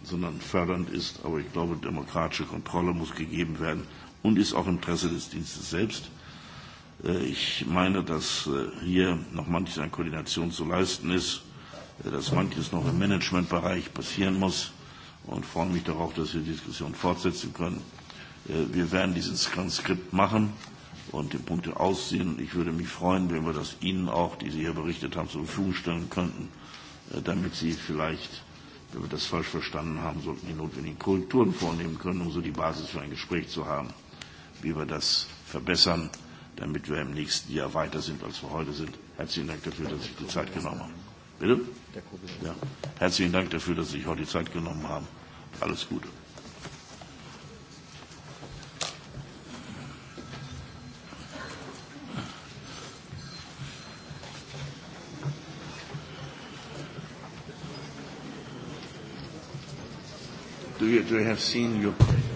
sondern fördernd ist. Aber ich glaube, demokratische Kontrolle muss gegeben werden und ist auch im Interesse des Dienstes selbst. Äh, ich meine, dass hier noch manches an Koordination zu leisten ist, dass manches noch im Managementbereich passieren muss und freue mich darauf, dass wir die Diskussion fortsetzen können. Äh, wir werden dieses Transkript machen und die Punkte ausziehen. Ich würde mich freuen, wenn wir das Ihnen auch, die Sie hier berichtet haben, zur Verfügung stellen könnten, äh, damit Sie vielleicht, wenn wir das falsch verstanden haben, sollten die notwendigen Korrekturen vornehmen können, um so die Basis für ein Gespräch zu haben, wie wir das verbessern, damit wir im nächsten Jahr weiter sind, als wir heute sind. Herzlichen Dank dafür, dass Sie die Zeit genommen haben. Bitte? Ja. Herzlichen Dank dafür, dass Sie sich heute die Zeit genommen haben. Alles Gute. do you, do you have seen Ukraine?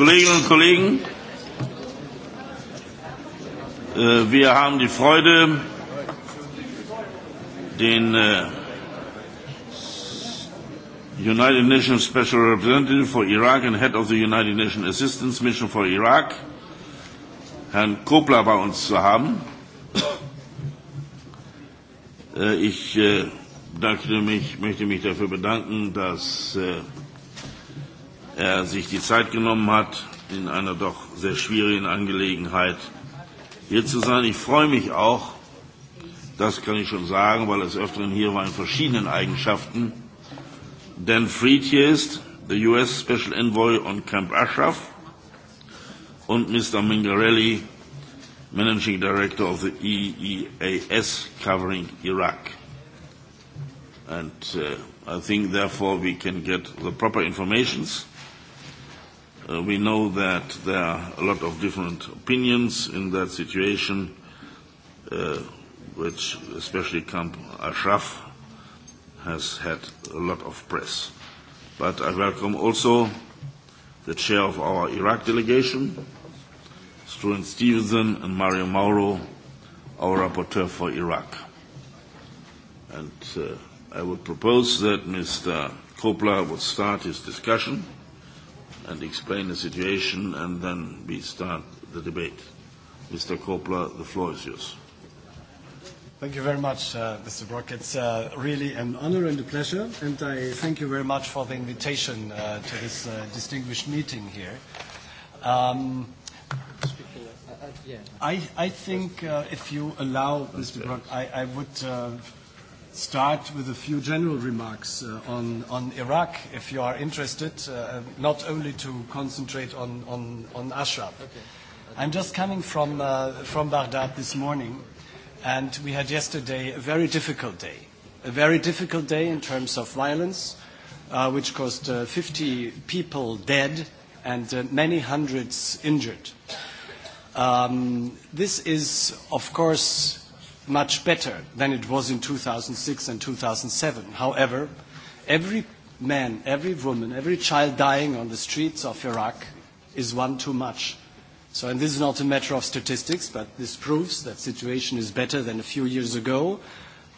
Kolleginnen und Kollegen, äh, wir haben die Freude, den äh, United Nations Special Representative for Iraq and Head of the United Nations Assistance Mission for Iraq, Herrn Kobler, bei uns zu haben. Äh, ich mich, möchte mich dafür bedanken, dass er sich die Zeit genommen hat, in einer doch sehr schwierigen Angelegenheit hier zu sein. Ich freue mich auch, das kann ich schon sagen, weil es öfteren hier war in verschiedenen Eigenschaften, Dan Fried hier ist, der US Special Envoy on Camp Ashraf und Mr. Mingarelli, Managing Director of the EEAS covering Iraq. And uh, I think therefore we can get the proper informations Uh, we know that there are a lot of different opinions in that situation, uh, which especially Camp Ashraf has had a lot of press. But I welcome also the chair of our Iraq delegation, Struan Stevenson and Mario Mauro, our rapporteur for Iraq. And uh, I would propose that Mr. Kopla would start his discussion and explain the situation and then we start the debate. Mr. Kopla, the floor is yours. Thank you very much, uh, Mr. Brock. It's uh, really an honor and a pleasure, and I thank you very much for the invitation uh, to this uh, distinguished meeting here. Um, uh, uh, I, I think, uh, if you allow, Mr. Brock, I, I would uh, start with a few general remarks uh, on, on Iraq, if you are interested, uh, not only to concentrate on, on, on Ashraf. Okay. I'm just coming from, uh, from Baghdad this morning, and we had yesterday a very difficult day. A very difficult day in terms of violence, uh, which caused uh, 50 people dead and uh, many hundreds injured. Um, this is, of course, much better than it was in 2006 and 2007. However, every man, every woman, every child dying on the streets of Iraq is one too much. So, and this is not a matter of statistics, but this proves that situation is better than a few years ago.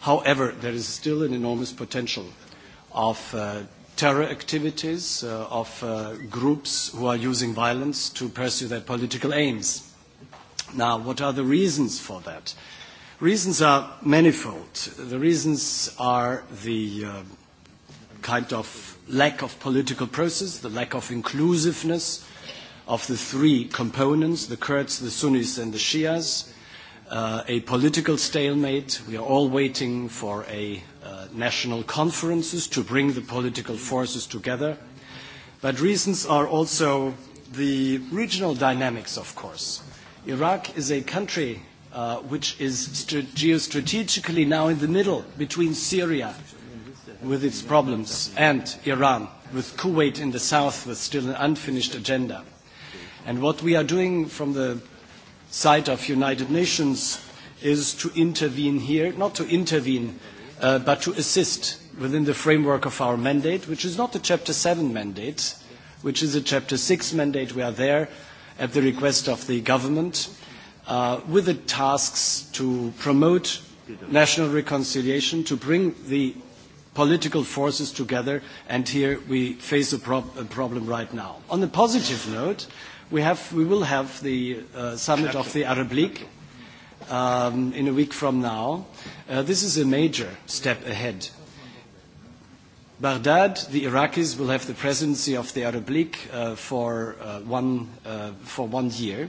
However, there is still an enormous potential of uh, terror activities, uh, of uh, groups who are using violence to pursue their political aims. Now, what are the reasons for that? Uh, Reasons are manifold. The reasons are the uh, kind of lack of political process, the lack of inclusiveness of the three components, the Kurds, the Sunnis and the Shias, uh, a political stalemate. We are all waiting for a uh, national conferences to bring the political forces together. But reasons are also the regional dynamics, of course. Iraq is a country uh, which is geostrategically now in the middle between Syria with its problems and Iran, with Kuwait in the south with still an unfinished agenda. And what we are doing from the side of United Nations is to intervene here, not to intervene, uh, but to assist within the framework of our mandate, which is not a Chapter 7 mandate, which is a Chapter 6 mandate. We are there at the request of the government uh, with the tasks to promote national reconciliation, to bring the political forces together, and here we face a, prob a problem right now. On a positive note, we, have, we will have the uh, summit of the Arab League um, in a week from now. Uh, this is a major step ahead. Baghdad, the Iraqis will have the presidency of the Arab League uh, for, uh, one, uh, for one year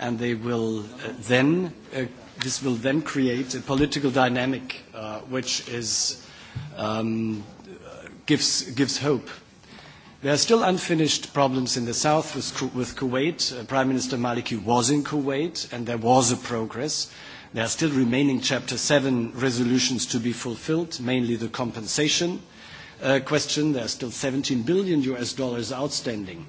and they will uh, then uh, this will then create a political dynamic uh, which is um, gives gives hope. There are still unfinished problems in the south with, with Kuwait. Uh, Prime Minister Maliki was in Kuwait, and there was a progress. There are still remaining Chapter 7 resolutions to be fulfilled, mainly the compensation uh, question. There are still 17 billion US dollars outstanding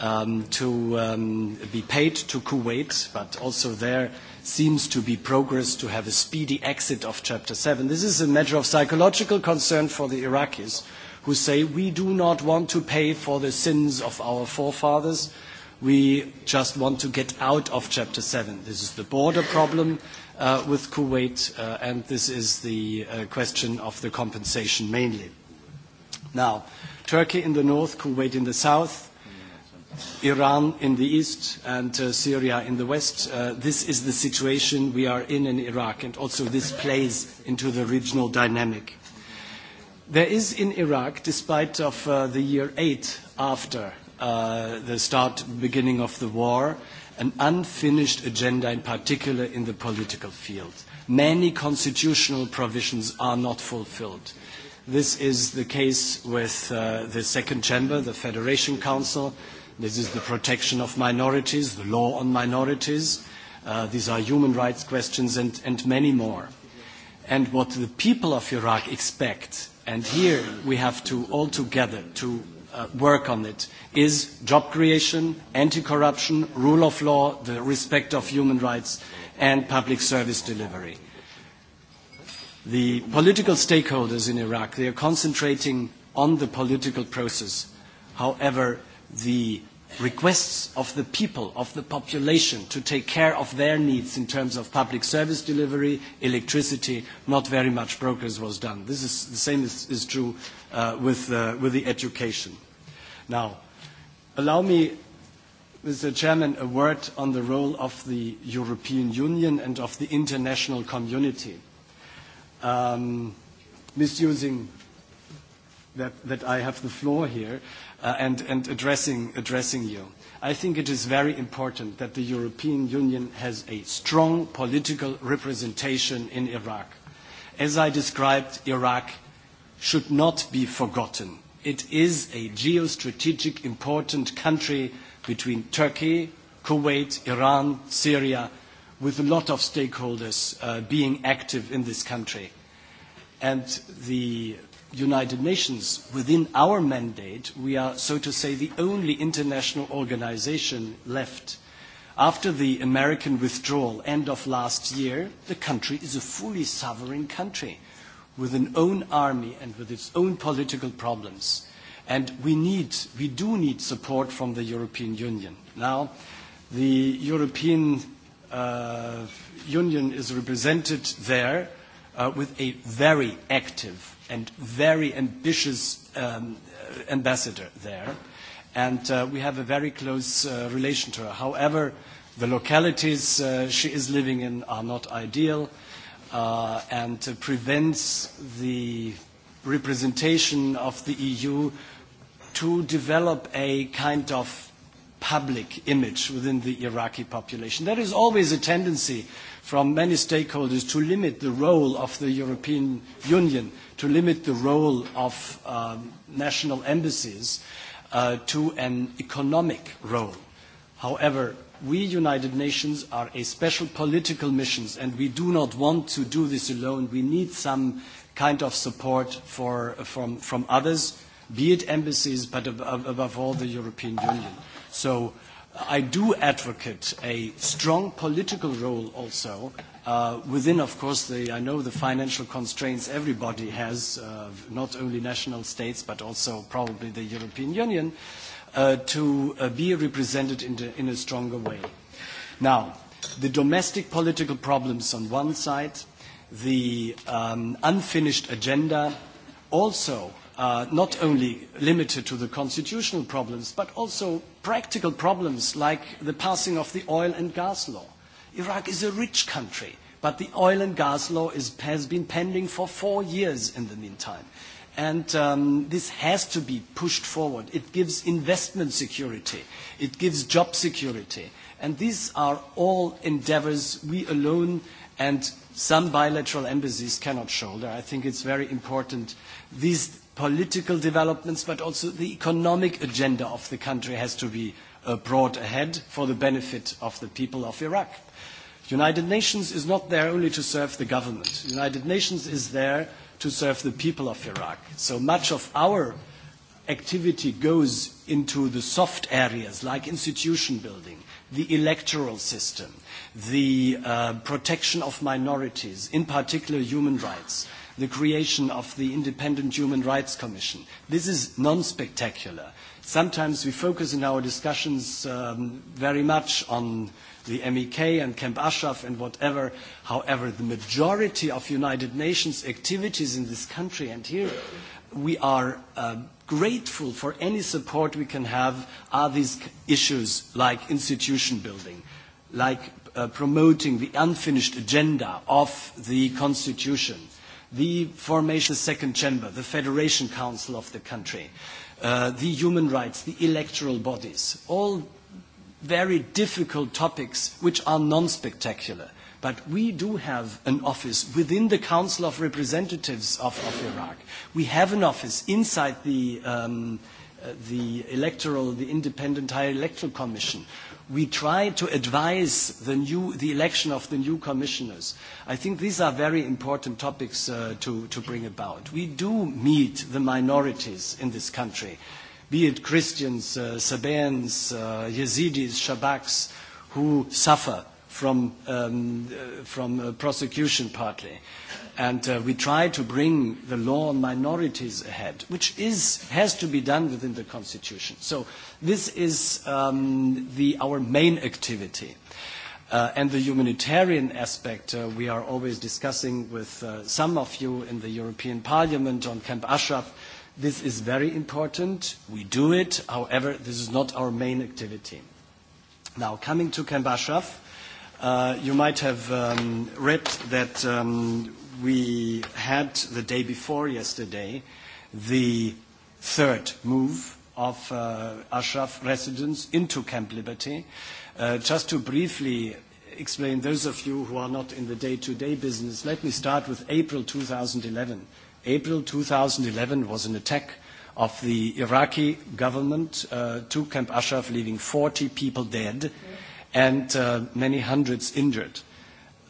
um, to um, be paid to Kuwait, but also there seems to be progress to have a speedy exit of Chapter 7. This is a matter of psychological concern for the Iraqis who say we do not want to pay for the sins of our forefathers. We just want to get out of Chapter 7. This is the border problem uh, with Kuwait, uh, and this is the uh, question of the compensation mainly. Now, Turkey in the north, Kuwait in the south, Iran in the east and uh, Syria in the west. Uh, this is the situation we are in in Iraq, and also this plays into the regional dynamic. There is in Iraq, despite of uh, the year eight after uh, the start, beginning of the war, an unfinished agenda, in particular in the political field. Many constitutional provisions are not fulfilled. This is the case with uh, the Second Chamber, the Federation Council, This is the protection of minorities, the law on minorities. Uh, these are human rights questions and, and many more. And what the people of Iraq expect, and here we have to all together to uh, work on it, is job creation, anti-corruption, rule of law, the respect of human rights, and public service delivery. The political stakeholders in Iraq, they are concentrating on the political process. However, the requests of the people, of the population, to take care of their needs in terms of public service delivery, electricity, not very much progress was done. This is, the same is, is true uh, with, uh, with the education. Now, allow me, Mr. Chairman, a word on the role of the European Union and of the international community. Um, misusing that, that I have the floor here uh, and, and addressing, addressing you. I think it is very important that the European Union has a strong political representation in Iraq. As I described, Iraq should not be forgotten. It is a geostrategic important country between Turkey, Kuwait, Iran, Syria, with a lot of stakeholders uh, being active in this country. And the United Nations, within our mandate, we are, so to say, the only international organization left. After the American withdrawal, end of last year, the country is a fully sovereign country with an own army and with its own political problems. And we, need, we do need support from the European Union. Now, the European uh, Union is represented there uh, with a very active and very ambitious um, uh, ambassador there. And uh, we have a very close uh, relation to her. However, the localities uh, she is living in are not ideal uh, and uh, prevents the representation of the EU to develop a kind of public image within the Iraqi population. There is always a tendency from many stakeholders to limit the role of the European Union, to limit the role of um, national embassies uh, to an economic role. However, we United Nations are a special political mission and we do not want to do this alone. We need some kind of support for, from, from others, be it embassies, but above, above all the European Union. So I do advocate a strong political role also uh, within, of course, the, I know the financial constraints everybody has, uh, not only national states, but also probably the European Union, uh, to uh, be represented in, the, in a stronger way. Now, the domestic political problems on one side, the um, unfinished agenda, also uh, not only limited to the constitutional problems, but also practical problems like the passing of the oil and gas law. Iraq is a rich country, but the oil and gas law is, has been pending for four years in the meantime. And um, this has to be pushed forward. It gives investment security. It gives job security. And these are all endeavors we alone and some bilateral embassies cannot shoulder. I think it's very important. These political developments, but also the economic agenda of the country has to be uh, brought ahead for the benefit of the people of Iraq. The United Nations is not there only to serve the government. The United Nations is there to serve the people of Iraq. So much of our activity goes into the soft areas like institution building, the electoral system, the uh, protection of minorities, in particular human rights the creation of the Independent Human Rights Commission. This is non-spectacular. Sometimes we focus in our discussions um, very much on the MEK and Camp Ashraf and whatever. However, the majority of United Nations activities in this country and here we are uh, grateful for any support we can have are these issues like institution building, like uh, promoting the unfinished agenda of the Constitution, the formation second chamber, the federation council of the country, uh, the human rights, the electoral bodies, all very difficult topics which are non-spectacular. But we do have an office within the Council of Representatives of, of Iraq. We have an office inside the, um, uh, the electoral, the Independent High Electoral Commission we try to advise the, new, the election of the new commissioners. I think these are very important topics uh, to, to bring about. We do meet the minorities in this country, be it Christians, uh, Sabaeans, uh, Yazidis, Shabaks, who suffer from, um, uh, from uh, prosecution partly. And uh, we try to bring the law on minorities ahead, which is, has to be done within the Constitution. So This is um, the, our main activity. Uh, and the humanitarian aspect uh, we are always discussing with uh, some of you in the European Parliament on Camp Ashraf. This is very important. We do it. However, this is not our main activity. Now, coming to Camp Ashraf, uh, you might have um, read that um, we had the day before yesterday the third move of uh, Ashraf residents into Camp Liberty. Uh, just to briefly explain those of you who are not in the day-to-day -day business, let me start with April 2011. April 2011 was an attack of the Iraqi government uh, to Camp Ashraf, leaving 40 people dead and uh, many hundreds injured.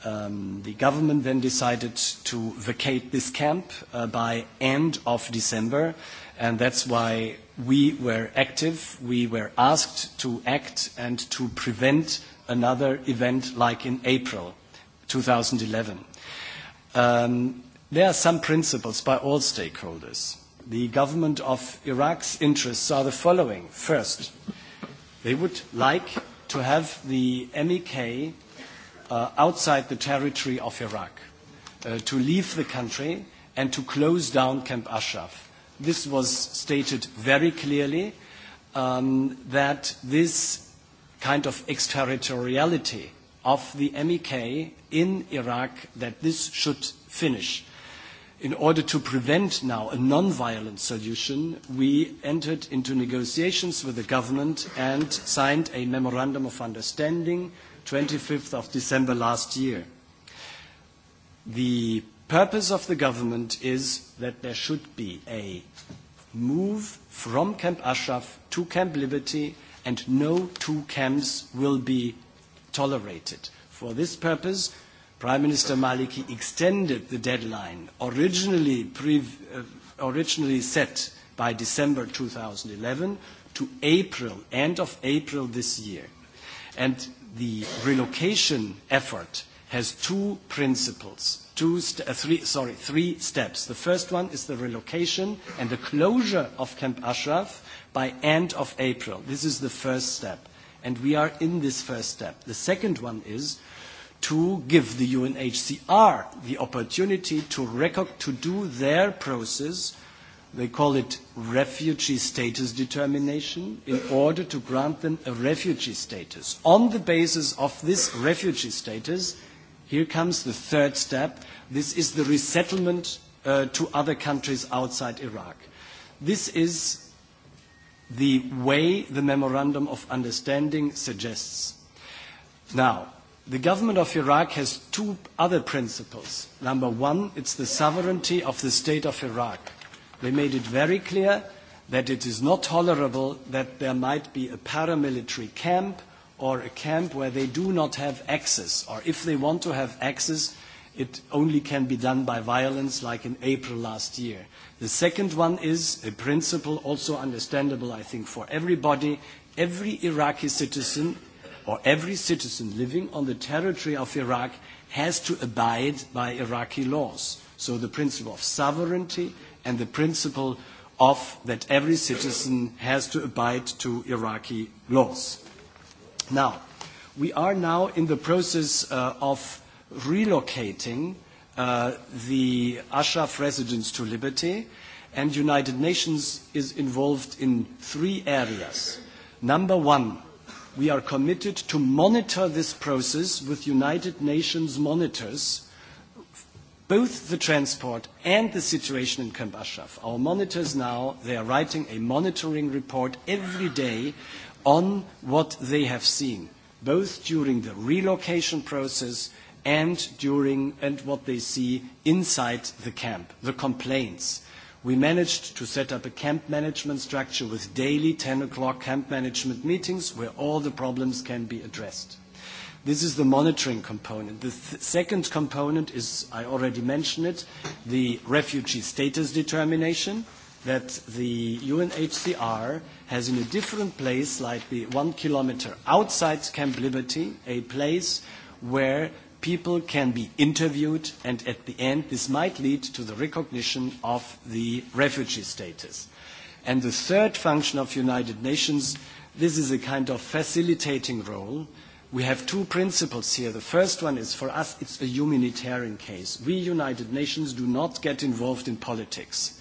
Um, the government then decided to vacate this camp uh, by end of December, and that's why we were active, we were asked to act and to prevent another event like in April 2011. Um, there are some principles by all stakeholders. The government of Iraq's interests are the following. First, they would like to have the MEK uh, outside the territory of Iraq, uh, to leave the country and to close down Camp Ashraf this was stated very clearly, um, that this kind of extraterritoriality of the MEK in Iraq, that this should finish. In order to prevent now a non-violent solution, we entered into negotiations with the government and signed a memorandum of understanding 25th of December last year. The purpose of the government is that there should be a move from Camp Ashraf to Camp Liberty and no two camps will be tolerated. For this purpose, Prime Minister Maliki extended the deadline originally, pre uh, originally set by December 2011 to April, end of April this year. And the relocation effort has two principles, two st uh, three, sorry, three steps. The first one is the relocation and the closure of Camp Ashraf by end of April. This is the first step, and we are in this first step. The second one is to give the UNHCR the opportunity to, record, to do their process they call it refugee status determination in order to grant them a refugee status. On the basis of this refugee status, Here comes the third step. This is the resettlement uh, to other countries outside Iraq. This is the way the Memorandum of Understanding suggests. Now, the government of Iraq has two other principles. Number one, it's the sovereignty of the state of Iraq. They made it very clear that it is not tolerable that there might be a paramilitary camp or a camp where they do not have access, or if they want to have access, it only can be done by violence, like in April last year. The second one is a principle also understandable, I think, for everybody. Every Iraqi citizen or every citizen living on the territory of Iraq has to abide by Iraqi laws. So the principle of sovereignty and the principle of that every citizen has to abide to Iraqi laws. Now, we are now in the process uh, of relocating uh, the Ashraf residents to Liberty, and United Nations is involved in three areas. Number one, we are committed to monitor this process with United Nations monitors, both the transport and the situation in Camp Ashraf. Our monitors now, they are writing a monitoring report every day on what they have seen, both during the relocation process and during and what they see inside the camp, the complaints. We managed to set up a camp management structure with daily 10 o'clock camp management meetings where all the problems can be addressed. This is the monitoring component. The th second component is, I already mentioned it, the refugee status determination that the UNHCR has in a different place, like the one kilometer outside Camp Liberty, a place where people can be interviewed, and at the end, this might lead to the recognition of the refugee status. And the third function of United Nations, this is a kind of facilitating role. We have two principles here. The first one is for us, it's a humanitarian case. We, United Nations, do not get involved in politics.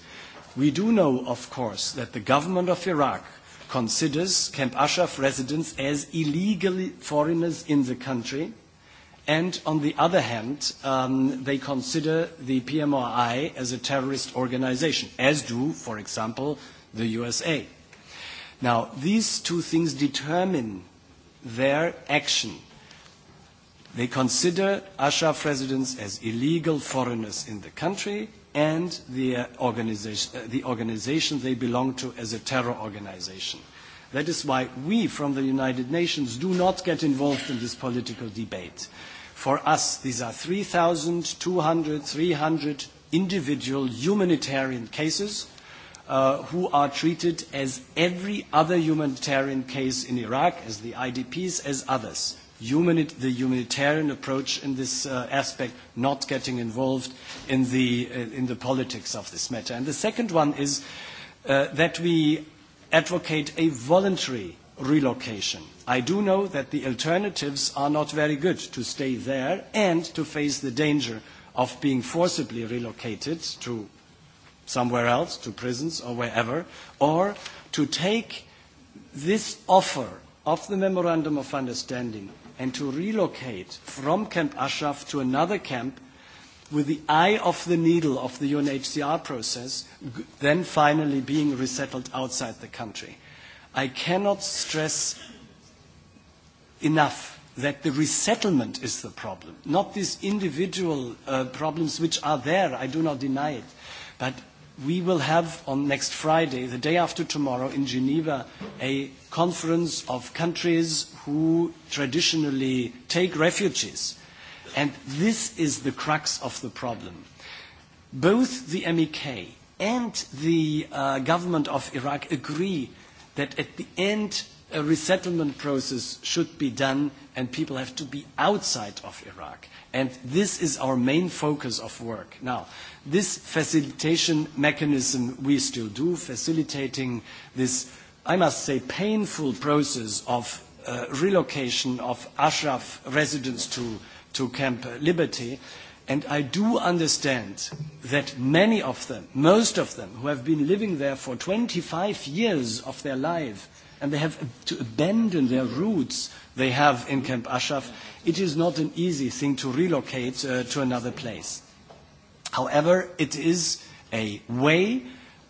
We do know, of course, that the government of Iraq considers Camp Ashraf residents as illegal foreigners in the country, and on the other hand, um, they consider the PMRI as a terrorist organization, as do, for example, the USA. Now, these two things determine their action. They consider Ashraf residents as illegal foreigners in the country, and the, uh, organization, uh, the organization they belong to as a terror organization. That is why we from the United Nations do not get involved in this political debate. For us, these are 3,200, 300 individual humanitarian cases uh, who are treated as every other humanitarian case in Iraq, as the IDPs, as others humani- the humanitarian approach in this uh, aspect, not getting involved in the, uh, in the politics of this matter. And the second one is uh, that we advocate a voluntary relocation. I do know that the alternatives are not very good to stay there and to face the danger of being forcibly relocated to somewhere else, to prisons or wherever, or to take this offer of the Memorandum of Understanding and to relocate from Camp Ashraf to another camp with the eye of the needle of the UNHCR process, then finally being resettled outside the country. I cannot stress enough that the resettlement is the problem, not these individual uh, problems which are there, I do not deny it. But we will have on next Friday, the day after tomorrow in Geneva, a conference of countries who traditionally take refugees. And this is the crux of the problem. Both the MEK and the uh, government of Iraq agree that at the end a resettlement process should be done and people have to be outside of Iraq. And this is our main focus of work. Now, this facilitation mechanism we still do, facilitating this, I must say, painful process of uh, relocation of Ashraf residents to, to Camp Liberty. And I do understand that many of them, most of them, who have been living there for 25 years of their life, and they have to abandon their roots they have in Camp Ashraf. It is not an easy thing to relocate uh, to another place. However, it is a way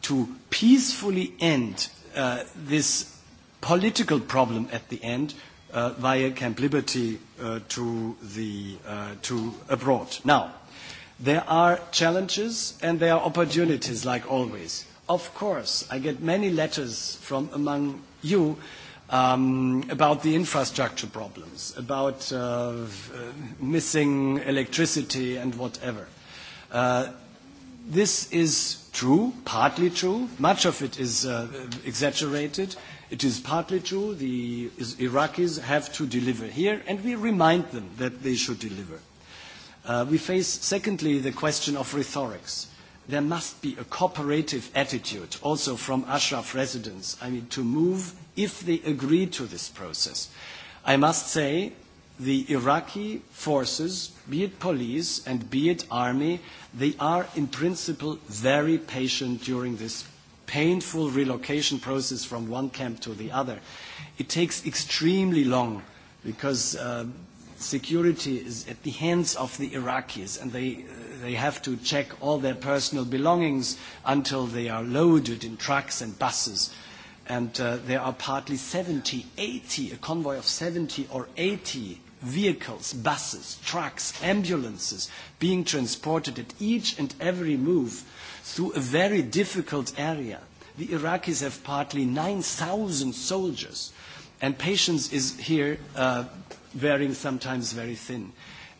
to peacefully end uh, this political problem at the end uh, via Camp Liberty uh, to, the, uh, to abroad. Now, there are challenges and there are opportunities like always. Of course, I get many letters from among you um, about the infrastructure problems, about uh, uh, missing electricity and whatever. Uh, this is true, partly true. Much of it is uh, exaggerated. It is partly true. The Iraqis have to deliver here, and we remind them that they should deliver. Uh, we face, secondly, the question of rhetorics there must be a cooperative attitude also from Ashraf residents, I mean, to move if they agree to this process. I must say the Iraqi forces, be it police and be it army, they are in principle very patient during this painful relocation process from one camp to the other. It takes extremely long because uh, security is at the hands of the Iraqis and they, uh, they have to check all their personal belongings until they are loaded in trucks and buses. And uh, there are partly 70, 80, a convoy of 70 or 80 vehicles, buses, trucks, ambulances being transported at each and every move through a very difficult area. The Iraqis have partly 9,000 soldiers, and patience is here uh, wearing sometimes very thin.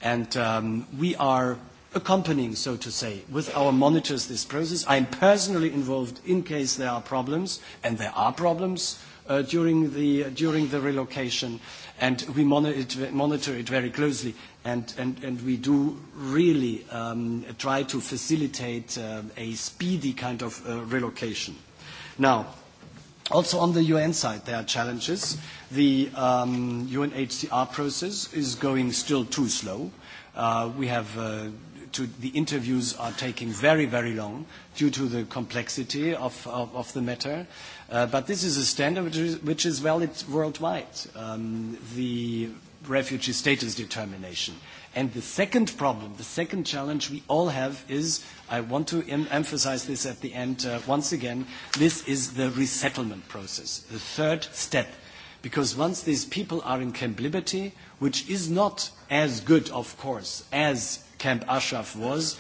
And um, we are accompanying, so to say, with our monitors this process. I'm personally involved in case there are problems, and there are problems uh, during, the, uh, during the relocation, and we monitor it, monitor it very closely, and, and, and we do really um, try to facilitate uh, a speedy kind of uh, relocation. Now, Also on the UN side, there are challenges. The um, UNHCR process is going still too slow. Uh, we have uh, to the interviews are taking very, very long due to the complexity of, of, of the matter. Uh, but this is a standard which is, which is valid worldwide, um, the refugee status determination. And the second problem, the second challenge we all have is, I want to em emphasize this at the end uh, once again, this is the resettlement process, the third step. Because once these people are in Camp Liberty, which is not as good, of course, as Camp Ashraf was,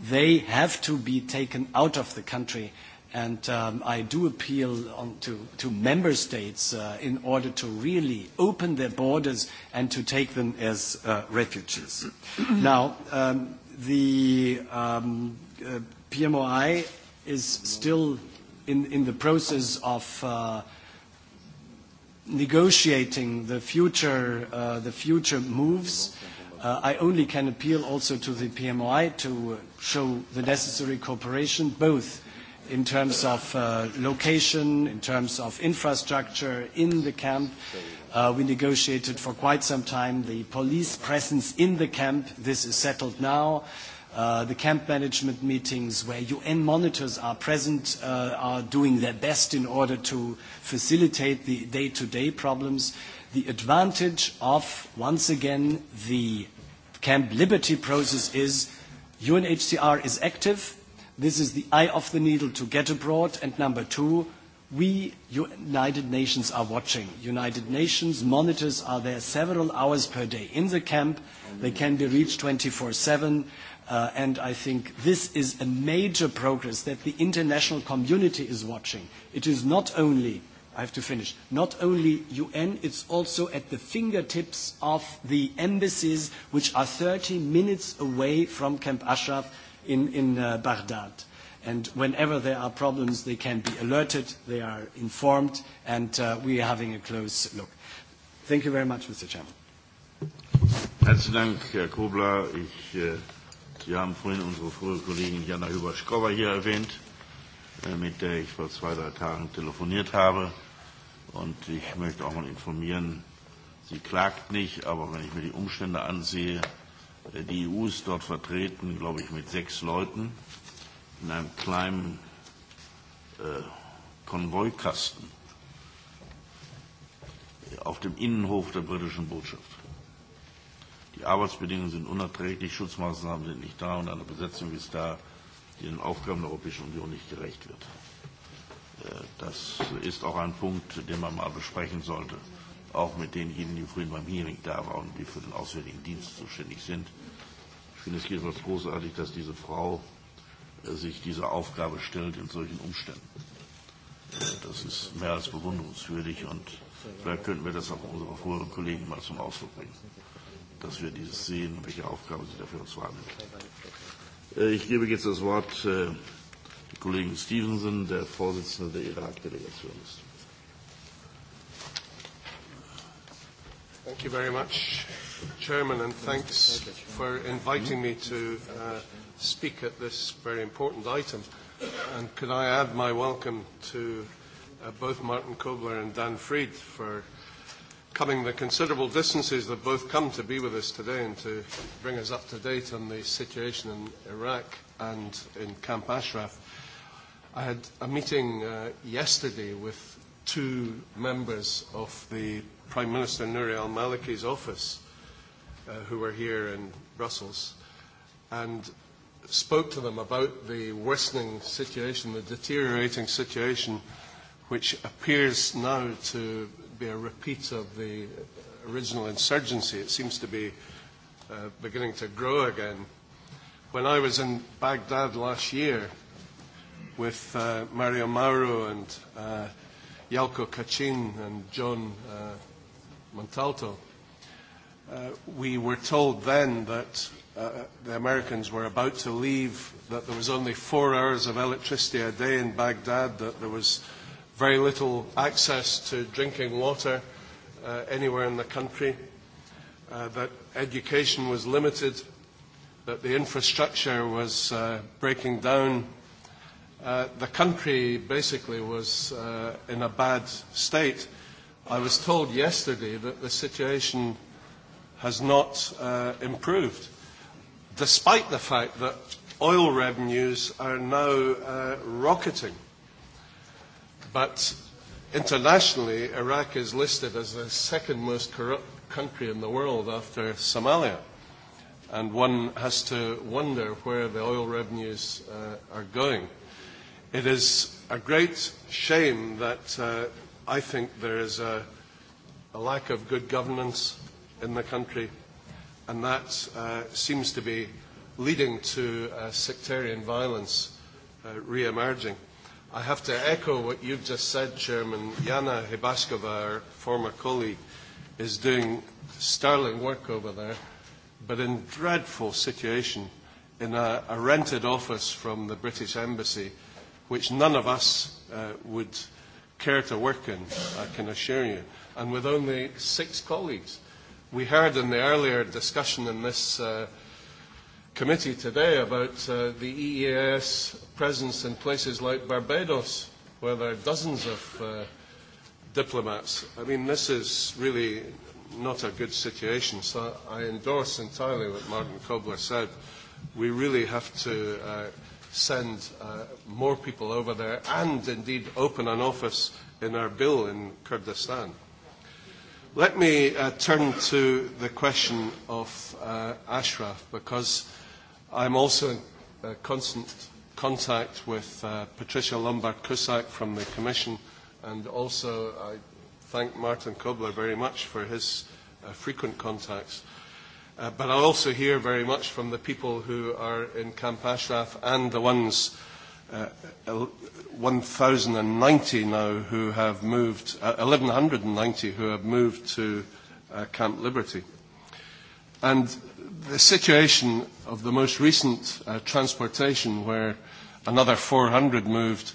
they have to be taken out of the country. And um, I do appeal on to, to member states uh, in order to really open their borders and to take them as uh, refugees. now, um, the um, uh, PMOI is still in, in the process of uh, negotiating the future, uh, the future moves. Okay Uh, I only can appeal also to the PMOI to uh, show the necessary cooperation, both in terms of uh, location, in terms of infrastructure in the camp. Uh, we negotiated for quite some time the police presence in the camp. This is settled now. Uh, the camp management meetings where UN monitors are present uh, are doing their best in order to facilitate the day-to-day -day problems. The advantage of, once again, the Camp Liberty process is UNHCR is active. This is the eye of the needle to get abroad. And number two, we, United Nations, are watching. United Nations monitors are there several hours per day in the camp. They can be reached 24-7. Uh, and I think this is a major progress that the international community is watching. It is not only – I have to finish. Not only UN, it's also at the fingertips of the embassies, which are 30 minutes away from Camp Ashraf in, in uh, Baghdad. And whenever there are problems, they can be alerted, they are informed, and uh, we are having a close look. Thank you very much, Mr. Chairman. Herzlichen Dank, Herr Kobler. Ich, äh, Sie haben vorhin unsere frühe Kollegin Jana Hüberschkova hier erwähnt, äh, mit der ich vor zwei, drei Tagen telefoniert habe. Und ich möchte auch mal informieren, sie klagt nicht, aber wenn ich mir die Umstände ansehe, äh, die EU ist dort vertreten, glaube ich, mit sechs Leuten in einem kleinen äh, Konvoikasten auf dem Innenhof der britischen Botschaft. Die Arbeitsbedingungen sind unerträglich, Schutzmaßnahmen sind nicht da und eine Besetzung ist da, die den Aufgaben der Europäischen Union nicht gerecht wird. Das ist auch ein Punkt, den man mal besprechen sollte, auch mit denjenigen, die früher beim Hearing da waren, die für den Auswärtigen Dienst zuständig sind. Ich finde es jedenfalls großartig, dass diese Frau äh, sich diese Aufgabe stellt in solchen Umständen. Äh, das ist mehr als bewunderungswürdig und vielleicht könnten wir das auch unsere früheren Kollegen mal zum Ausdruck bringen, dass wir dieses sehen und welche Aufgabe sie dafür uns wahrnehmen. Äh, ich gebe jetzt das Wort Kollegen Stevenson, der Vorsitzende der Irak-Delegation ist. Thank you very much, Chairman, and thanks for inviting me to uh, speak at this very important item. And could I add my welcome to uh, both Martin Kobler and Dan Fried for coming the considerable distances that both come to be with us today and to bring us up to date on the situation in Iraq and in Camp Ashraf. I had a meeting uh, yesterday with two members of the Prime Minister Nouri al-Maliki's office uh, who were here in Brussels and spoke to them about the worsening situation, the deteriorating situation which appears now to be a repeat of the original insurgency. It seems to be uh, beginning to grow again. When I was in Baghdad last year, with uh, Mario Mauro and uh, Yalko Kachin and John uh, Montalto, uh, we were told then that uh, the Americans were about to leave, that there was only four hours of electricity a day in Baghdad, that there was very little access to drinking water uh, anywhere in the country, uh, that education was limited, that the infrastructure was uh, breaking down, Uh, the country basically was uh, in a bad state. I was told yesterday that the situation has not uh, improved, despite the fact that oil revenues are now uh, rocketing. But internationally, Iraq is listed as the second most corrupt country in the world after Somalia. And one has to wonder where the oil revenues uh, are going. It is a great shame that uh, I think there is a, a lack of good governance in the country, and that uh, seems to be leading to uh, sectarian violence uh, re-emerging. I have to echo what you've just said, Chairman. Jana Hibaskova, our former colleague, is doing sterling work over there, but in dreadful situation in a, a rented office from the British Embassy which none of us uh, would care to work in, I can assure you, and with only six colleagues. We heard in the earlier discussion in this uh, committee today about uh, the EEAS presence in places like Barbados, where there are dozens of uh, diplomats. I mean, this is really not a good situation, so I endorse entirely what Martin Kobler said. We really have to uh, send uh, more people over there and indeed open an office in Erbil in Kurdistan. Let me uh, turn to the question of uh, Ashraf because I'm also in uh, constant contact with uh, Patricia Lombard-Cusack from the Commission and also I thank Martin Kobler very much for his uh, frequent contacts. Uh, but I also hear very much from the people who are in Camp Ashraf and the ones, uh, 1,090 now who have moved, uh, 1,190 who have moved to uh, Camp Liberty. And the situation of the most recent uh, transportation where another 400 moved,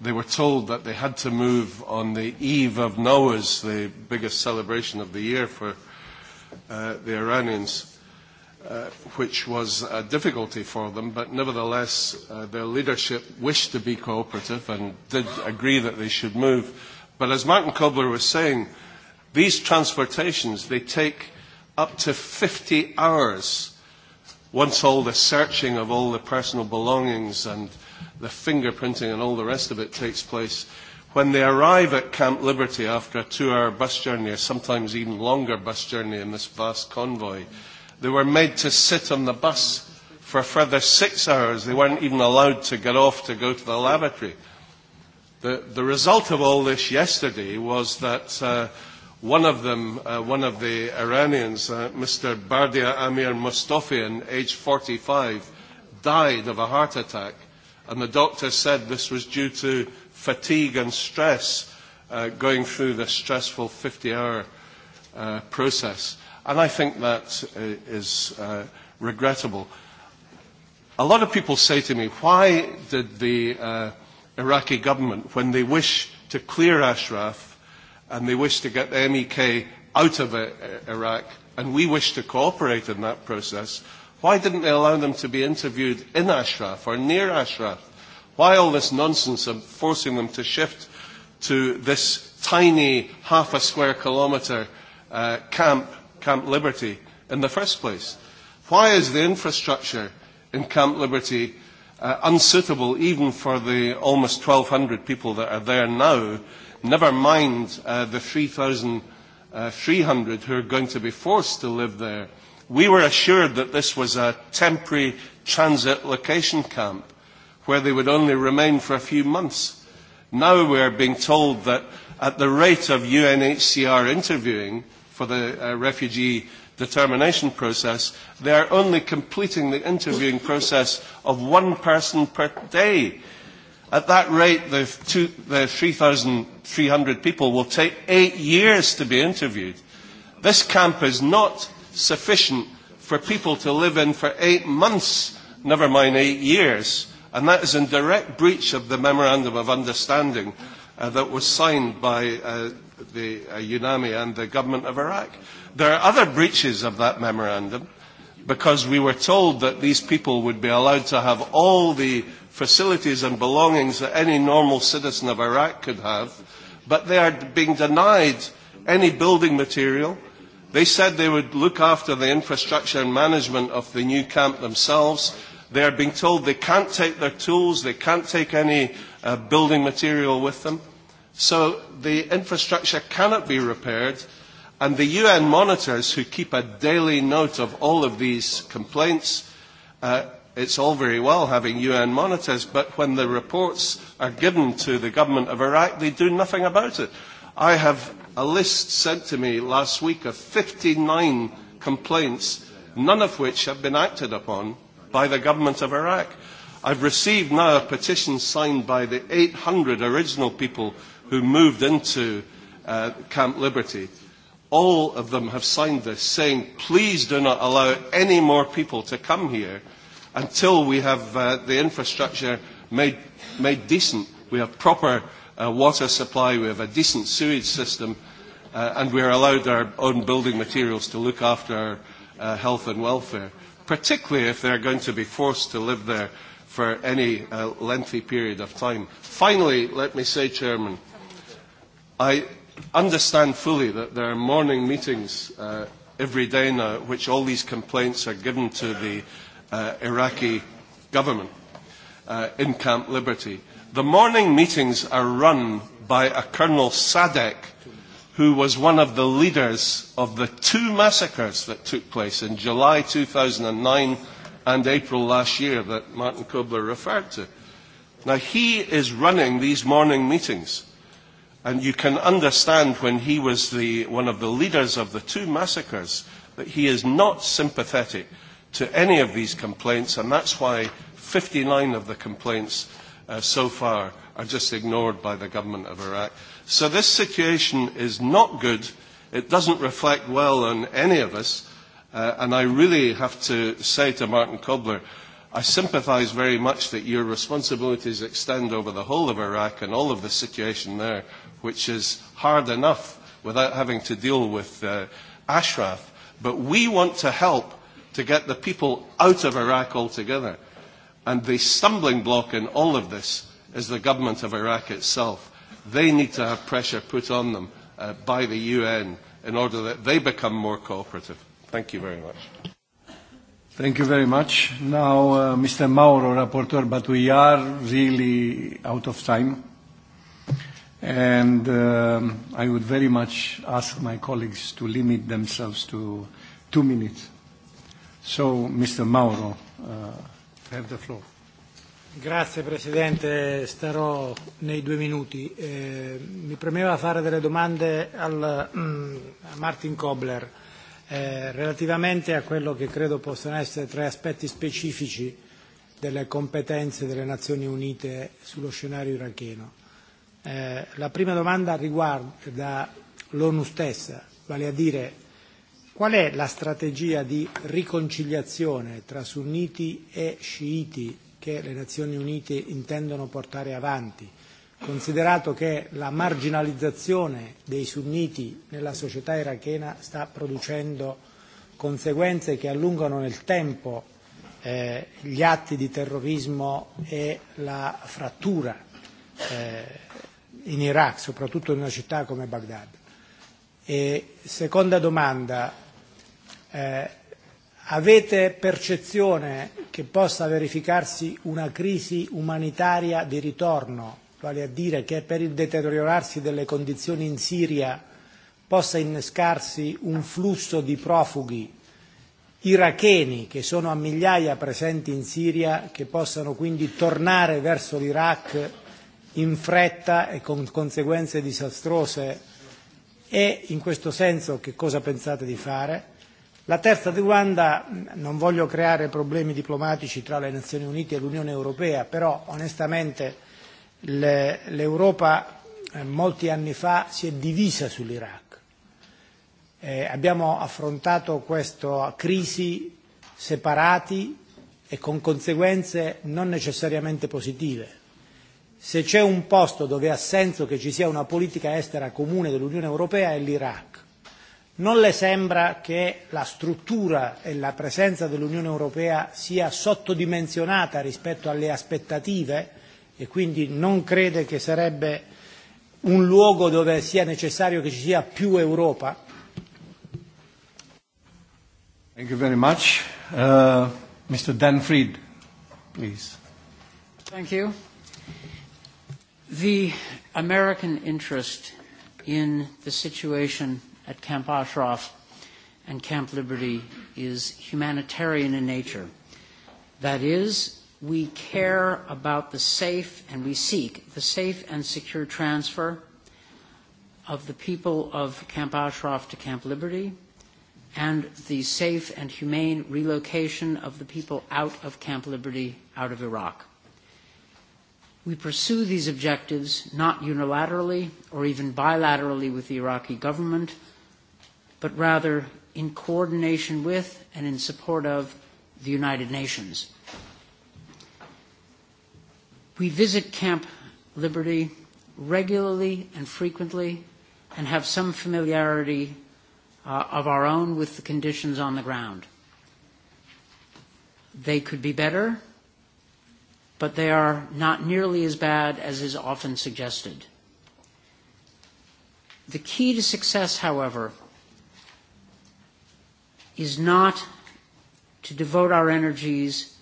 they were told that they had to move on the eve of Noah's, the biggest celebration of the year for uh, the Iranians, uh, which was a difficulty for them, but nevertheless uh, their leadership wished to be cooperative and did agree that they should move. But as Martin Kobler was saying, these transportations, they take up to 50 hours once all the searching of all the personal belongings and the fingerprinting and all the rest of it takes place when they arrive at Camp Liberty after a two-hour bus journey, or sometimes even longer bus journey in this vast convoy, they were made to sit on the bus for a further six hours. They weren't even allowed to get off to go to the lavatory. The, the result of all this yesterday was that uh, one of them, uh, one of the Iranians, uh, Mr. Bardia Amir Mustafian, age 45, died of a heart attack. And the doctor said this was due to fatigue and stress uh, going through this stressful 50-hour uh, process. And I think that is uh, regrettable. A lot of people say to me, why did the uh, Iraqi government, when they wish to clear Ashraf and they wish to get the MEK out of uh, Iraq, and we wish to cooperate in that process, why didn't they allow them to be interviewed in Ashraf or near Ashraf? Why all this nonsense of forcing them to shift to this tiny half a square kilometre uh, camp, Camp Liberty, in the first place? Why is the infrastructure in Camp Liberty uh, unsuitable even for the almost 1,200 people that are there now, never mind uh, the 3,300 uh, who are going to be forced to live there? We were assured that this was a temporary transit location camp where they would only remain for a few months. Now we are being told that at the rate of UNHCR interviewing for the uh, refugee determination process, they are only completing the interviewing process of one person per day. At that rate, the, the 3,300 people will take eight years to be interviewed. This camp is not sufficient for people to live in for eight months, never mind eight years. And that is in direct breach of the Memorandum of Understanding uh, that was signed by uh, the uh, UNAMI and the government of Iraq. There are other breaches of that memorandum because we were told that these people would be allowed to have all the facilities and belongings that any normal citizen of Iraq could have, but they are being denied any building material. They said they would look after the infrastructure and management of the new camp themselves. They are being told they can't take their tools, they can't take any uh, building material with them. So the infrastructure cannot be repaired. And the UN monitors who keep a daily note of all of these complaints, uh, it's all very well having UN monitors, but when the reports are given to the government of Iraq, they do nothing about it. I have a list sent to me last week of 59 complaints, none of which have been acted upon by the government of Iraq. I've received now a petition signed by the 800 original people who moved into uh, Camp Liberty. All of them have signed this saying, please do not allow any more people to come here until we have uh, the infrastructure made, made decent. We have proper uh, water supply, we have a decent sewage system, uh, and we are allowed our own building materials to look after our uh, health and welfare particularly if they're going to be forced to live there for any uh, lengthy period of time. Finally, let me say, Chairman, I understand fully that there are morning meetings uh, every day now which all these complaints are given to the uh, Iraqi government uh, in Camp Liberty. The morning meetings are run by a Colonel Sadek who was one of the leaders of the two massacres that took place in July 2009 and April last year that Martin Kobler referred to. Now, he is running these morning meetings, and you can understand when he was the, one of the leaders of the two massacres that he is not sympathetic to any of these complaints, and that's why 59 of the complaints uh, so far are just ignored by the government of Iraq. So this situation is not good. It doesn't reflect well on any of us. Uh, and I really have to say to Martin Kobler, I sympathise very much that your responsibilities extend over the whole of Iraq and all of the situation there, which is hard enough without having to deal with uh, Ashraf. But we want to help to get the people out of Iraq altogether. And the stumbling block in all of this is the government of Iraq itself. They need to have pressure put on them uh, by the UN in order that they become more cooperative. Thank you very much. Thank you very much. Now, uh, Mr. Mauro, rapporteur, but we are really out of time. And um, I would very much ask my colleagues to limit themselves to two minutes. So, Mr. Mauro, uh, have the floor. Grazie Presidente, starò nei due minuti. Eh, mi premeva fare delle domande al, mm, a Martin Kobler eh, relativamente a quello che credo possano essere tre aspetti specifici delle competenze delle Nazioni Unite sullo scenario iracheno. Eh, la prima domanda riguarda l'ONU stessa, vale a dire qual è la strategia di riconciliazione tra sunniti e sciiti che le Nazioni Unite intendono portare avanti, considerato che la marginalizzazione dei sunniti nella società irachena sta producendo conseguenze che allungano nel tempo eh, gli atti di terrorismo e la frattura eh, in Iraq, soprattutto in una città come Baghdad. E seconda domanda, eh, Avete percezione che possa verificarsi una crisi umanitaria di ritorno, vale a dire che per il deteriorarsi delle condizioni in Siria possa innescarsi un flusso di profughi iracheni che sono a migliaia presenti in Siria che possano quindi tornare verso l'Iraq in fretta e con conseguenze disastrose e in questo senso che cosa pensate di fare? La terza domanda, non voglio creare problemi diplomatici tra le Nazioni Unite e l'Unione Europea, però onestamente l'Europa eh, molti anni fa si è divisa sull'Iraq. Eh, abbiamo affrontato questa crisi separati e con conseguenze non necessariamente positive. Se c'è un posto dove ha senso che ci sia una politica estera comune dell'Unione Europea è l'Iraq Non le sembra che la struttura e la presenza dell'Unione Europea sia sottodimensionata rispetto alle aspettative e quindi non crede che sarebbe un luogo dove sia necessario che ci sia più Europa? Thank you very much. Uh, Mr. Dan Fried, please. Thank you. The American interest in the situation at Camp Ashraf and Camp Liberty is humanitarian in nature. That is, we care about the safe and we seek the safe and secure transfer of the people of Camp Ashraf to Camp Liberty and the safe and humane relocation of the people out of Camp Liberty, out of Iraq. We pursue these objectives not unilaterally or even bilaterally with the Iraqi government, but rather in coordination with and in support of the United Nations. We visit Camp Liberty regularly and frequently and have some familiarity uh, of our own with the conditions on the ground. They could be better, but they are not nearly as bad as is often suggested. The key to success, however, is not to devote our energies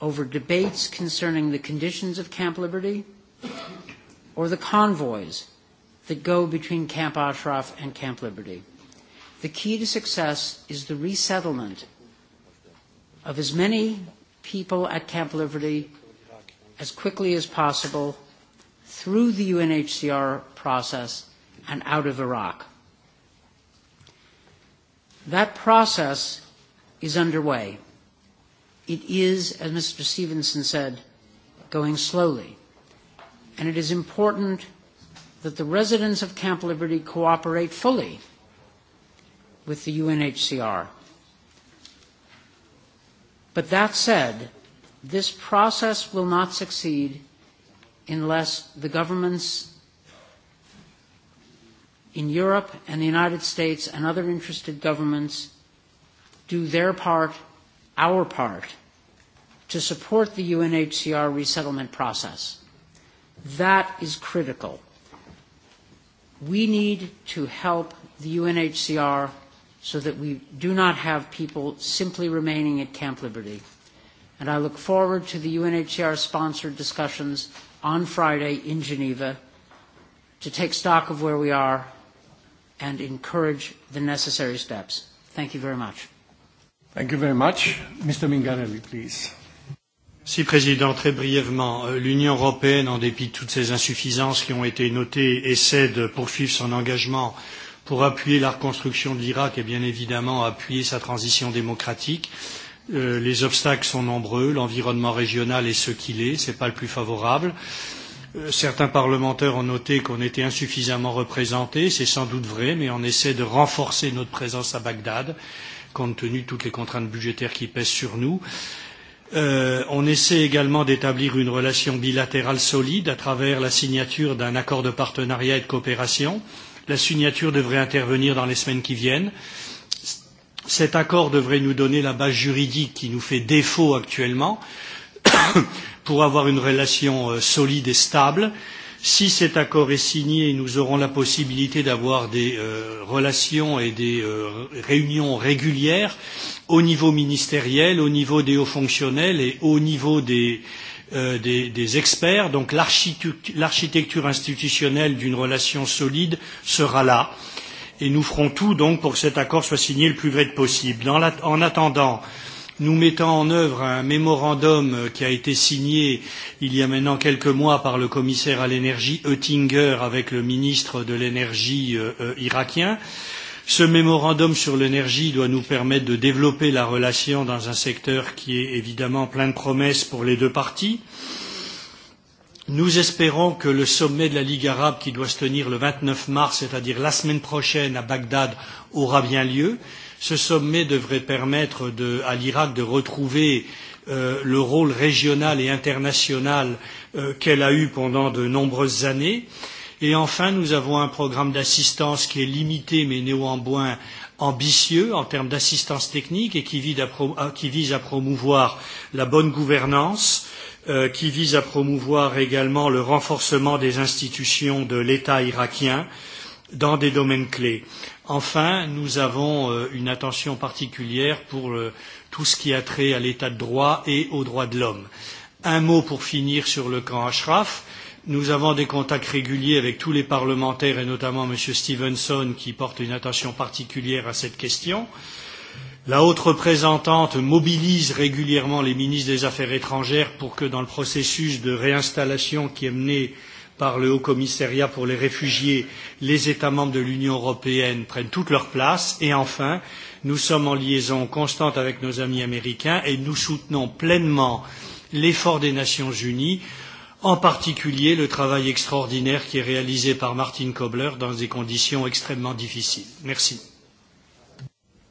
over debates concerning the conditions of Camp Liberty or the convoys that go between Camp Ashraf and Camp Liberty. The key to success is the resettlement of as many people at Camp Liberty as quickly as possible through the UNHCR process and out of Iraq. That process is underway. It is, as Mr. Stevenson said, going slowly. And it is important that the residents of Camp Liberty cooperate fully with the UNHCR. But that said, this process will not succeed unless the governments in Europe and the United States and other interested governments do their part, our part, to support the UNHCR resettlement process. That is critical. We need to help the UNHCR so that we do not have people simply remaining at Camp Liberty. And I look forward to the UNHCR-sponsored discussions on Friday in Geneva to take stock of where we are and encourage the necessary steps. Thank you very much. Thank you very much. Mr. Mingarelli, please. Si, Président, très brièvement, euh, l'Union européenne, en dépit de toutes ces insuffisances qui ont été notées, essaie de poursuivre son engagement pour appuyer la reconstruction de l'Irak et bien évidemment appuyer sa transition démocratique. Euh, les obstacles sont nombreux, l'environnement régional est ce qu'il est, ce n'est pas le plus favorable. Euh, Euh, certains parlementaires ont noté qu'on était insuffisamment représentés, c'est sans doute vrai, mais on essaie de renforcer notre présence à Bagdad, compte tenu de toutes les contraintes budgétaires qui pèsent sur nous. Euh, on essaie également d'établir une relation bilatérale solide à travers la signature d'un accord de partenariat et de coopération. La signature devrait intervenir dans les semaines qui viennent. Cet accord devrait nous donner la base juridique qui nous fait défaut actuellement. Euh, pour avoir une relation euh, solide et stable. Si cet accord est signé, nous aurons la possibilité d'avoir des euh, relations et des euh, réunions régulières au niveau ministériel, au niveau des hauts fonctionnels et au niveau des, euh, des, des experts. Donc l'architecture institutionnelle d'une relation solide sera là. Et nous ferons tout donc pour que cet accord soit signé le plus vite possible. Dans la, en attendant, euh, nous mettons en œuvre un mémorandum euh, qui a été signé il y a maintenant quelques mois par le commissaire à l'énergie Oettinger avec le ministre de l'énergie euh, euh, irakien. Ce mémorandum sur l'énergie doit nous permettre de développer la relation dans un secteur qui est évidemment plein de promesses pour les deux parties. Nous espérons que le sommet de la Ligue arabe qui doit se tenir le 29 mars, c'est-à-dire la semaine prochaine à Bagdad, aura bien lieu. Ce sommet devrait permettre de, à l'Irak de retrouver euh, le rôle régional et international euh, qu'elle a eu pendant de nombreuses années. Et enfin, nous avons un programme d'assistance qui est limité mais néanmoins ambitieux en termes d'assistance technique et qui, qui vise à promouvoir la bonne gouvernance, euh, qui vise à promouvoir également le renforcement des institutions de l'État irakien dans des domaines clés. Enfin, nous avons euh, une attention particulière pour euh, tout ce qui a trait à l'état de droit et aux droits de l'homme. Un mot pour finir sur le camp Ashraf. Nous avons des contacts réguliers avec tous les parlementaires et notamment M. Stevenson qui porte une attention particulière à cette question. La haute représentante mobilise régulièrement les ministres des Affaires étrangères pour que dans le processus de réinstallation qui est mené euh, par le Haut Commissariat pour les réfugiés, les États membres de l'Union européenne prennent toute leur place. Et enfin, nous sommes en liaison constante avec nos amis américains et nous soutenons pleinement l'effort des Nations unies, en particulier le travail extraordinaire qui est réalisé par Martin Kobler dans des conditions extrêmement difficiles. Merci.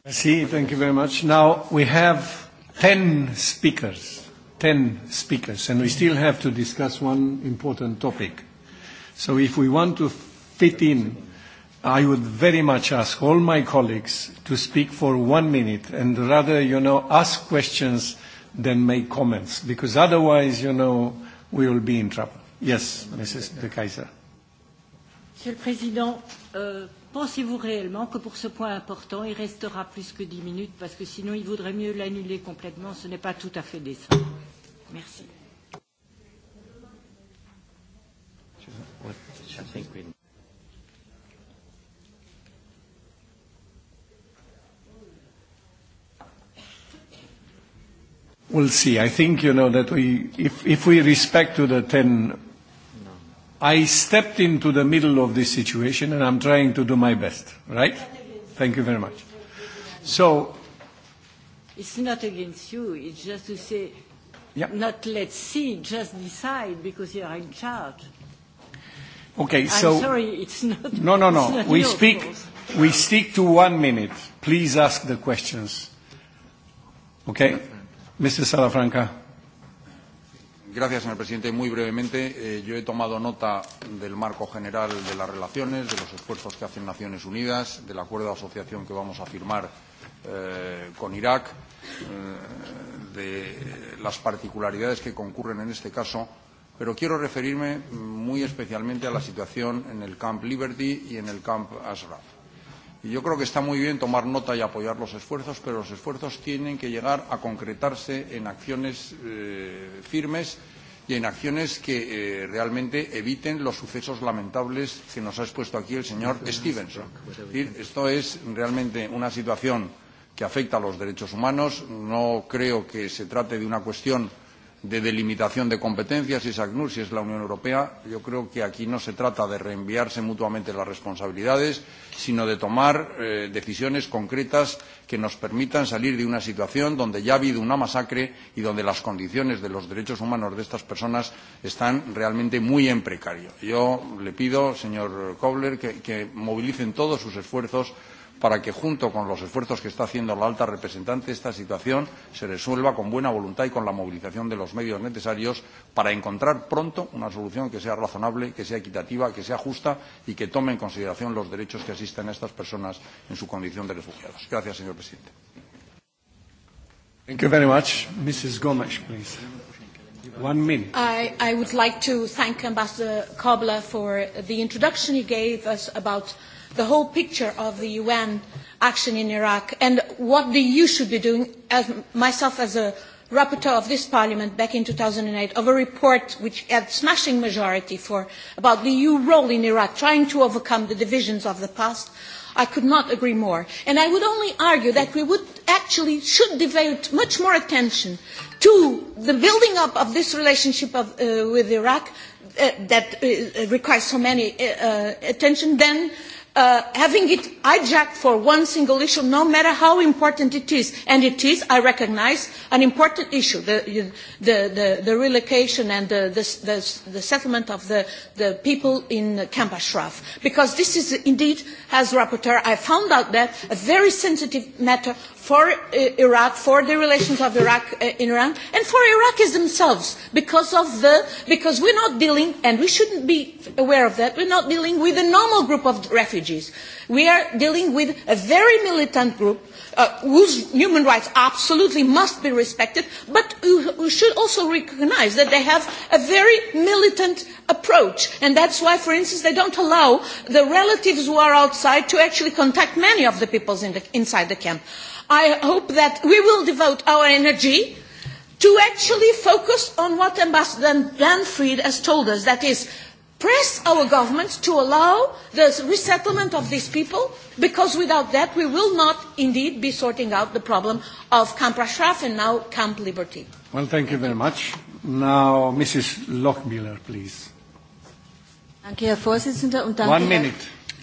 Merci, thank you very much. Now we have 10 speakers, 10 speakers, and we still have to discuss one important topic So if we want to fit in, I would very much ask all my colleagues to speak for one minute and rather, you know, ask questions than make comments, because otherwise, you know, we will be in trouble. Yes, Mrs. De Kaiser. Monsieur le Président, euh, pensez-vous réellement que pour ce point important, il restera plus que 10 minutes parce que sinon il vaudrait mieux l'annuler complètement Ce n'est pas tout à fait décent. Merci. I think we We'll see. I think, you know, that we, if, if we respect to the 10, I stepped into the middle of this situation and I'm trying to do my best, right? Thank you very much. So. It's not against you, it's just to say, yeah. not let's see, just decide because you are in charge. Okay, I'm so. sorry, it's not. No, no, no. We no, Course. We stick to one minute. Please ask the questions. Okay, Mr. Salafranca. Gracias, señor presidente. Muy brevemente, eh, yo he tomado nota del marco general de las relaciones, de los esfuerzos que hacen Naciones Unidas, del acuerdo de asociación que vamos a firmar eh, con Irak, eh, de las particularidades que concurren en este caso Pero quiero referirme muy especialmente a la situación en el Camp Liberty y en el Camp Ashraf. Y yo creo que está muy bien tomar nota y apoyar los esfuerzos, pero los esfuerzos tienen que llegar a concretarse en acciones eh, firmes y en acciones que eh, realmente eviten los sucesos lamentables que nos ha expuesto aquí el señor Stevenson. Es decir, esto es realmente una situación que afecta a los derechos humanos. No creo que se trate de una cuestión de delimitación de competencias, si es ACNUR, si es la Unión Europea. Yo creo que aquí no se trata de reenviarse mutuamente las responsabilidades, sino de tomar eh, decisiones concretas que nos permitan salir de una situación donde ya ha habido una masacre y donde las condiciones de los derechos humanos de estas personas están realmente muy en precario. Yo le pido, señor Kobler, que, que movilicen todos sus esfuerzos para que, junto con los esfuerzos que está haciendo la alta representante, esta situación se resuelva con buena voluntad y con la movilización de los medios necesarios para encontrar pronto una solución que sea razonable, que sea equitativa, que sea justa y que tome en consideración los derechos que asisten a estas personas en su condición de refugiados. Gracias, señor presidente. Thank you very much. Mrs. Gomes, please. One minute. I, I would like to thank Ambassador Kobler for the introduction he gave us about the whole picture of the UN action in Iraq and what the EU should be doing, as myself as a rapporteur of this parliament back in 2008 of a report which had smashing majority for about the EU role in Iraq, trying to overcome the divisions of the past. I could not agree more. And I would only argue that we would actually should devote much more attention to the building up of this relationship of, uh, with Iraq uh, that uh, requires so many uh, uh attention than Uh, having it hijacked for one single issue, no matter how important it is. And it is, I recognize, an important issue, the, the, the, the relocation and the, the, the, the settlement of the, the people in Camp Ashraf. Because this is indeed, as rapporteur, I found out that a very sensitive matter for uh, Iraq, for the relations of Iraq uh, in Iran, and for Iraqis themselves, because of the, because we're not dealing, and we shouldn't be aware of that, we're not dealing with a normal group of refugees. We are dealing with a very militant group uh, whose human rights absolutely must be respected, but we should also recognize that they have a very militant approach. And that's why, for instance, they don't allow the relatives who are outside to actually contact many of the people in the, inside the camp. Uh, I hope that we will devote our energy to actually focus on what Ambassador Danfried has told us, that is, press our governments to allow the resettlement of these people, because without that we will not indeed be sorting out the problem of Camp Rashraf and now Camp Liberty. Well, thank you very much. Now, Mrs. Lochmiller, please. Danke, Herr Vorsitzender. Und danke, One minute.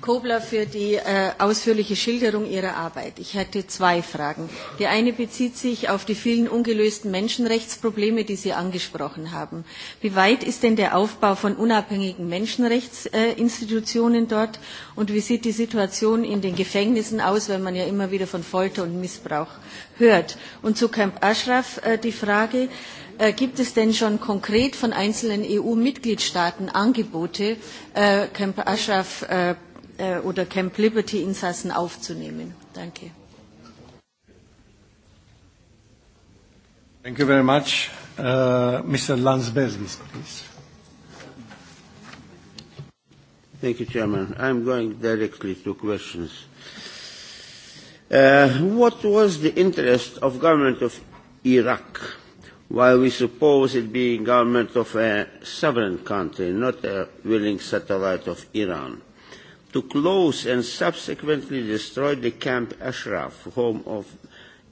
Kobler für die äh, ausführliche Schilderung Ihrer Arbeit. Ich hätte zwei Fragen. Die eine bezieht sich auf die vielen ungelösten Menschenrechtsprobleme, die Sie angesprochen haben. Wie weit ist denn der Aufbau von unabhängigen Menschenrechtsinstitutionen äh, dort und wie sieht die Situation in den Gefängnissen aus, wenn man ja immer wieder von Folter und Missbrauch hört? Und zu Camp Ashraf äh, die Frage, äh, gibt es denn schon konkret von einzelnen EU-Mitgliedstaaten Angebote, äh, Camp Ashraf äh, äh, oder Camp Liberty-Insassen aufzunehmen. Danke. Thank you very much. Uh, Mr. Landsbergis, please. Thank you, Chairman. I'm going directly to questions. Uh, what was the interest of government of Iraq, while we suppose it being government of a sovereign country, not a willing satellite of Iran? to close and subsequently destroy the camp Ashraf, home of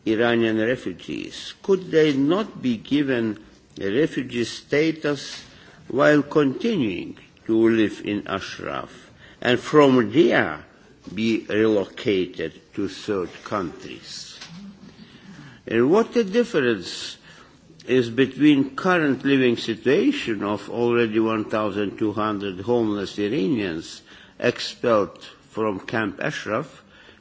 Iranian refugees? Could they not be given a refugee status while continuing to live in Ashraf and from there be relocated to third countries? And what the difference is between current living situation of already 1,200 homeless Iranians expelled from Camp Ashraf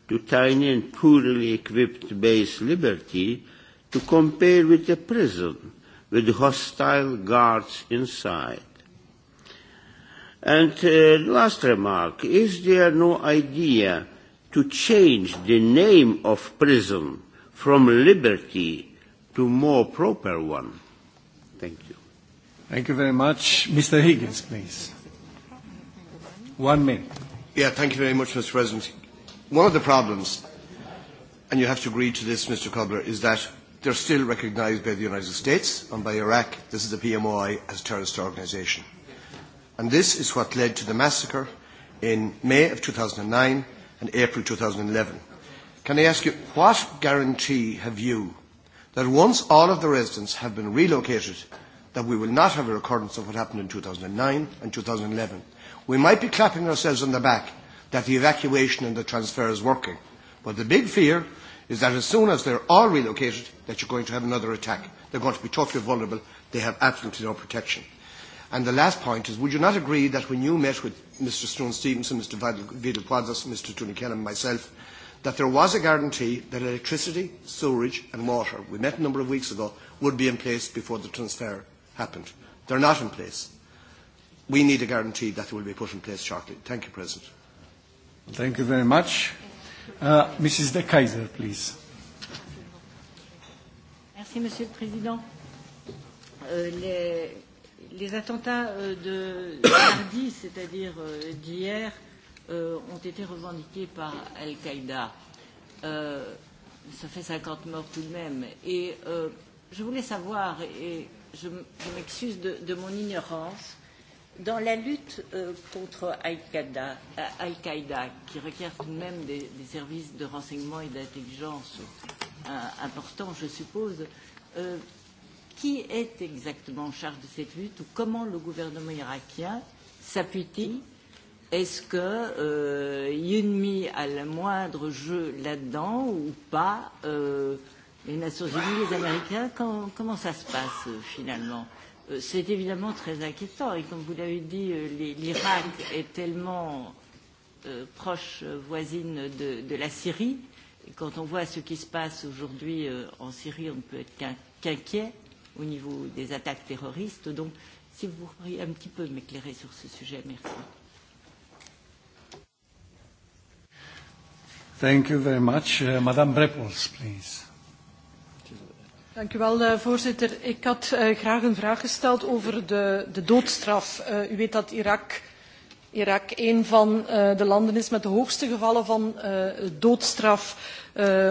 to tiny and poorly equipped base Liberty to compare with a prison with hostile guards inside. And uh, last remark, is there no idea to change the name of prison from liberty to more proper one? Thank you. Thank you very much. Mr. Higgins, please. One minute. Yeah, thank you very much, Mr. President. One of the problems, and you have to agree to this, Mr. Cobbler, is that they're still recognised by the United States and by Iraq. This is the PMOI as a terrorist organisation. And this is what led to the massacre in May of 2009 and April 2011. Can I ask you, what guarantee have you that once all of the residents have been relocated, that we will not have a recurrence of what happened in 2009 and 2011? We might be clapping ourselves on the back that the evacuation and the transfer is working. But the big fear is that as soon as they're all relocated, that you're going to have another attack. They're going to be totally vulnerable. They have absolutely no protection. And the last point is, would you not agree that when you met with Mr. Stone Stevenson, Mr. Vidal Quadras, Mr. Tunikel and myself, that there was a guarantee that electricity, sewerage and water, we met a number of weeks ago, would be in place before the transfer happened. They're not in place we need a guarantee that it will be put in place shortly. Thank you, President. Thank you very much. Uh, Mrs. De Kaiser, please. Merci, Monsieur le Président. Euh, les, les attentats euh, de mardi, c'est-à-dire euh, d'hier, euh, ont été revendiqués par Al-Qaïda. Euh, ça fait 50 morts tout de même. Et euh, je voulais savoir, et je, je m'excuse de, de mon ignorance, Dans la lutte euh, contre Al-Qaïda, euh, Al qui requiert tout de même des, des services de renseignement et d'intelligence euh, importants, je suppose, euh, qui est exactement en charge de cette lutte ou comment le gouvernement irakien s'appuie-t-il Est-ce que euh, Yunmi a le moindre jeu là-dedans ou pas euh, Les Nations Unies, les Américains, quand, comment ça se passe euh, finalement Euh, c'est évidemment très inquiétant. Et comme vous l'avez dit, euh, l'Irak est tellement euh, proche voisine de, de la Syrie. Et quand on voit ce qui se passe aujourd'hui en Syrie, on ne peut être qu'inquiet au niveau des attaques terroristes. Donc, si vous pourriez un petit peu m'éclairer sur ce sujet, merci. Thank you very much. Uh, Madame Brepols, please. Dank u wel, uh, voorzitter. Ik had uh, graag een vraag gesteld over de, de doodstraf. Uh, u weet dat Irak, Irak een van uh, de landen is met de hoogste gevallen van uh, doodstraf. Uh,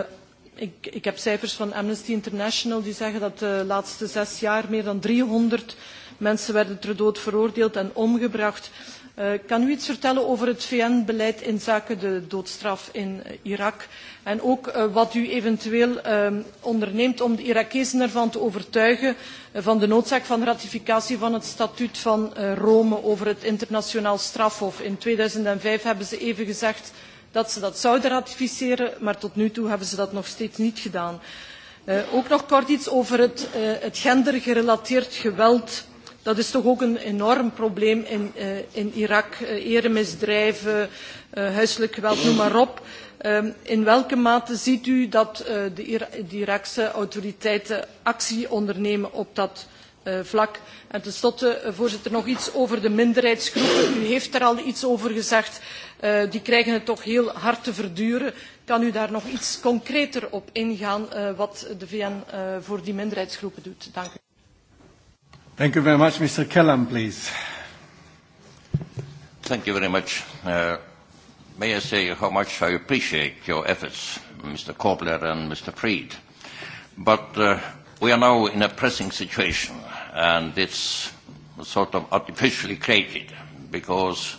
ik, ik heb cijfers van Amnesty International die zeggen dat de laatste zes jaar meer dan 300 mensen werden ter dood veroordeeld en omgebracht. Uh, Uh, kan u iets vertellen over het VN-beleid in zaken de doodstraf in eh, Irak? En ook uh, wat u eventueel uh, onderneemt om de Irakezen ervan te overtuigen van de noodzaak van ratificatie van het statuut van Rome over het internationaal strafhof. In 2005 hebben ze even gezegd dat ze dat zouden ratificeren, maar tot nu toe hebben ze dat nog steeds niet gedaan. ook nog kort iets over het, het gendergerelateerd geweld dat is toch ook een enorm probleem in, uh, in Irak. Uh, eh, eremisdrijven, uh, eh, huiselijk geweld, noem maar op. Um, in welke mate ziet u dat uh, de, Ira de Irakse autoriteiten actie ondernemen op dat uh, vlak? En tenslotte, uh, voorzitter, nog iets over de minderheidsgroepen. U heeft er al iets over gezegd. Uh, die krijgen het toch heel hard te verduren. Kan u daar nog iets concreter op ingaan uh, wat de VN uh, voor die minderheidsgroepen doet? Dank u. Thank you very much. Mr. Kellam, please. Thank you very much. Uh, may I say how much I appreciate your efforts, Mr. Kobler and Mr. Fried. But uh, we are now in a pressing situation, and it's sort of artificially created because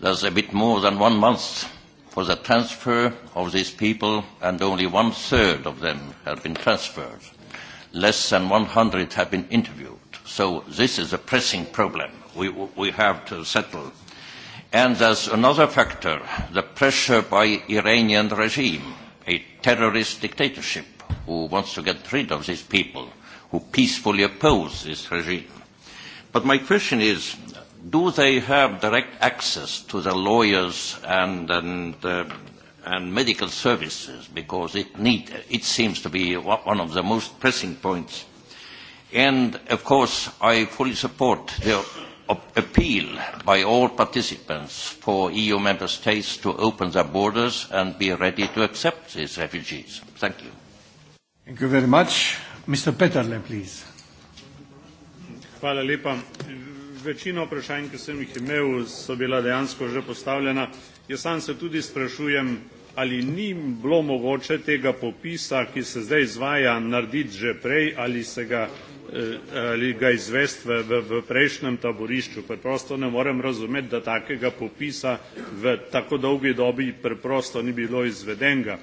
there's a bit more than one month for the transfer of these people, and only one third of them have been transferred. Less than 100 have been interviewed. So this is a pressing problem we, we have to settle. And there's another factor, the pressure by Iranian regime, a terrorist dictatorship who wants to get rid of these people who peacefully oppose this regime. But my question is, do they have direct access to the lawyers and, and, uh, and medical services? Because it, need, it seems to be one of the most pressing points And of course, I fully support the appeal by all participants for EU member states to open their borders and be ready to accept these refugees. Thank you. Thank you very much. Mr. Peterle, please. Hvala lepa. Večina vprašanj, ki sem jih imel, so bila dejansko že postavljena. Jaz sam se tudi sprašujem, ali ni bilo mogoče tega popisa, ki se zdaj izvaja, narediti že prej, ali se ga Eh, ali ga izvesti v, v, v prejšnjem taborišču. Preprosto ne morem razumeti, da takega popisa v tako dolgi dobi preprosto ni bilo izvedenega.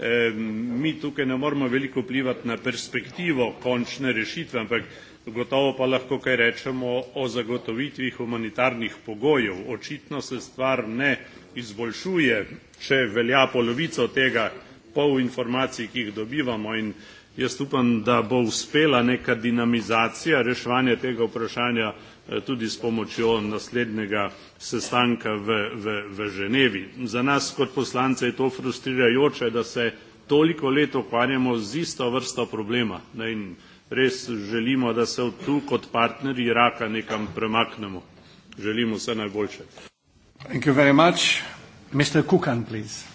E, mi tukaj ne moremo veliko vplivati na perspektivo končne rešitve, ampak gotovo pa lahko kaj rečemo o zagotovitvi humanitarnih pogojev. Očitno se stvar ne izboljšuje, če velja polovico tega pol informacij, ki jih dobivamo in Jaz upam, da bo uspela neka dinamizacija reševanja tega vprašanja eh, tudi s pomočjo naslednjega sestanka v, v, v Ženevi. Za nas kot poslance je to frustrirajoče, da se toliko let okvarjamo z isto vrsto problema. Ne, in res želimo, da se tu kot partneri Iraka nekam premaknemo. Želimo vse najboljše. Thank you very much. Mr. Kukan, please.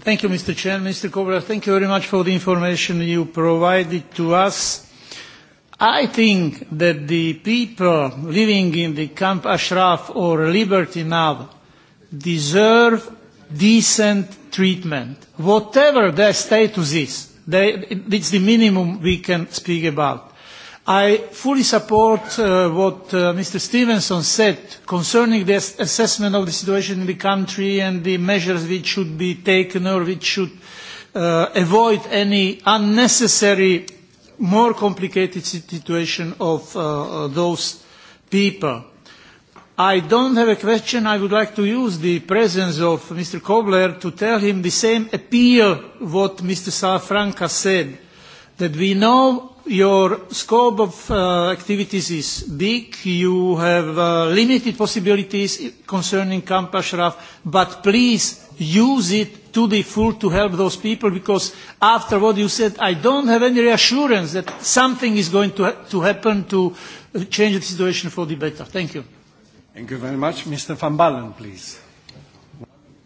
Thank you, Mr. Chair. Mr. Kovler, thank you very much for the information you provided to us. I think that the people living in the Camp Ashraf or Liberty now deserve decent treatment, whatever their status is. They, it's the minimum we can speak about. I fully support uh, what uh, Mr. Stevenson said concerning the assessment of the situation in the country and the measures which should be taken or which should uh, avoid any unnecessary, more complicated situation of uh, uh, those people. I don't have a question. I would like to use the presence of Mr. Kobler to tell him the same appeal what Mr. Salafranca said, that we know your scope of uh, activities is big. You have uh, limited possibilities concerning Camp Ashraf, but please use it to the full to help those people because after what you said, I don't have any reassurance that something is going to, ha to happen to uh, change the situation for the better. Thank you. Thank you very much. Mr. Van Ballen, please.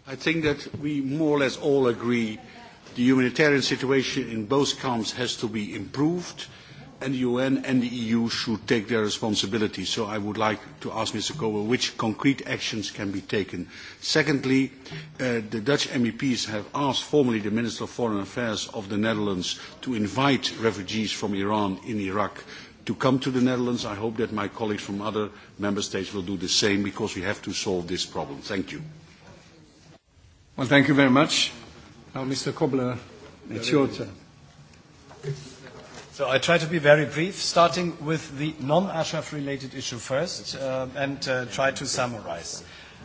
I think that we more or less all agree The humanitarian situation in both camps has to be improved and the UN and the EU should take their responsibility. So I would like to ask Mr. Kober which concrete actions can be taken. Secondly, uh, the Dutch MEPs have asked formally the Minister of Foreign Affairs of the Netherlands to invite refugees from Iran in Iraq to come to the Netherlands. I hope that my colleagues from other member states will do the same because we have to solve this problem. Thank you. Well, thank you very much. Now, Mr. Kobler, it's your turn. So I try to be very brief, starting with the non-Ashraf related issue first uh, and uh, try to summarize.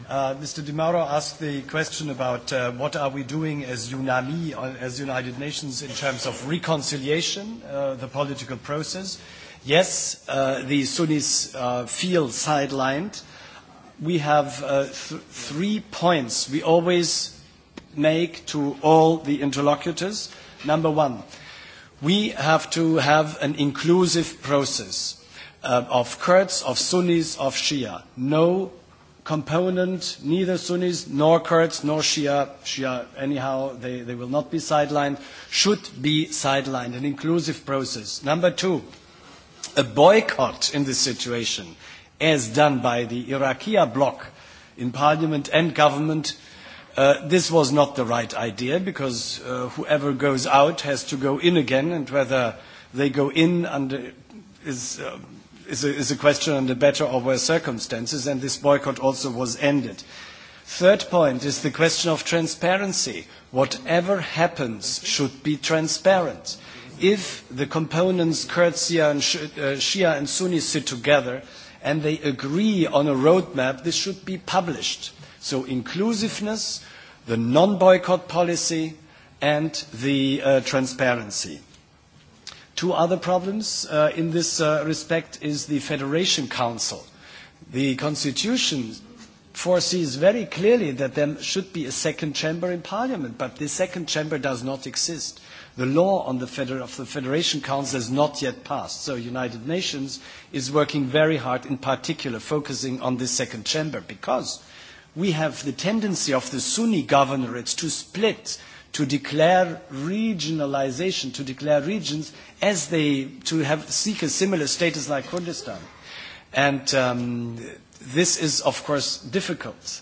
Uh, Mr. Di Mauro asked the question about uh, what are we doing as UNAMI, uh, as United Nations, in terms of reconciliation, uh, the political process. Yes, uh, the Sunnis uh, feel sidelined. We have uh, th three points we always make to all the interlocutors. Number one, we have to have an inclusive process uh, of Kurds, of Sunnis, of Shia. No component, neither Sunnis nor Kurds nor Shia, Shia anyhow, they, they will not be sidelined, should be sidelined, an inclusive process. Number two, a boycott in this situation, as done by the Iraqiya bloc in parliament and government, Uh, this was not the right idea because uh, whoever goes out has to go in again and whether they go in under is, uh, is, a, is a question under better or worse circumstances and this boycott also was ended. Third point is the question of transparency. Whatever happens should be transparent. If the components Kurdzia and Sh uh, Shia and Sunni sit together and they agree on a roadmap, this should be published So inclusiveness, the non-boycott policy, and the uh, transparency. Two other problems uh, in this uh, respect is the Federation Council. The Constitution foresees very clearly that there should be a second chamber in Parliament, but this second chamber does not exist. The law on the feder of the Federation Council has not yet passed, so United Nations is working very hard, in particular focusing on this second chamber, because we have the tendency of the Sunni governorates to split, to declare regionalization, to declare regions as they, to have, seek a similar status like Kurdistan. And um, this is, of course, difficult.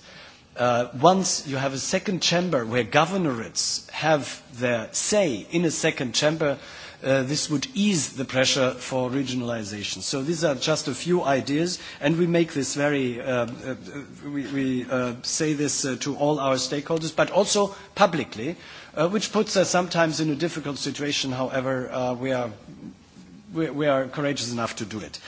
Uh, once you have a second chamber where governorates have their say in a second chamber, uh, this would ease the pressure for regionalization. So these are just a few ideas, and we make this very, uh, uh, we, we uh, say this uh, to all our stakeholders, but also publicly, uh, which puts us sometimes in a difficult situation. However, uh, we, are, we, we are courageous enough to do it.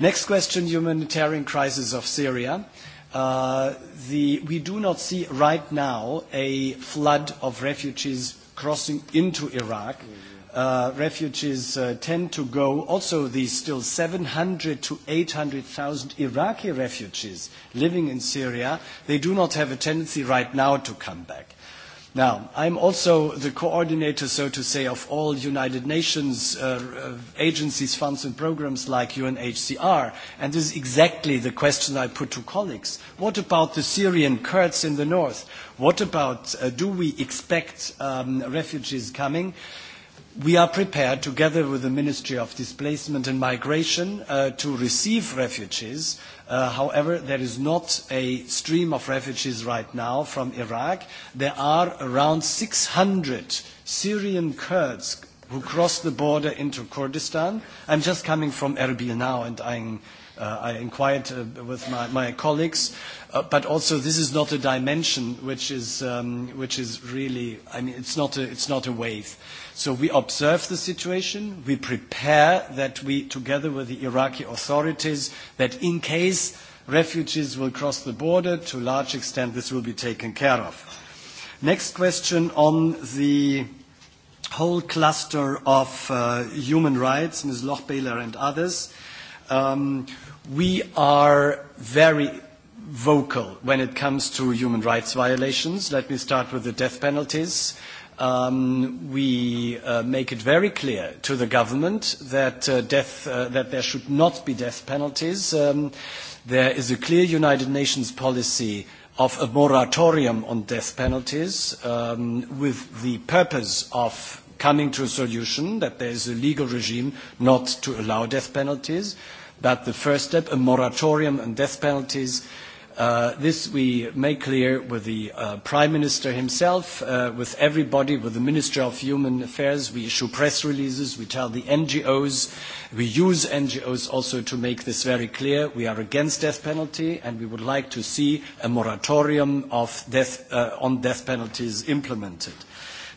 Next question, humanitarian crisis of Syria. Uh, the, we do not see right now a flood of refugees crossing into Iraq. Mm -hmm uh, refugees uh, tend to go, also these still 700 to 800,000 Iraqi refugees living in Syria, they do not have a tendency right now to come back. Now, I'm also the coordinator, so to say, of all United Nations uh, uh, agencies, funds and programs like UNHCR, and this is exactly the question I put to colleagues. What about the Syrian Kurds in the north? What about, uh, do we expect um, refugees coming? Uh, We are prepared, together with the Ministry of Displacement and Migration, uh, to receive refugees. Uh, however, there is not a stream of refugees right now from Iraq. There are around 600 Syrian Kurds who crossed the border into Kurdistan. I'm just coming from Erbil now, and I'm uh, I inquired uh, with my, my colleagues, uh, but also this is not a dimension which is, um, which is really, I mean, it's not a, it's not a wave. So we observe the situation, we prepare that we, together with the Iraqi authorities, that in case refugees will cross the border, to a large extent this will be taken care of. Next question on the whole cluster of uh, human rights, Ms. Lochbehler and others. Um, we are very vocal when it comes to human rights violations. Let me start with the death penalties um, we uh, make it very clear to the government that, uh, death, uh, that there should not be death penalties. Um, there is a clear United Nations policy of a moratorium on death penalties um, with the purpose of coming to a solution that there is a legal regime not to allow death penalties, but the first step, a moratorium on death penalties, Uh, this we make clear with the uh, Prime Minister himself, uh, with everybody, with the Minister of Human Affairs. We issue press releases, we tell the NGOs, we use NGOs also to make this very clear. We are against death penalty and we would like to see a moratorium of death, uh, on death penalties implemented.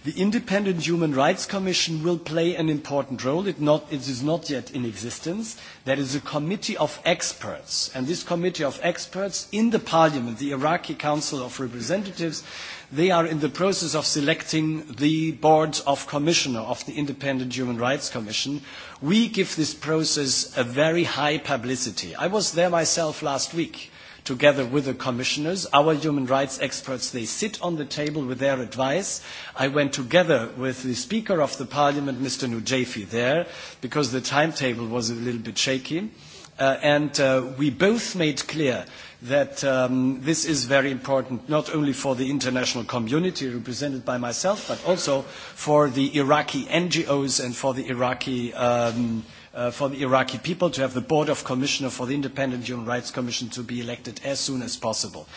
The Independent Human Rights Commission will play an important role. It, not, it is not yet in existence. There is a committee of experts, and this committee of experts in the parliament, the Iraqi Council of Representatives, they are in the process of selecting the board of commissioner of the Independent Human Rights Commission. We give this process a very high publicity. I was there myself last week together with the commissioners. Our human rights experts, they sit on the table with their advice. I went together with the Speaker of the Parliament, Mr. Nujafi, there, because the timetable was a little bit shaky. Uh, and uh, we both made clear that um, this is very important not only for the international community represented by myself but also for the Iraqi NGOs and for the Iraqi um, Uh, for the Iraqi people to have the Board of Commissioner for the Independent Human Rights Commission to be elected as soon as possible.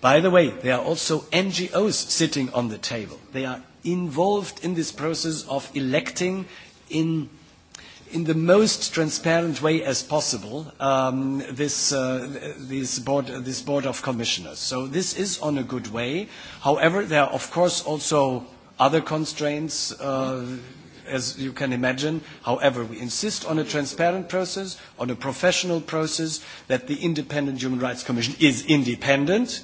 By the way, there are also NGOs sitting on the table. They are involved in this process of electing in in the most transparent way as possible um, this, uh, this, board, this board of commissioners. So this is on a good way. However, there are of course also other constraints, uh, as you can imagine. However, we insist on a transparent process, on a professional process, that the Independent Human Rights Commission is independent,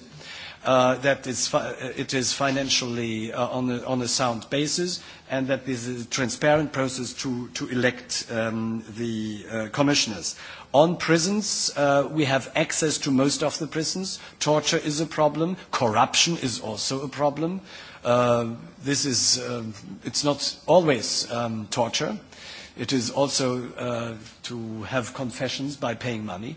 uh, that it's uh, it is financially uh, on, a, on a sound basis, and that this is a transparent process to, to elect um, the uh, commissioners. On prisons, uh, we have access to most of the prisons. Torture is a problem. Corruption is also a problem. Uh, this is, um, it's not always um, torture. It is also uh, to have confessions by paying money.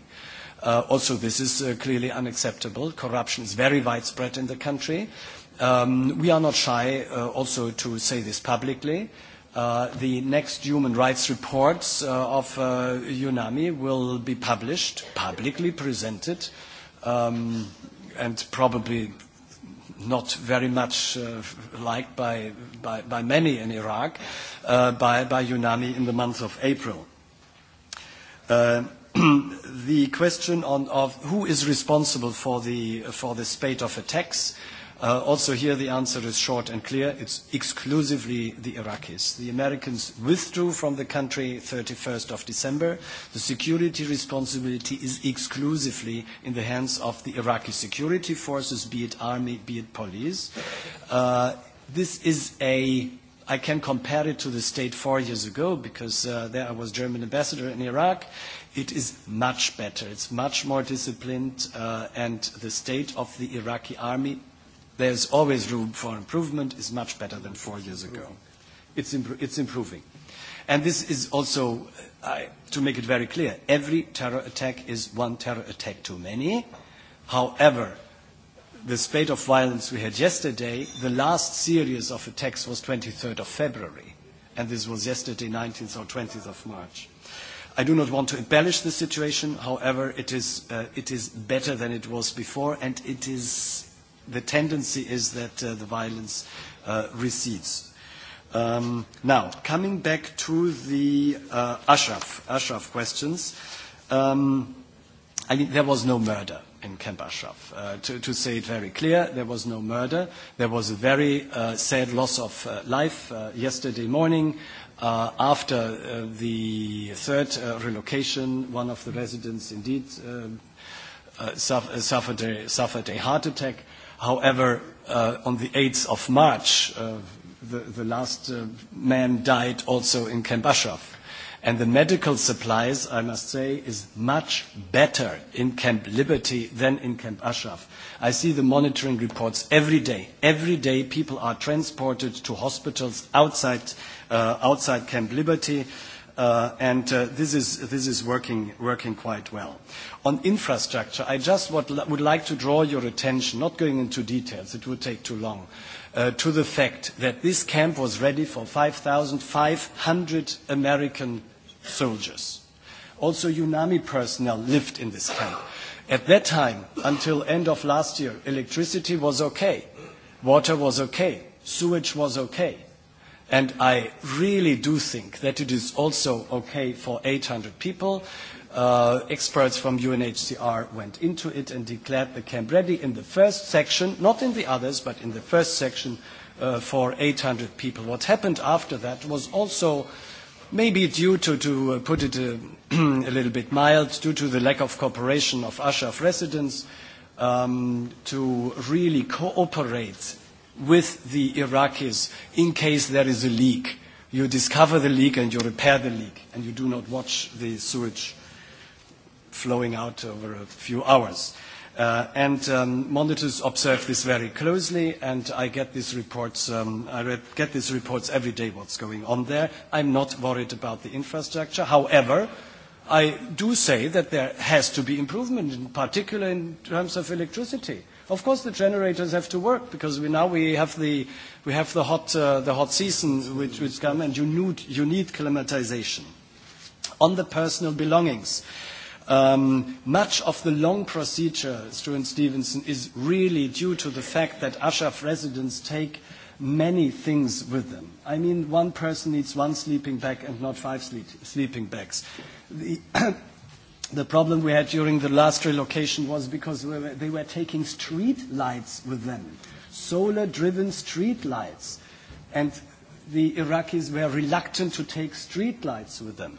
Uh, also, this is uh, clearly unacceptable. Corruption is very widespread in the country. Um, we are not shy uh, also to say this publicly. Uh, the next human rights reports uh, of uh, UNAMI will be published, publicly presented, um, and probably not very much uh, liked by, by, by many in Iraq, uh, by, by UNAMI in the month of April. Uh, the question on, of who is responsible for the, for the spate of attacks Uh, also here the answer is short and clear. It's exclusively the Iraqis. The Americans withdrew from the country 31st of December. The security responsibility is exclusively in the hands of the Iraqi security forces, be it army, be it police. Uh, this is a I can compare it to the state four years ago because uh, there I was German ambassador in Iraq. It is much better. It's much more disciplined, uh, and the state of the Iraqi army There's always room for improvement. is much better than four years ago. It's, impro it's improving. And this is also, uh, I, to make it very clear, every terror attack is one terror attack too many. However, the spate of violence we had yesterday, the last series of attacks was 23rd of February, and this was yesterday, 19th or 20th of March. I do not want to embellish the situation, however, it is, uh, it is better than it was before, and it is the tendency is that uh, the violence uh, recedes. Um, now, coming back to the uh, Ashraf, Ashraf questions, um, I mean, there was no murder in Camp Ashraf. Uh, to, to say it very clear, there was no murder. There was a very uh, sad loss of uh, life uh, yesterday morning uh, after uh, the third uh, relocation. One of the residents indeed um, uh, uh, suffered, a, suffered a heart attack. However, uh, on the 8th of March, uh, the, the last uh, man died also in Camp Ashraf. And the medical supplies, I must say, is much better in Camp Liberty than in Camp Ashraf. I see the monitoring reports every day. Every day people are transported to hospitals outside, uh, outside Camp Liberty. Uh, Uh, and uh, this is, this is working, working quite well. On infrastructure, I just would, would like to draw your attention, not going into details, it would take too long, uh, to the fact that this camp was ready for 5,500 American soldiers. Also, UNAMI personnel lived in this camp. At that time, until end of last year, electricity was okay, water was okay, sewage was okay. And I really do think that it is also okay for 800 people. Uh, experts from UNHCR went into it and declared the camp ready in the first section, not in the others, but in the first section uh, for 800 people. What happened after that was also maybe due to, to uh, put it uh, a, a little bit mild, due to the lack of cooperation of Ashraf residents um, to really cooperate with the Iraqis in case there is a leak. You discover the leak and you repair the leak, and you do not watch the sewage flowing out over a few hours. Uh, and um, monitors observe this very closely, and I get these reports. Um, I read, get these reports every day. What's going on there? I'm not worried about the infrastructure. However, I do say that there has to be improvement, in particular in terms of electricity. Uh, Of course, the generators have to work because we, now we have the, we have the, hot, uh, the hot season which, which come and you need, you need climatization. On the personal belongings, um, much of the long procedure, Stuart Stevenson, is really due to the fact that Ashraf residents take many things with them. I mean, one person needs one sleeping bag and not five sleep, sleeping bags. The, the problem we had during the last relocation was because we were, they were taking street lights with them, solar-driven street lights. And the Iraqis were reluctant to take street lights with them.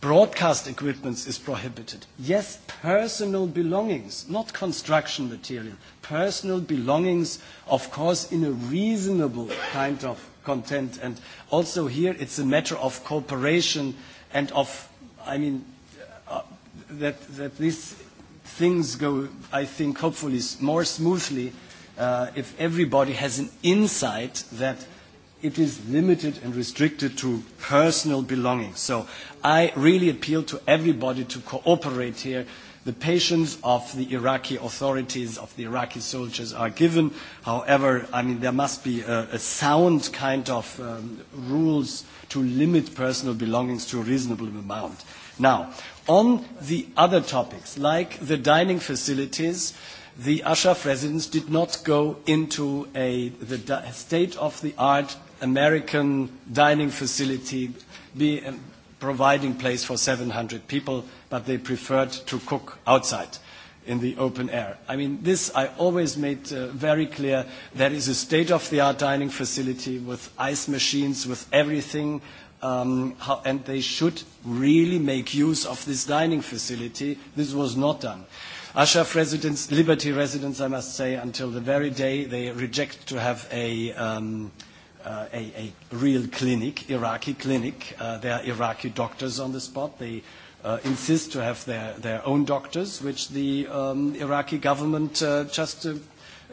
Broadcast equipment is prohibited. Yes, personal belongings, not construction material. Personal belongings, of course, in a reasonable kind of content. And also here, it's a matter of cooperation and of, I mean, that, that these things go, I think, hopefully more smoothly uh, if everybody has an insight that it is limited and restricted to personal belongings. So I really appeal to everybody to cooperate here. The patience of the Iraqi authorities, of the Iraqi soldiers are given. However, I mean, there must be a, a sound kind of um, rules to limit personal belongings to a reasonable amount. Now, On the other topics, like the dining facilities, the Ashraf residents did not go into a, the state-of-the-art American dining facility be, um, providing place for 700 people, but they preferred to cook outside in the open air. I mean, this I always made uh, very clear. There is a state-of-the-art dining facility with ice machines, with everything, um, how, and they should really make use of this dining facility. This was not done. Ashraf residents, Liberty residents, I must say, until the very day they reject to have a, um, uh, a, a real clinic, Iraqi clinic. Uh, there are Iraqi doctors on the spot. They uh, insist to have their, their own doctors, which the um, Iraqi government uh, just uh,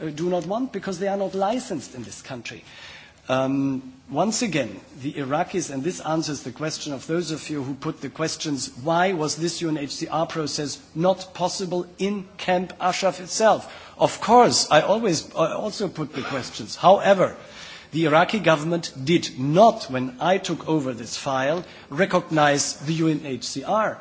uh do not want because they are not licensed in this country. Uh, Um, once again, the Iraqis, and this answers the question of those of you who put the questions, why was this UNHCR process not possible in Camp Ashraf itself? Of course, I always I also put the questions. However, the Iraqi government did not, when I took over this file, recognize the UNHCR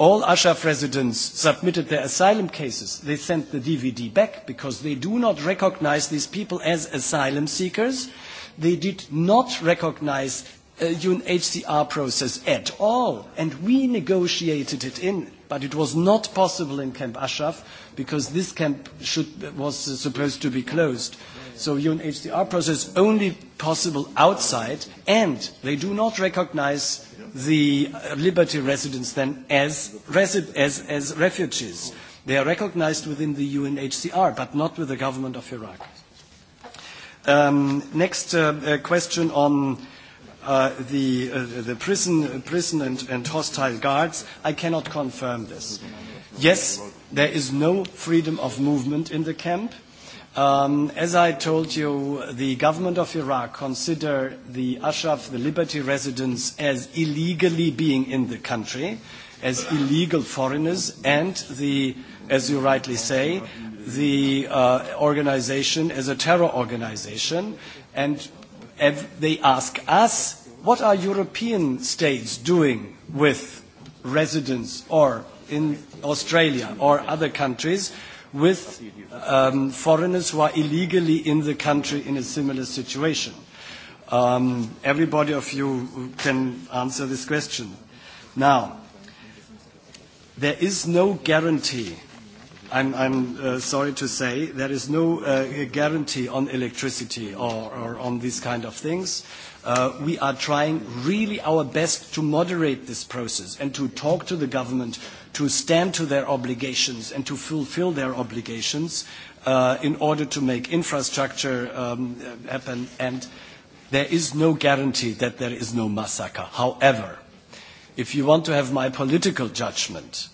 All Ashraf residents submitted their asylum cases. They sent the DVD back because they do not recognize these people as asylum seekers. They did not recognize uh, UNHCR process at all. And we negotiated it in, but it was not possible in Camp Ashraf because this camp should, was supposed to be closed. So UNHCR process only possible outside, and they do not recognize the Liberty residents then as, resi as, as refugees. They are recognized within the UNHCR, but not with the government of Iraq. Um, next uh, uh, question on uh, the, uh, the prison, prison and, and hostile guards. I cannot confirm this. Yes, there is no freedom of movement in the camp. Um, as I told you, the government of Iraq consider the Ashraf, the Liberty residents, as illegally being in the country, as illegal foreigners, and the, as you rightly say, the uh, organization as a terror organization. And they ask us, what are European states doing with residents or in Australia or other countries with um, foreigners who are illegally in the country in a similar situation? Um, everybody of you can answer this question. Now, there is no guarantee I'm, I'm uh, sorry to say there is no uh, guarantee on electricity or, or on these kind of things. Uh, we are trying really our best to moderate this process and to talk to the government to stand to their obligations and to fulfill their obligations uh, in order to make infrastructure um, happen. And there is no guarantee that there is no massacre. However, if you want to have my political judgment,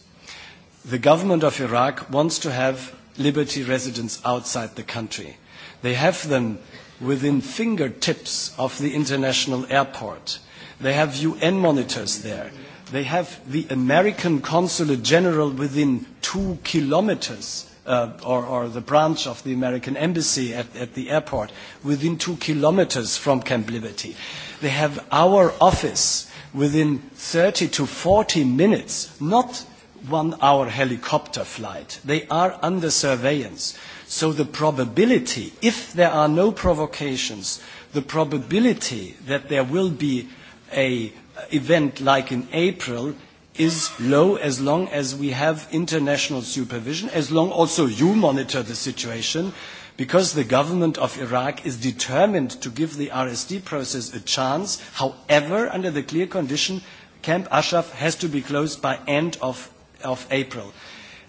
the government of Iraq wants to have Liberty residents outside the country. They have them within fingertips of the international airport. They have UN monitors there. They have the American Consulate General within two kilometers uh, or, or the branch of the American Embassy at, at the airport within two kilometers from Camp Liberty. They have our office within 30 to 40 minutes, not one hour helicopter flight. They are under surveillance. So the probability, if there are no provocations, the probability that there will be a event like in April is low as long as we have international supervision, as long also you monitor the situation, because the government of Iraq is determined to give the RSD process a chance. However, under the clear condition, Camp Ashraf has to be closed by end of, of April.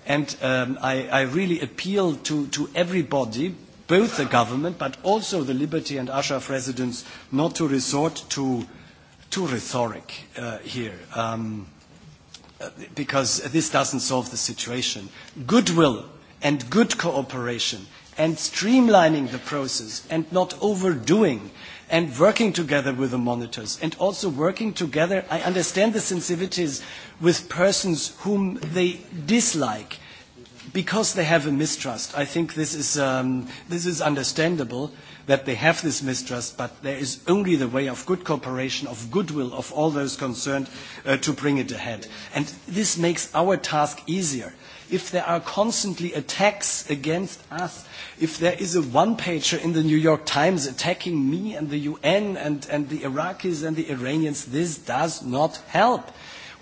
And um, I, I really appeal to, to everybody, both the government but also the Liberty and Ashraf residents, not to resort to too rhetoric uh, here, um, uh, because this doesn't solve the situation. Goodwill and good cooperation and streamlining the process and not overdoing and working together with the monitors and also working together, I understand the sensitivities with persons whom they dislike because they have a mistrust. I think this is, um, this is understandable that they have this mistrust, but there is only the way of good cooperation, of goodwill of all those concerned uh, to bring it ahead. And this makes our task easier. If there are constantly attacks against us, if there is a one-pager in the New York Times attacking me and the UN and, and the Iraqis and the Iranians, this does not help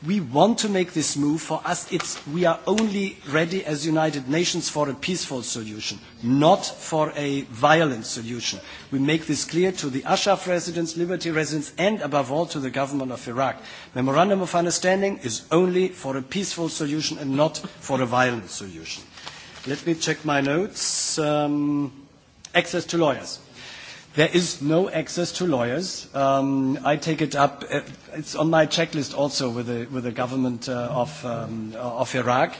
we want to make this move. For us, it's, we are only ready as United Nations for a peaceful solution, not for a violent solution. We make this clear to the Ashraf residents, Liberty residents, and above all to the government of Iraq. Memorandum of Understanding is only for a peaceful solution and not for a violent solution. Let me check my notes. Um, access to lawyers. There is no access to lawyers. Um, I take it up. Uh, it's on my checklist also with the, with the government uh, of, um, uh, of Iraq.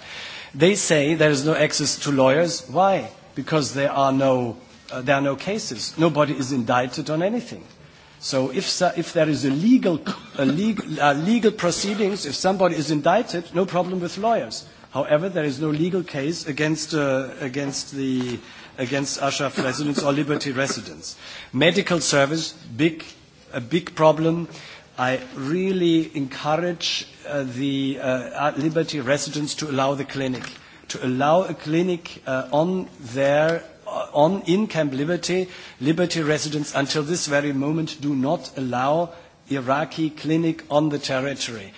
They say there is no access to lawyers. Why? Because there are no, uh, there are no cases. Nobody is indicted on anything. So if, if there is a legal, a legal, uh, legal proceedings, if somebody is indicted, no problem with lawyers. However, there is no legal case against, uh, against the against Ashraf residents or Liberty residents. Medical service, big, a big problem. I really encourage uh, the uh, Liberty residents to allow the clinic, to allow a clinic uh, on their uh, on in Camp Liberty, Liberty residents until this very moment do not allow Iraqi clinic on the territory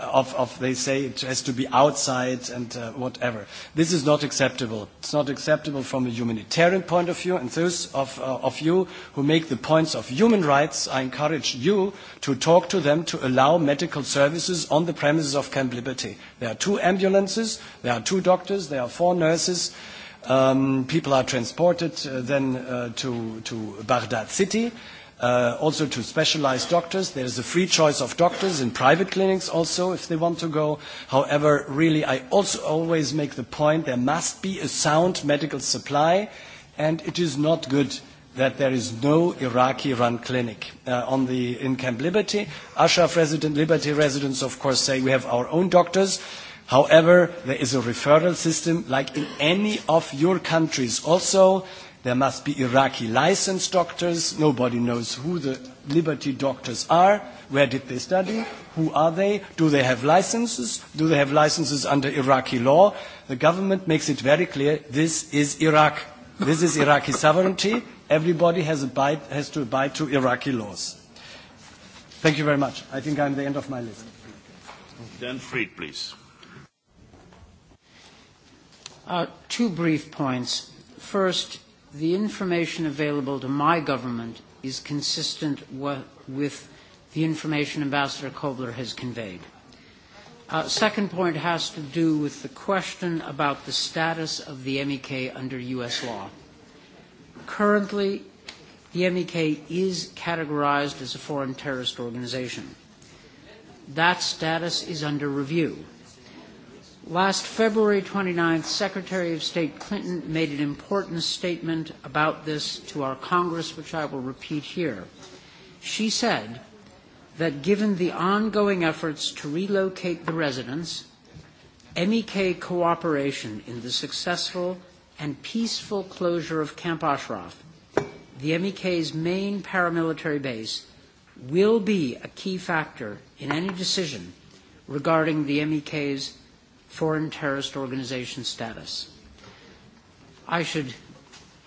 of, of they say it has to be outside and uh, whatever. This is not acceptable. It's not acceptable from a humanitarian point of view, and those of, uh, of you who make the points of human rights, I encourage you to talk to them to allow medical services on the premises of Camp Liberty. There are two ambulances, there are two doctors, there are four nurses. Um, people are transported uh, then uh, to, to Baghdad city uh, also to specialized doctors. There is a free choice of doctors in private clinics also if they want to go. However, really, I also always make the point there must be a sound medical supply, and it is not good that there is no Iraqi-run clinic uh, on the, in Camp Liberty. Ashraf resident, Liberty residents, of course, say we have our own doctors. However, there is a referral system like in any of your countries also There must be Iraqi licensed doctors. Nobody knows who the Liberty doctors are. Where did they study? Who are they? Do they have licenses? Do they have licenses under Iraqi law? The government makes it very clear this is Iraq. This is Iraqi sovereignty. Everybody has, abide, has to abide to Iraqi laws. Thank you very much. I think I'm the end of my list. Dan Fried, please. Uh, two brief points. First, the information available to my government is consistent with the information Ambassador Kobler has conveyed. Uh, second point has to do with the question about the status of the MEK under U.S. law. Currently, the MEK is categorized as a foreign terrorist organization. That status is under review. Last February 29th, Secretary of State Clinton made an important statement about this to our Congress, which I will repeat here. She said that given the ongoing efforts to relocate the residents, MEK cooperation in the successful and peaceful closure of Camp Ashraf, the MEK's main paramilitary base, will be a key factor in any decision regarding the MEK's foreign terrorist organization status. I should,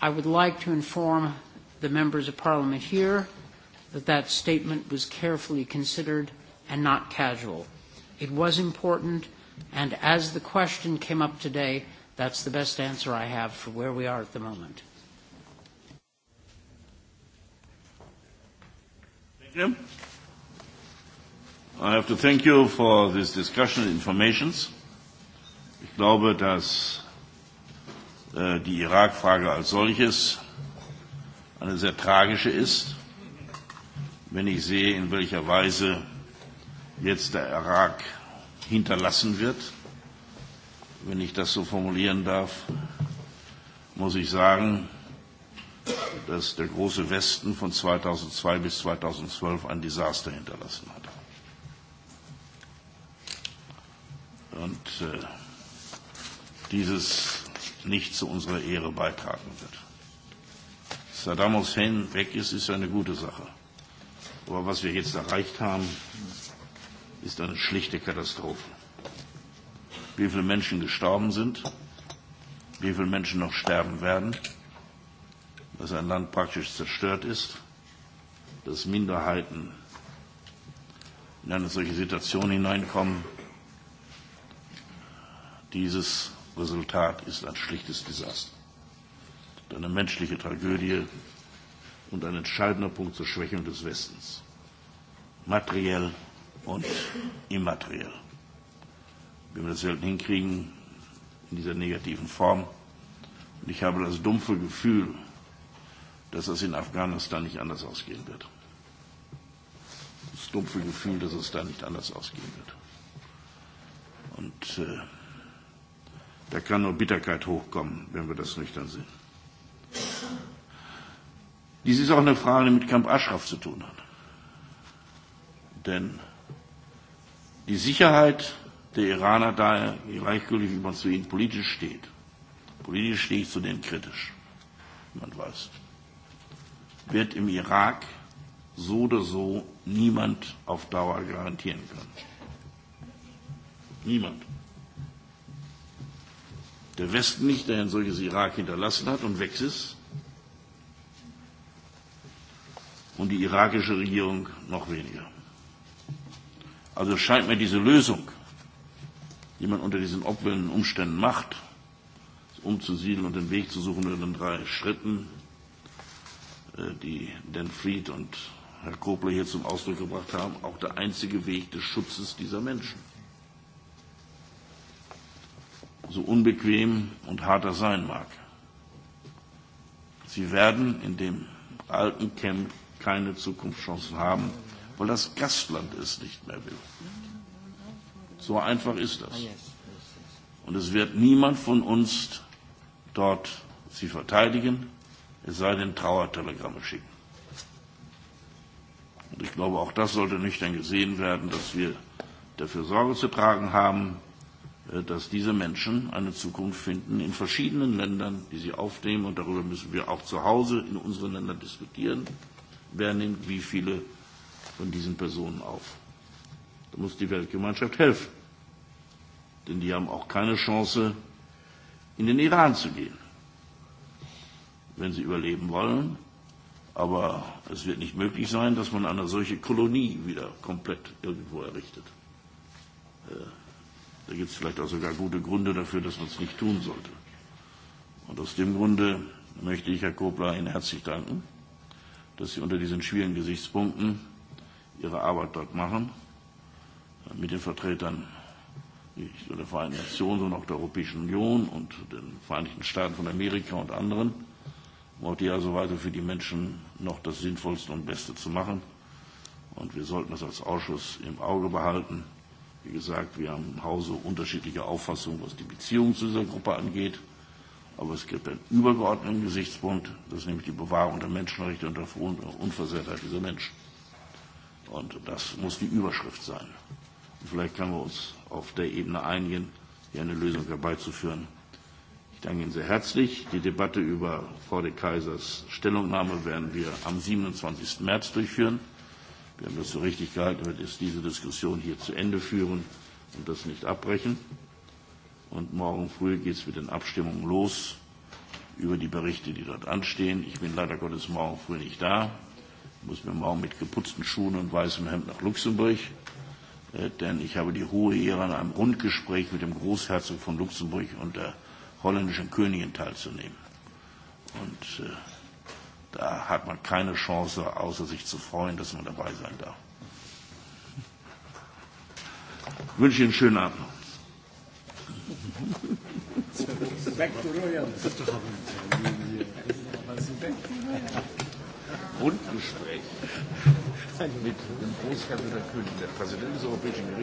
I would like to inform the members of parliament here that that statement was carefully considered and not casual. It was important, and as the question came up today, that's the best answer I have for where we are at the moment. Thank you. I have to thank you for this discussion and informations. Ich glaube, dass die äh, die Irakfrage als solches eine sehr tragische ist, wenn ich sehe, in welcher Weise jetzt der Irak hinterlassen wird, wenn ich das so formulieren darf, muss ich sagen, dass der große Westen von 2002 bis 2012 ein Desaster hinterlassen hat. Und äh, dieses nicht zu unserer Ehre beitragen wird. Saddam Hussein weg ist, ist eine gute Sache. Aber was wir jetzt erreicht haben, ist eine schlichte Katastrophe. Wie viele Menschen gestorben sind, wie viele Menschen noch sterben werden, dass ein Land praktisch zerstört ist, dass Minderheiten in eine solche Situation hineinkommen, dieses Resultat ist ein schlichtes Desaster. Eine menschliche Tragödie und ein entscheidender Punkt zur Schwächung des Westens. Materiell und immateriell. Wenn wir das selten hinkriegen, in dieser negativen Form. Und ich habe das dumpfe Gefühl, dass es in Afghanistan nicht anders ausgehen wird. Das dumpfe Gefühl, dass es da nicht anders ausgehen wird. Und äh, Da kann nur Bitterkeit hochkommen, wenn wir das nüchtern sehen. Dies ist auch eine Frage, die mit Camp Ashraf zu tun hat. Denn die Sicherheit der Iraner daher, gleichgültig wie man zu ihnen politisch steht, politisch stehe ich zu denen kritisch, man weiß, wird im Irak so oder so niemand auf Dauer garantieren können. Niemand der Westen nicht, der ein solches Irak hinterlassen hat und weg ist, und die irakische Regierung noch weniger. Also scheint mir diese Lösung, die man unter diesen opulenten Umständen macht, umzusiedeln und den Weg zu suchen in den drei Schritten, äh, die Dan Fried und Herr Kobler hier zum Ausdruck gebracht haben, auch der einzige Weg des Schutzes dieser Menschen so unbequem und hart er sein mag. Sie werden in dem alten Camp keine Zukunftschancen haben, weil das Gastland es nicht mehr will. So einfach ist das. Und es wird niemand von uns dort sie verteidigen, es sei denn Trauertelegramme schicken. Und ich glaube, auch das sollte nüchtern gesehen werden, dass wir dafür Sorge zu tragen haben, Äh, dass diese Menschen eine Zukunft finden in verschiedenen Ländern, die sie aufnehmen. Und darüber müssen wir auch zu Hause in unseren Ländern diskutieren. Wer nimmt wie viele von diesen Personen auf? Da muss die Weltgemeinschaft helfen. Denn die haben auch keine Chance, in den Iran zu gehen, wenn sie überleben wollen. Aber es wird nicht möglich sein, dass man eine solche Kolonie wieder komplett irgendwo errichtet. Äh, Da gibt es vielleicht auch sogar gute Gründe dafür, dass man es nicht tun sollte. Und aus dem Grunde möchte ich Herr Kobler Ihnen herzlich danken, dass Sie unter diesen schwierigen Gesichtspunkten Ihre Arbeit dort machen, äh, mit den Vertretern nicht nur der Vereinten Nationen, sondern auch der Europäischen Union und den Vereinigten Staaten von Amerika und anderen, um auf die also weiter für die Menschen noch das Sinnvollste und Beste zu machen. Und wir sollten das als Ausschuss im Auge behalten. Wie gesagt, wir haben im Hause unterschiedliche Auffassungen, was die Beziehung zu dieser Gruppe angeht. Aber es gibt einen übergeordneten Gesichtspunkt, das ist nämlich die Bewahrung der Menschenrechte und der Unversehrtheit dieser Menschen. Und das muss die Überschrift sein. Und vielleicht können wir uns auf der Ebene einigen, hier eine Lösung herbeizuführen. Ich danke Ihnen sehr herzlich. Die Debatte über Frau de Kaisers Stellungnahme werden wir am 27. März durchführen. Wir haben das so richtig gehalten, wird ist diese Diskussion hier zu Ende führen und das nicht abbrechen. Und morgen früh geht es mit den Abstimmungen los über die Berichte, die dort anstehen. Ich bin leider Gottes morgen früh nicht da. Ich muss mir morgen mit geputzten Schuhen und weißem Hemd nach Luxemburg, äh, denn ich habe die hohe Ehre, an einem Rundgespräch mit dem Großherzog von Luxemburg und der holländischen Königin teilzunehmen. Und äh, Da hat man keine Chance, außer sich zu freuen, dass man dabei sein darf. Ich wünsche Ihnen einen schönen Abend. Rundgespräch mit dem Großkapitel König, der Präsident des Europäischen Gerichts.